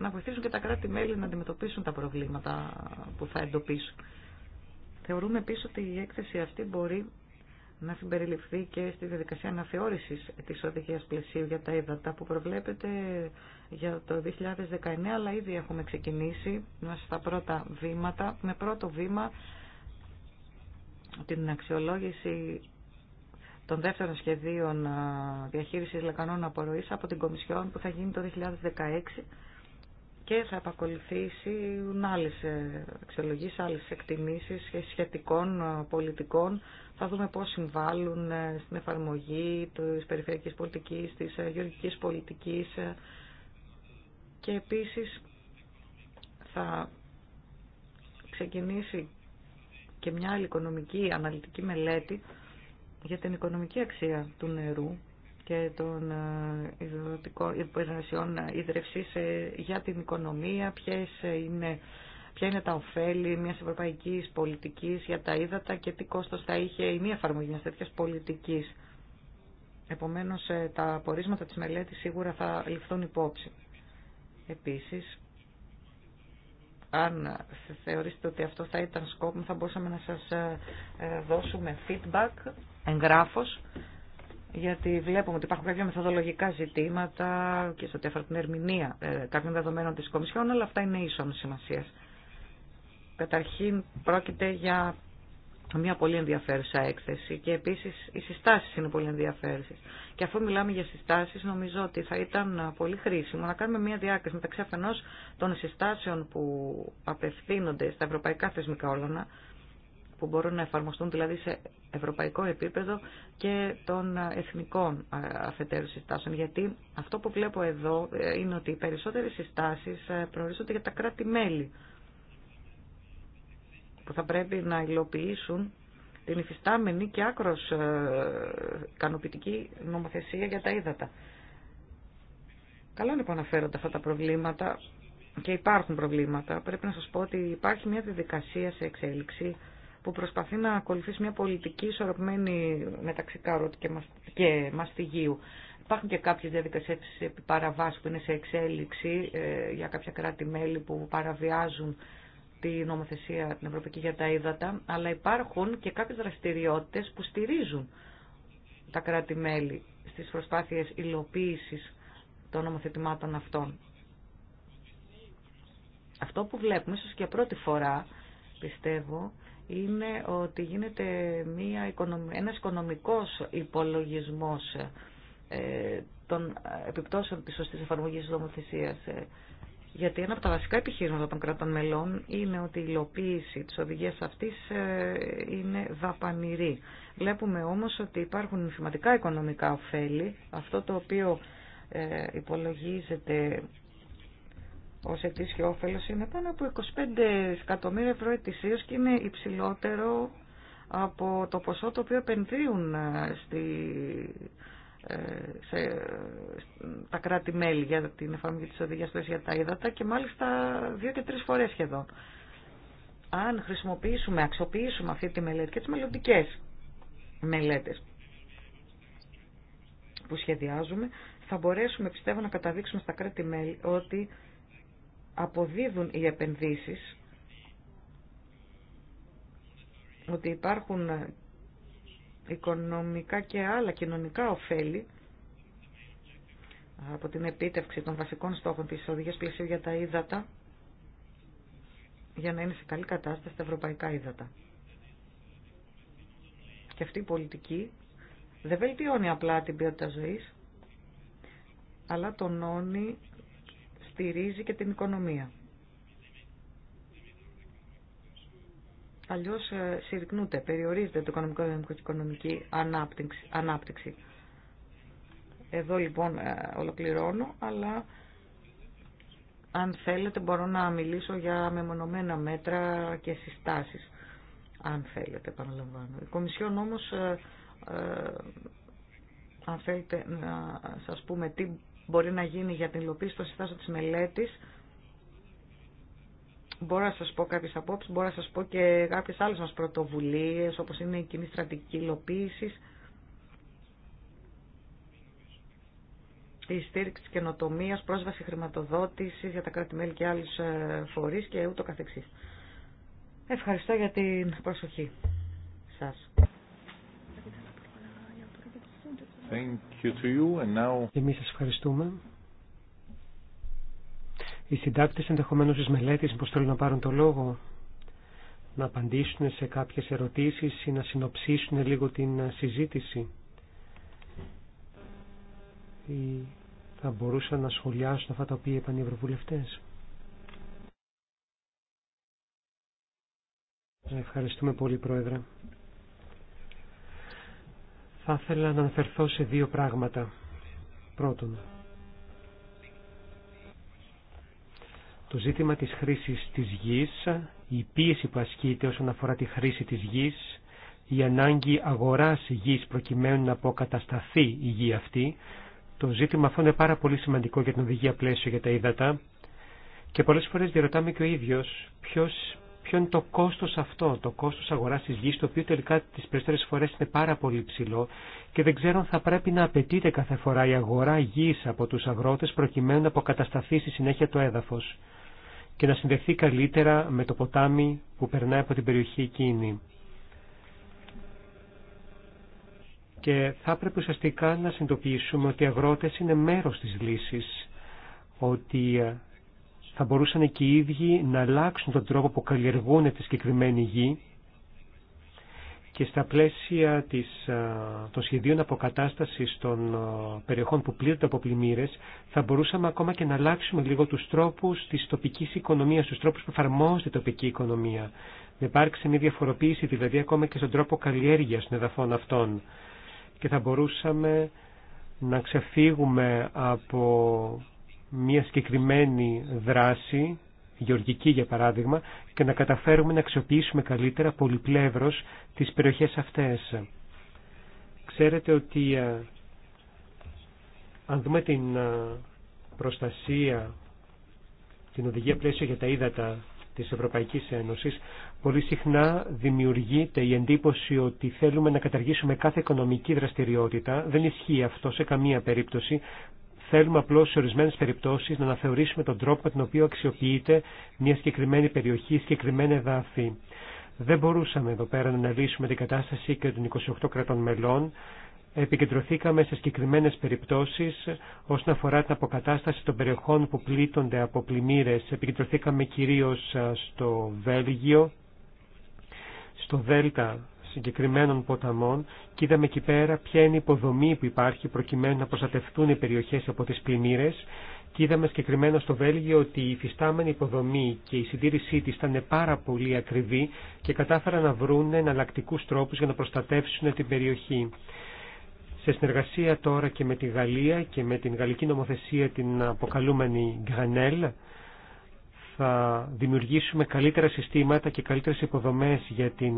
να βοηθήσουν και τα κράτη-μέλη να αντιμετωπίσουν τα προβλήματα που θα εντοπίσουν. Θεωρούμε επίσης ότι η έκθεση αυτή μπορεί να συμπεριληφθεί και στη διαδικασία αναθεώρησης της οδηγίας πλαισίου για τα ύδατα που προβλέπεται για το 2019, αλλά ήδη έχουμε ξεκινήσει στα πρώτα βήματα, με πρώτο βήμα την αξιολόγηση των δεύτερων σχεδίων διαχείρισης λεκανών απορροής από την Κομισιόν που θα γίνει το 2016 και θα επακολουθήσουν άλλε ε, αξιολογήσεις, άλλε εκτιμήσει σχετικών πολιτικών. Θα δούμε πώς συμβάλλουν ε, στην εφαρμογή τη περιφερειακής πολιτικής, της ε, γεωργικής πολιτικής και επίσης θα ξεκινήσει και μια άλλη οικονομική αναλυτική μελέτη για την οικονομική αξία του νερού και των ε, υπηρεσιών ε, ίδρυυσης ε, για την οικονομία, ποιες είναι, ποια είναι τα ωφέλη μιας ευρωπαϊκής πολιτικής για τα ύδατα και τι κόστος θα είχε η μία εφαρμογή μιας τέτοιας πολιτικής. Επομένως, τα απορίσματα της μελέτης σίγουρα θα ληφθούν υπόψη. Επίσης, αν θεωρήσετε ότι αυτό θα ήταν σκόπιμο, θα μπορούσαμε να σας δώσουμε feedback εγγράφος, γιατί βλέπουμε ότι υπάρχουν κάποια μεθοδολογικά ζητήματα και σε ό,τι αφορά την ερμηνεία ε, κάποιων δεδομένων της Κομισιόν, αλλά αυτά είναι ίσον σημασία. Καταρχήν πρόκειται για μια πολύ ενδιαφέρουσα έκθεση και επίσης οι συστάσεις είναι πολύ ενδιαφέρουσες. Και αφού μιλάμε για συστάσεις νομίζω ότι θα ήταν πολύ χρήσιμο να κάνουμε μια διάκριση μεταξύ αφενός των συστάσεων που απευθύνονται στα ευρωπαϊκά θεσμικά όργανα που μπορούν να εφαρμοστούν δηλαδή σε ευρωπαϊκό επίπεδο και των εθνικών ε, αφετέρου συστάσεων. Γιατί αυτό που βλέπω εδώ ε, είναι ότι οι περισσότερες συστάσεις ε, προορίζονται για τα κράτη-μέλη που θα πρέπει να υλοποιήσουν την υφιστάμενη και άκρος ικανοποιητική νομοθεσία για τα ύδατα. Καλό λοιπόν να φέρονται αυτά τα προβλήματα και υπάρχουν προβλήματα. Πρέπει να σας πω ότι υπάρχει μια διαδικασία σε εξέλιξη που προσπαθεί να ακολουθήσει μια πολιτική ισορροπημένη μεταξύ καρότη και μαστιγίου. Υπάρχουν και κάποιες διαδικασίες επί παραβάση που είναι σε εξέλιξη ε, για κάποια κράτη-μέλη που παραβιάζουν τη νομοθεσία την Ευρωπαϊκή για τα ύδατα, αλλά υπάρχουν και κάποιες δραστηριότητες που στηρίζουν τα κράτη-μέλη στις προσπάθειες υλοποίησης των νομοθετημάτων αυτών. Αυτό που βλέπουμε, ίσως και πρώτη φορά, πιστεύω, είναι ότι γίνεται μια, ένας οικονομικός υπολογισμός ε, των επιπτώσεων της σωστής εφαρμογής της νομοθεσίας. Ε. Γιατί ένα από τα βασικά επιχείρηματα των κρατών μελών είναι ότι η υλοποίηση της οδηγίας αυτής ε, είναι δαπανηρή. Βλέπουμε όμως ότι υπάρχουν σημαντικά οικονομικά ωφέλη. Αυτό το οποίο υπολογίζεται ως ετήσιο όφελο είναι πάνω από 25 εκατομμύρια ευρώ ετησίως και είναι υψηλότερο από το ποσό το οποίο επενδύουν ε, στη, ε, σε, τα κράτη-μέλη για την εφαρμογή τη οδηγία για τα ύδατα και μάλιστα δύο και τρεις φορές σχεδόν. Αν χρησιμοποιήσουμε, αξιοποιήσουμε αυτή τη μελέτη και τι μελλοντικέ μελέτε που σχεδιάζουμε, θα μπορέσουμε πιστεύω να καταδείξουμε στα κράτη-μέλη ότι αποδίδουν οι επενδύσεις, ότι υπάρχουν οικονομικά και άλλα κοινωνικά ωφέλη από την επίτευξη των βασικών στόχων της οδηγίας πλαισίου για τα ύδατα για να είναι σε καλή κατάσταση τα ευρωπαϊκά ύδατα. Και αυτή η πολιτική δεν βελτιώνει απλά την ποιότητα ζωής, αλλά τονώνει στηρίζει και την οικονομία. Αλλιώς ε, συρρυκνούνται, περιορίζεται το οικονομικό και οικονομική ανάπτυξη. Εδώ λοιπόν ε, ολοκληρώνω, αλλά αν θέλετε μπορώ να μιλήσω για μεμονωμένα μέτρα και συστάσεις. Αν θέλετε, παραλαμβάνω. Η Κομισιόν όμως, ε, ε αν θέλετε να σας πούμε τι μπορεί να γίνει για την υλοποίηση των συστάσεων της μελέτης. Μπορώ να σας πω κάποιες απόψεις, μπορώ να σας πω και κάποιες άλλες μας πρωτοβουλίες, όπως είναι η κοινή στρατηγική υλοποίηση, η στήριξη της καινοτομίας, πρόσβαση χρηματοδότησης για τα κράτη-μέλη και άλλου ε, φορείς και ούτω καθεξής. Ευχαριστώ για την προσοχή σας. Thank you σας ευχαριστούμε. Οι συντάκτες ενδεχομένως της μελέτης πώ θέλουν να πάρουν το λόγο να απαντήσουν σε κάποιες ερωτήσεις ή να συνοψίσουν λίγο την συζήτηση ή θα μπορούσαν να σχολιάσουν αυτά τα οποία είπαν οι ευρωβουλευτές. Ευχαριστούμε πολύ Πρόεδρε. Θα ήθελα να αναφερθώ σε δύο πράγματα. Πρώτον, το ζήτημα της χρήσης της γης, η πίεση που ασκείται όσον αφορά τη χρήση της γης, η ανάγκη αγοράς γης προκειμένου να αποκατασταθεί η γη αυτή. Το ζήτημα αυτό είναι πάρα πολύ σημαντικό για την οδηγία πλαίσιο για τα ύδατα και πολλές φορές διερωτάμε και ο ίδιος ποιος ποιο είναι το κόστος αυτό, το κόστος αγοράς της γης, το οποίο τελικά τις περισσότερες φορές είναι πάρα πολύ ψηλό και δεν ξέρω αν θα πρέπει να απαιτείται κάθε φορά η αγορά γης από τους αγρότες προκειμένου να αποκατασταθεί στη συνέχεια το έδαφος και να συνδεθεί καλύτερα με το ποτάμι που περνάει από την περιοχή εκείνη. Και θα πρέπει ουσιαστικά να συνειδητοποιήσουμε ότι οι αγρότες είναι μέρος της λύσης, ότι θα μπορούσαν και οι ίδιοι να αλλάξουν τον τρόπο που καλλιεργούν τη συγκεκριμένη γη και στα πλαίσια της, των σχεδίων αποκατάστασης των περιοχών που πλήττονται από πλημμύρε, θα μπορούσαμε ακόμα και να αλλάξουμε λίγο τους τρόπους της τοπικής οικονομίας, τους τρόπους που εφαρμόζεται η τοπική οικονομία. Να υπάρξει μια διαφοροποίηση δηλαδή ακόμα και στον τρόπο καλλιέργειας των εδαφών αυτών. Και θα μπορούσαμε να ξεφύγουμε από μια συγκεκριμένη δράση, γεωργική για παράδειγμα, και να καταφέρουμε να αξιοποιήσουμε καλύτερα πολυπλεύρως τις περιοχές αυτές. Ξέρετε ότι ε, αν δούμε την ε, προστασία, την οδηγία πλαίσιο για τα ύδατα της Ευρωπαϊκής Ένωσης, πολύ συχνά δημιουργείται η εντύπωση ότι θέλουμε να καταργήσουμε κάθε οικονομική δραστηριότητα. Δεν ισχύει αυτό σε καμία περίπτωση. Θέλουμε απλώ σε ορισμένε περιπτώσει να αναθεωρήσουμε τον τρόπο με τον οποίο αξιοποιείται μια συγκεκριμένη περιοχή, συγκεκριμένη εδάφη. Δεν μπορούσαμε εδώ πέρα να αναλύσουμε την κατάσταση και των 28 κρατών μελών. Επικεντρωθήκαμε σε συγκεκριμένε περιπτώσει όσον αφορά την αποκατάσταση των περιοχών που πλήττονται από πλημμύρε. Επικεντρωθήκαμε κυρίω στο Βέλγιο, στο Δέλτα συγκεκριμένων ποταμών και είδαμε εκεί πέρα ποια είναι η υποδομή που υπάρχει προκειμένου να προστατευτούν οι περιοχές από τις πλημμύρες και είδαμε συγκεκριμένα στο Βέλγιο ότι η φυστάμενη υποδομή και η συντήρησή της ήταν πάρα πολύ ακριβή και κατάφεραν να βρουν εναλλακτικού τρόπους για να προστατεύσουν την περιοχή. Σε συνεργασία τώρα και με τη Γαλλία και με την γαλλική νομοθεσία την αποκαλούμενη Γκανέλ θα δημιουργήσουμε καλύτερα συστήματα και καλύτερες υποδομές για την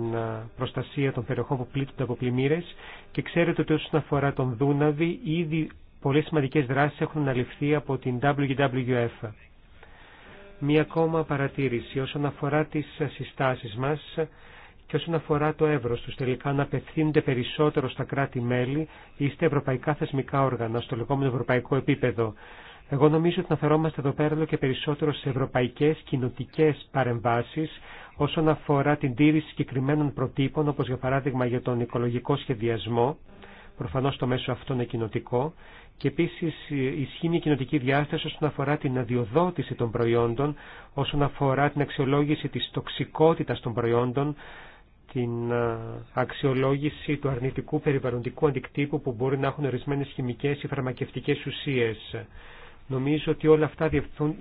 προστασία των περιοχών που πλήττονται από πλημμύρε και ξέρετε ότι όσον αφορά τον Δούναβη ήδη πολλές σημαντικές δράσεις έχουν αναλυφθεί από την WWF. Μία ακόμα παρατήρηση όσον αφορά τις συστάσεις μας και όσον αφορά το εύρος του. τελικά να απευθύνονται περισσότερο στα κράτη-μέλη ή στα ευρωπαϊκά θεσμικά όργανα, στο λεγόμενο ευρωπαϊκό επίπεδο. Εγώ νομίζω ότι αναφερόμαστε εδώ πέρα και περισσότερο σε ευρωπαϊκέ κοινοτικέ παρεμβάσει όσον αφορά την τήρηση συγκεκριμένων προτύπων, όπω για παράδειγμα για τον οικολογικό σχεδιασμό. Προφανώ το μέσο αυτό είναι κοινοτικό. Και επίση ισχύει η κοινοτική διάσταση όσον αφορά την αδειοδότηση των προϊόντων, όσον αφορά την αξιολόγηση τη τοξικότητα των προϊόντων, την αξιολόγηση του αρνητικού περιβαλλοντικού αντικτύπου που μπορεί να έχουν ορισμένε χημικέ ή φαρμακευτικέ ουσίε. Νομίζω ότι όλα αυτά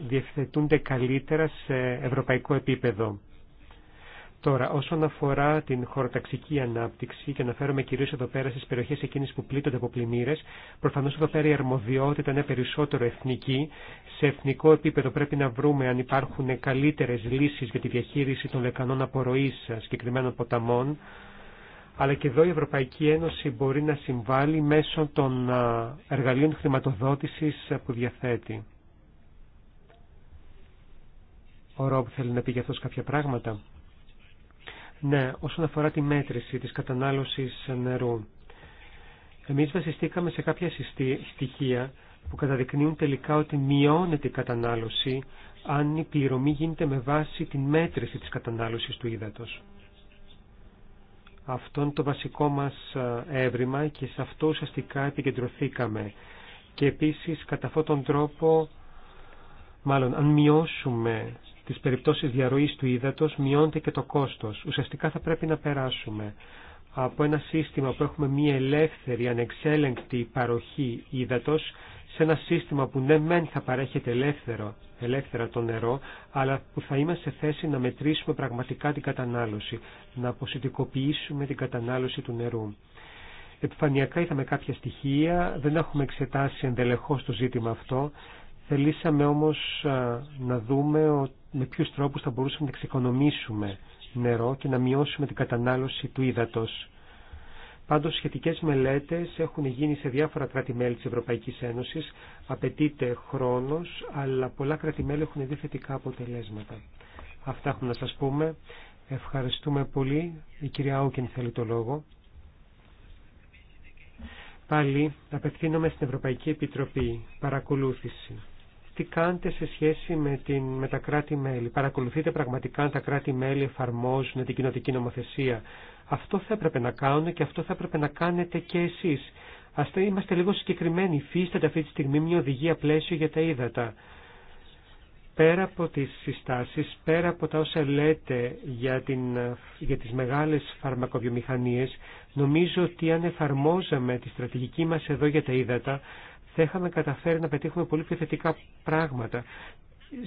διευθετούνται καλύτερα σε ευρωπαϊκό επίπεδο. Τώρα, όσον αφορά την χωροταξική ανάπτυξη, και αναφέρομαι κυρίω εδώ πέρα στι περιοχέ εκείνε που πλήττονται από πλημμύρε, προφανώ εδώ πέρα η αρμοδιότητα είναι περισσότερο εθνική. Σε εθνικό επίπεδο πρέπει να βρούμε αν υπάρχουν καλύτερε λύσει για τη διαχείριση των λεκανών απορροή ε, συγκεκριμένων ποταμών αλλά και εδώ η Ευρωπαϊκή Ένωση μπορεί να συμβάλλει μέσω των εργαλείων χρηματοδότησης ε, που διαθέτει. Ο Ρόμπ θέλει να πει για αυτός κάποια πράγματα. Ναι, όσον αφορά τη μέτρηση της κατανάλωσης νερού. Εμείς βασιστήκαμε σε κάποια στοιχεία που καταδεικνύουν τελικά ότι μειώνεται η κατανάλωση αν η πληρωμή γίνεται με βάση τη μέτρηση της κατανάλωσης του ύδατος. Αυτό είναι το βασικό μας ε, έβριμα και σε αυτό ουσιαστικά επικεντρωθήκαμε. Και επίσης κατά αυτόν τον τρόπο, μάλλον αν μειώσουμε τις περιπτώσεις διαρροής του ύδατος, μειώνεται και το κόστος. Ουσιαστικά θα πρέπει να περάσουμε από ένα σύστημα που έχουμε μία ελεύθερη, ανεξέλεγκτη παροχή ύδατος σε ένα σύστημα που ναι μεν θα παρέχεται ελεύθερο, ελεύθερα το νερό, αλλά που θα είμαστε σε θέση να μετρήσουμε πραγματικά την κατανάλωση, να αποσυντικοποιήσουμε την κατανάλωση του νερού. Επιφανειακά είδαμε κάποια στοιχεία, δεν έχουμε εξετάσει εντελεχώς το ζήτημα αυτό. Θελήσαμε όμως να δούμε με ποιου τρόπους θα μπορούσαμε να εξοικονομήσουμε νερό και να μειώσουμε την κατανάλωση του ύδατος. Πάντως σχετικές μελέτες έχουν γίνει σε διάφορα κράτη-μέλη της Ευρωπαϊκής Ένωσης. Απαιτείται χρόνος, αλλά πολλά κράτη-μέλη έχουν δει θετικά αποτελέσματα. Αυτά έχουμε να σας πούμε. Ευχαριστούμε πολύ. Η κυρία Όκεν θέλει το λόγο. Πάλι απευθύνομαι στην Ευρωπαϊκή Επιτροπή. Παρακολούθηση τι κάνετε σε σχέση με, την, με τα κράτη-μέλη. Παρακολουθείτε πραγματικά αν τα κράτη-μέλη εφαρμόζουν την κοινοτική νομοθεσία. Αυτό θα έπρεπε να κάνουν και αυτό θα έπρεπε να κάνετε και εσεί. Ας είμαστε λίγο συγκεκριμένοι. Φύσταται αυτή τη στιγμή μια οδηγία πλαίσιο για τα ύδατα. Πέρα από τι συστάσεις, πέρα από τα όσα λέτε για, την, για τις μεγάλες φαρμακοβιομηχανίες, νομίζω ότι αν εφαρμόζαμε τη στρατηγική μας εδώ για τα ύδατα, θα είχαμε καταφέρει να πετύχουμε πολύ πιο θετικά πράγματα.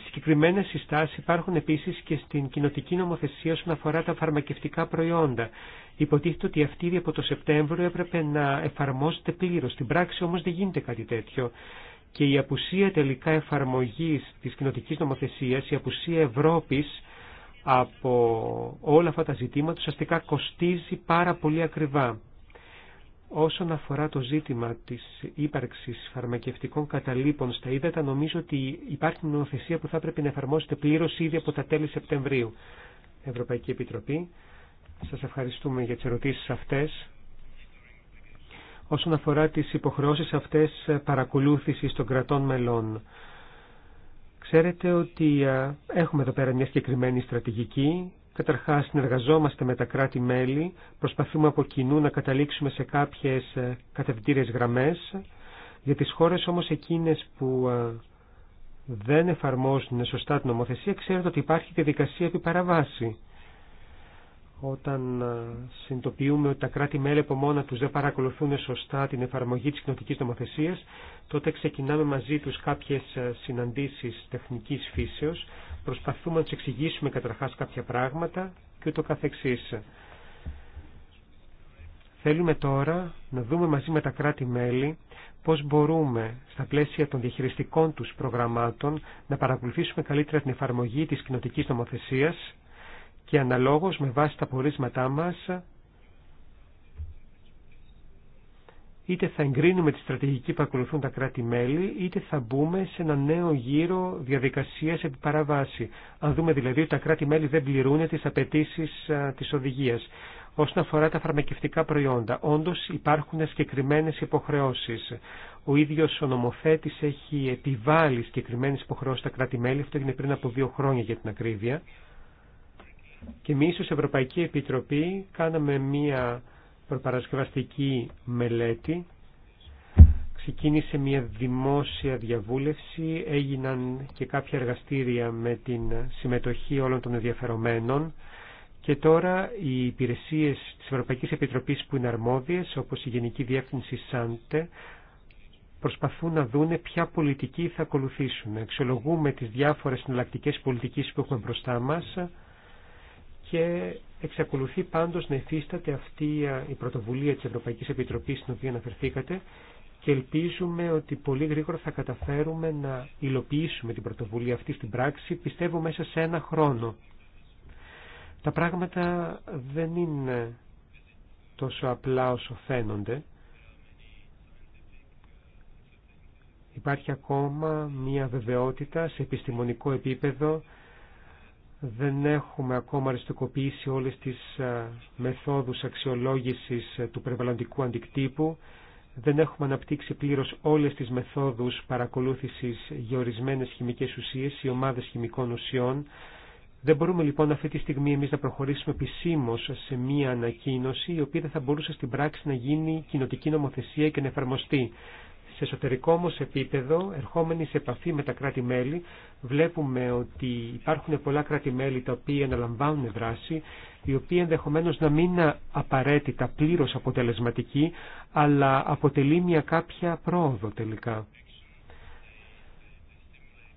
Συγκεκριμένε συστάσεις υπάρχουν επίσης και στην κοινοτική νομοθεσία όσον αφορά τα φαρμακευτικά προϊόντα. Υποτίθεται ότι αυτή από το Σεπτέμβριο έπρεπε να εφαρμόζεται πλήρως. Στην πράξη όμως δεν γίνεται κάτι τέτοιο. Και η απουσία τελικά εφαρμογή τη κοινοτική νομοθεσία, η απουσία Ευρώπη από όλα αυτά τα ζητήματα ουσιαστικά κοστίζει πάρα πολύ ακριβά. Όσον αφορά το ζήτημα της ύπαρξης φαρμακευτικών καταλήπων στα ύδατα, νομίζω ότι υπάρχει νομοθεσία που θα πρέπει να εφαρμόσετε πλήρως ήδη από τα τέλη Σεπτεμβρίου. Ευρωπαϊκή Επιτροπή, σας ευχαριστούμε για τις ερωτήσεις αυτές. Όσον αφορά τις υποχρεώσεις αυτές παρακολούθησης των κρατών μελών, ξέρετε ότι έχουμε εδώ πέρα μια συγκεκριμένη στρατηγική Καταρχάς, συνεργαζόμαστε με τα κράτη-μέλη, προσπαθούμε από κοινού να καταλήξουμε σε κάποιες ε, κατευθύντηρες γραμμές. Για τις χώρες όμως εκείνες που ε, δεν εφαρμόζουν σωστά την νομοθεσία, ξέρετε ότι υπάρχει διαδικασία επί παραβάση όταν ε, συνειδητοποιούμε ότι τα κράτη-μέλη από μόνα τους δεν παρακολουθούν σωστά την εφαρμογή της κοινωτικής νομοθεσίας, τότε ξεκινάμε μαζί τους κάποιες ε, συναντήσεις τεχνικής φύσεως, προσπαθούμε να τους εξηγήσουμε καταρχάς κάποια πράγματα και ούτω καθεξής. Θέλουμε τώρα να δούμε μαζί με τα κράτη-μέλη πώς μπορούμε στα πλαίσια των διαχειριστικών τους προγραμμάτων να παρακολουθήσουμε καλύτερα την εφαρμογή της κοινοτικής νομοθεσίας και αναλόγως με βάση τα πορίσματά μας είτε θα εγκρίνουμε τη στρατηγική που ακολουθούν τα κράτη-μέλη, είτε θα μπούμε σε ένα νέο γύρο διαδικασίας επί παραβάση. Αν δούμε δηλαδή ότι τα κράτη-μέλη δεν πληρούν τις απαιτήσει της οδηγίας. Όσον αφορά τα φαρμακευτικά προϊόντα, όντως υπάρχουν συγκεκριμένε υποχρεώσεις. Ο ίδιος ο νομοθέτης έχει επιβάλει συγκεκριμένε υποχρεώσεις στα κράτη-μέλη, αυτό έγινε πριν από δύο χρόνια για την ακρίβεια. Και εμεί ω Ευρωπαϊκή Επιτροπή κάναμε μία προπαρασκευαστική μελέτη. Ξεκίνησε μία δημόσια διαβούλευση, έγιναν και κάποια εργαστήρια με την συμμετοχή όλων των ενδιαφερομένων και τώρα οι υπηρεσίες της Ευρωπαϊκής Επιτροπής που είναι αρμόδιες, όπως η Γενική Διεύθυνση ΣΑΝΤΕ, προσπαθούν να δούνε ποια πολιτική θα ακολουθήσουν. Εξολογούμε τις διάφορες συναλλακτικές πολιτικές που έχουμε μπροστά μας και εξακολουθεί πάντως να εφίσταται αυτή η πρωτοβουλία της Ευρωπαϊκής Επιτροπής στην οποία αναφερθήκατε και ελπίζουμε ότι πολύ γρήγορα θα καταφέρουμε να υλοποιήσουμε την πρωτοβουλία αυτή στην πράξη, πιστεύω μέσα σε ένα χρόνο. Τα πράγματα δεν είναι τόσο απλά όσο φαίνονται. Υπάρχει ακόμα μία βεβαιότητα σε επιστημονικό επίπεδο δεν έχουμε ακόμα αριστοκοποιήσει όλες τις ε, μεθόδους αξιολόγησης ε, του περιβαλλοντικού αντικτύπου, δεν έχουμε αναπτύξει πλήρως όλες τις μεθόδους παρακολούθησης για ορισμένες χημικές ουσίες ή ομάδες χημικών ουσιών. Δεν μπορούμε λοιπόν αυτή τη στιγμή εμείς να προχωρήσουμε επισήμω σε μία ανακοίνωση η ομαδες χημικων ουσιων δεν μπορουμε λοιπον αυτη τη στιγμη εμεις να προχωρησουμε επισημως σε μια ανακοινωση η οποια θα μπορούσε στην πράξη να γίνει κοινοτική νομοθεσία και να εφαρμοστεί. Σε εσωτερικό όμω επίπεδο, ερχόμενοι σε επαφή με τα κράτη-μέλη, βλέπουμε ότι υπάρχουν πολλά κράτη-μέλη τα οποία αναλαμβάνουν δράση, οι οποία ενδεχομένω να μην είναι απαραίτητα πλήρω αποτελεσματική, αλλά αποτελεί μια κάποια πρόοδο τελικά.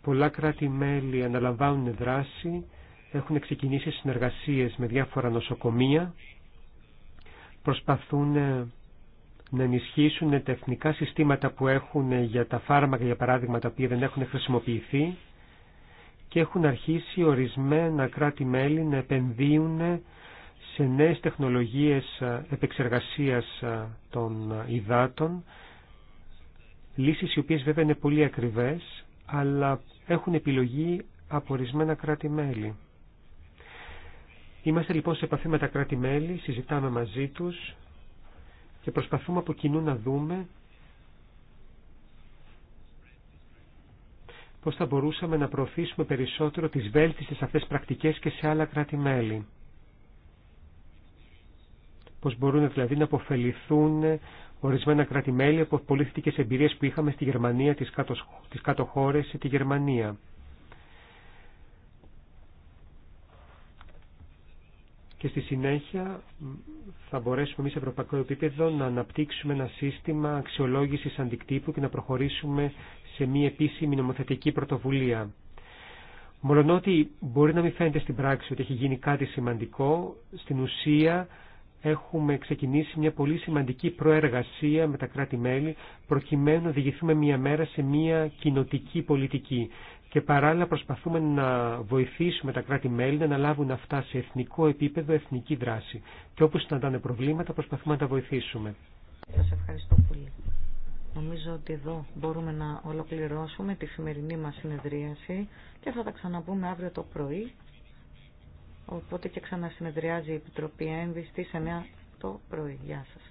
Πολλά κράτη-μέλη αναλαμβάνουν δράση, έχουν ξεκινήσει συνεργασίες με διάφορα νοσοκομεία, προσπαθούν να ενισχύσουν τα εθνικά συστήματα που έχουν για τα φάρμακα, για παράδειγμα, τα οποία δεν έχουν χρησιμοποιηθεί και έχουν αρχίσει ορισμένα κράτη-μέλη να επενδύουν σε νέες τεχνολογίες επεξεργασίας των υδάτων, λύσεις οι οποίες βέβαια είναι πολύ ακριβές, αλλά έχουν επιλογή από ορισμένα κράτη-μέλη. Είμαστε λοιπόν σε επαφή με τα κράτη-μέλη, συζητάμε μαζί τους και προσπαθούμε από κοινού να δούμε πώς θα μπορούσαμε να προωθήσουμε περισσότερο τις βέλτιστες αυτές πρακτικές και σε άλλα κράτη-μέλη. Πώς μπορούν δηλαδή να αποφεληθούν ορισμένα κράτη-μέλη από πολύ θετικές εμπειρίες που είχαμε στη Γερμανία, τις κάτω, τις κάτω χώρες στη τη Γερμανία. και στη συνέχεια θα μπορέσουμε εμεί σε ευρωπαϊκό επίπεδο να αναπτύξουμε ένα σύστημα αξιολόγησης αντικτύπου και να προχωρήσουμε σε μία επίσημη νομοθετική πρωτοβουλία. Μολονότι μπορεί να μην φαίνεται στην πράξη ότι έχει γίνει κάτι σημαντικό, στην ουσία έχουμε ξεκινήσει μια πολύ σημαντική προεργασία με τα κράτη-μέλη προκειμένου να διηγηθούμε μια μέρα σε μια κοινοτική ξεκινησει μια πολυ σημαντικη προεργασια με τα κρατη μελη προκειμενου να οδηγηθούμε μια μερα σε μια κοινοτικη πολιτικη και παράλληλα προσπαθούμε να βοηθήσουμε τα κράτη-μέλη να αναλάβουν αυτά σε εθνικό επίπεδο, εθνική δράση. Και όπου συναντάνε προβλήματα προσπαθούμε να τα βοηθήσουμε. Σας ευχαριστώ πολύ. Νομίζω ότι εδώ μπορούμε να ολοκληρώσουμε τη σημερινή μας συνεδρίαση και θα τα ξαναπούμε αύριο το πρωί. Οπότε και ξανασυνεδριάζει η Επιτροπή Ένδυση 9 το πρωί. Γεια σας.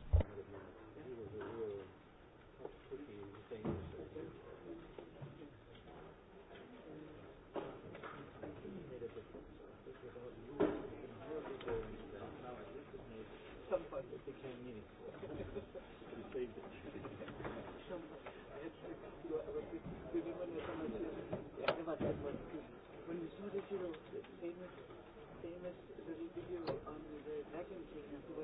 hero, famous, video on the vacuum cleaner who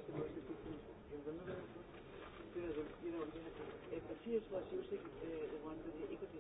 was was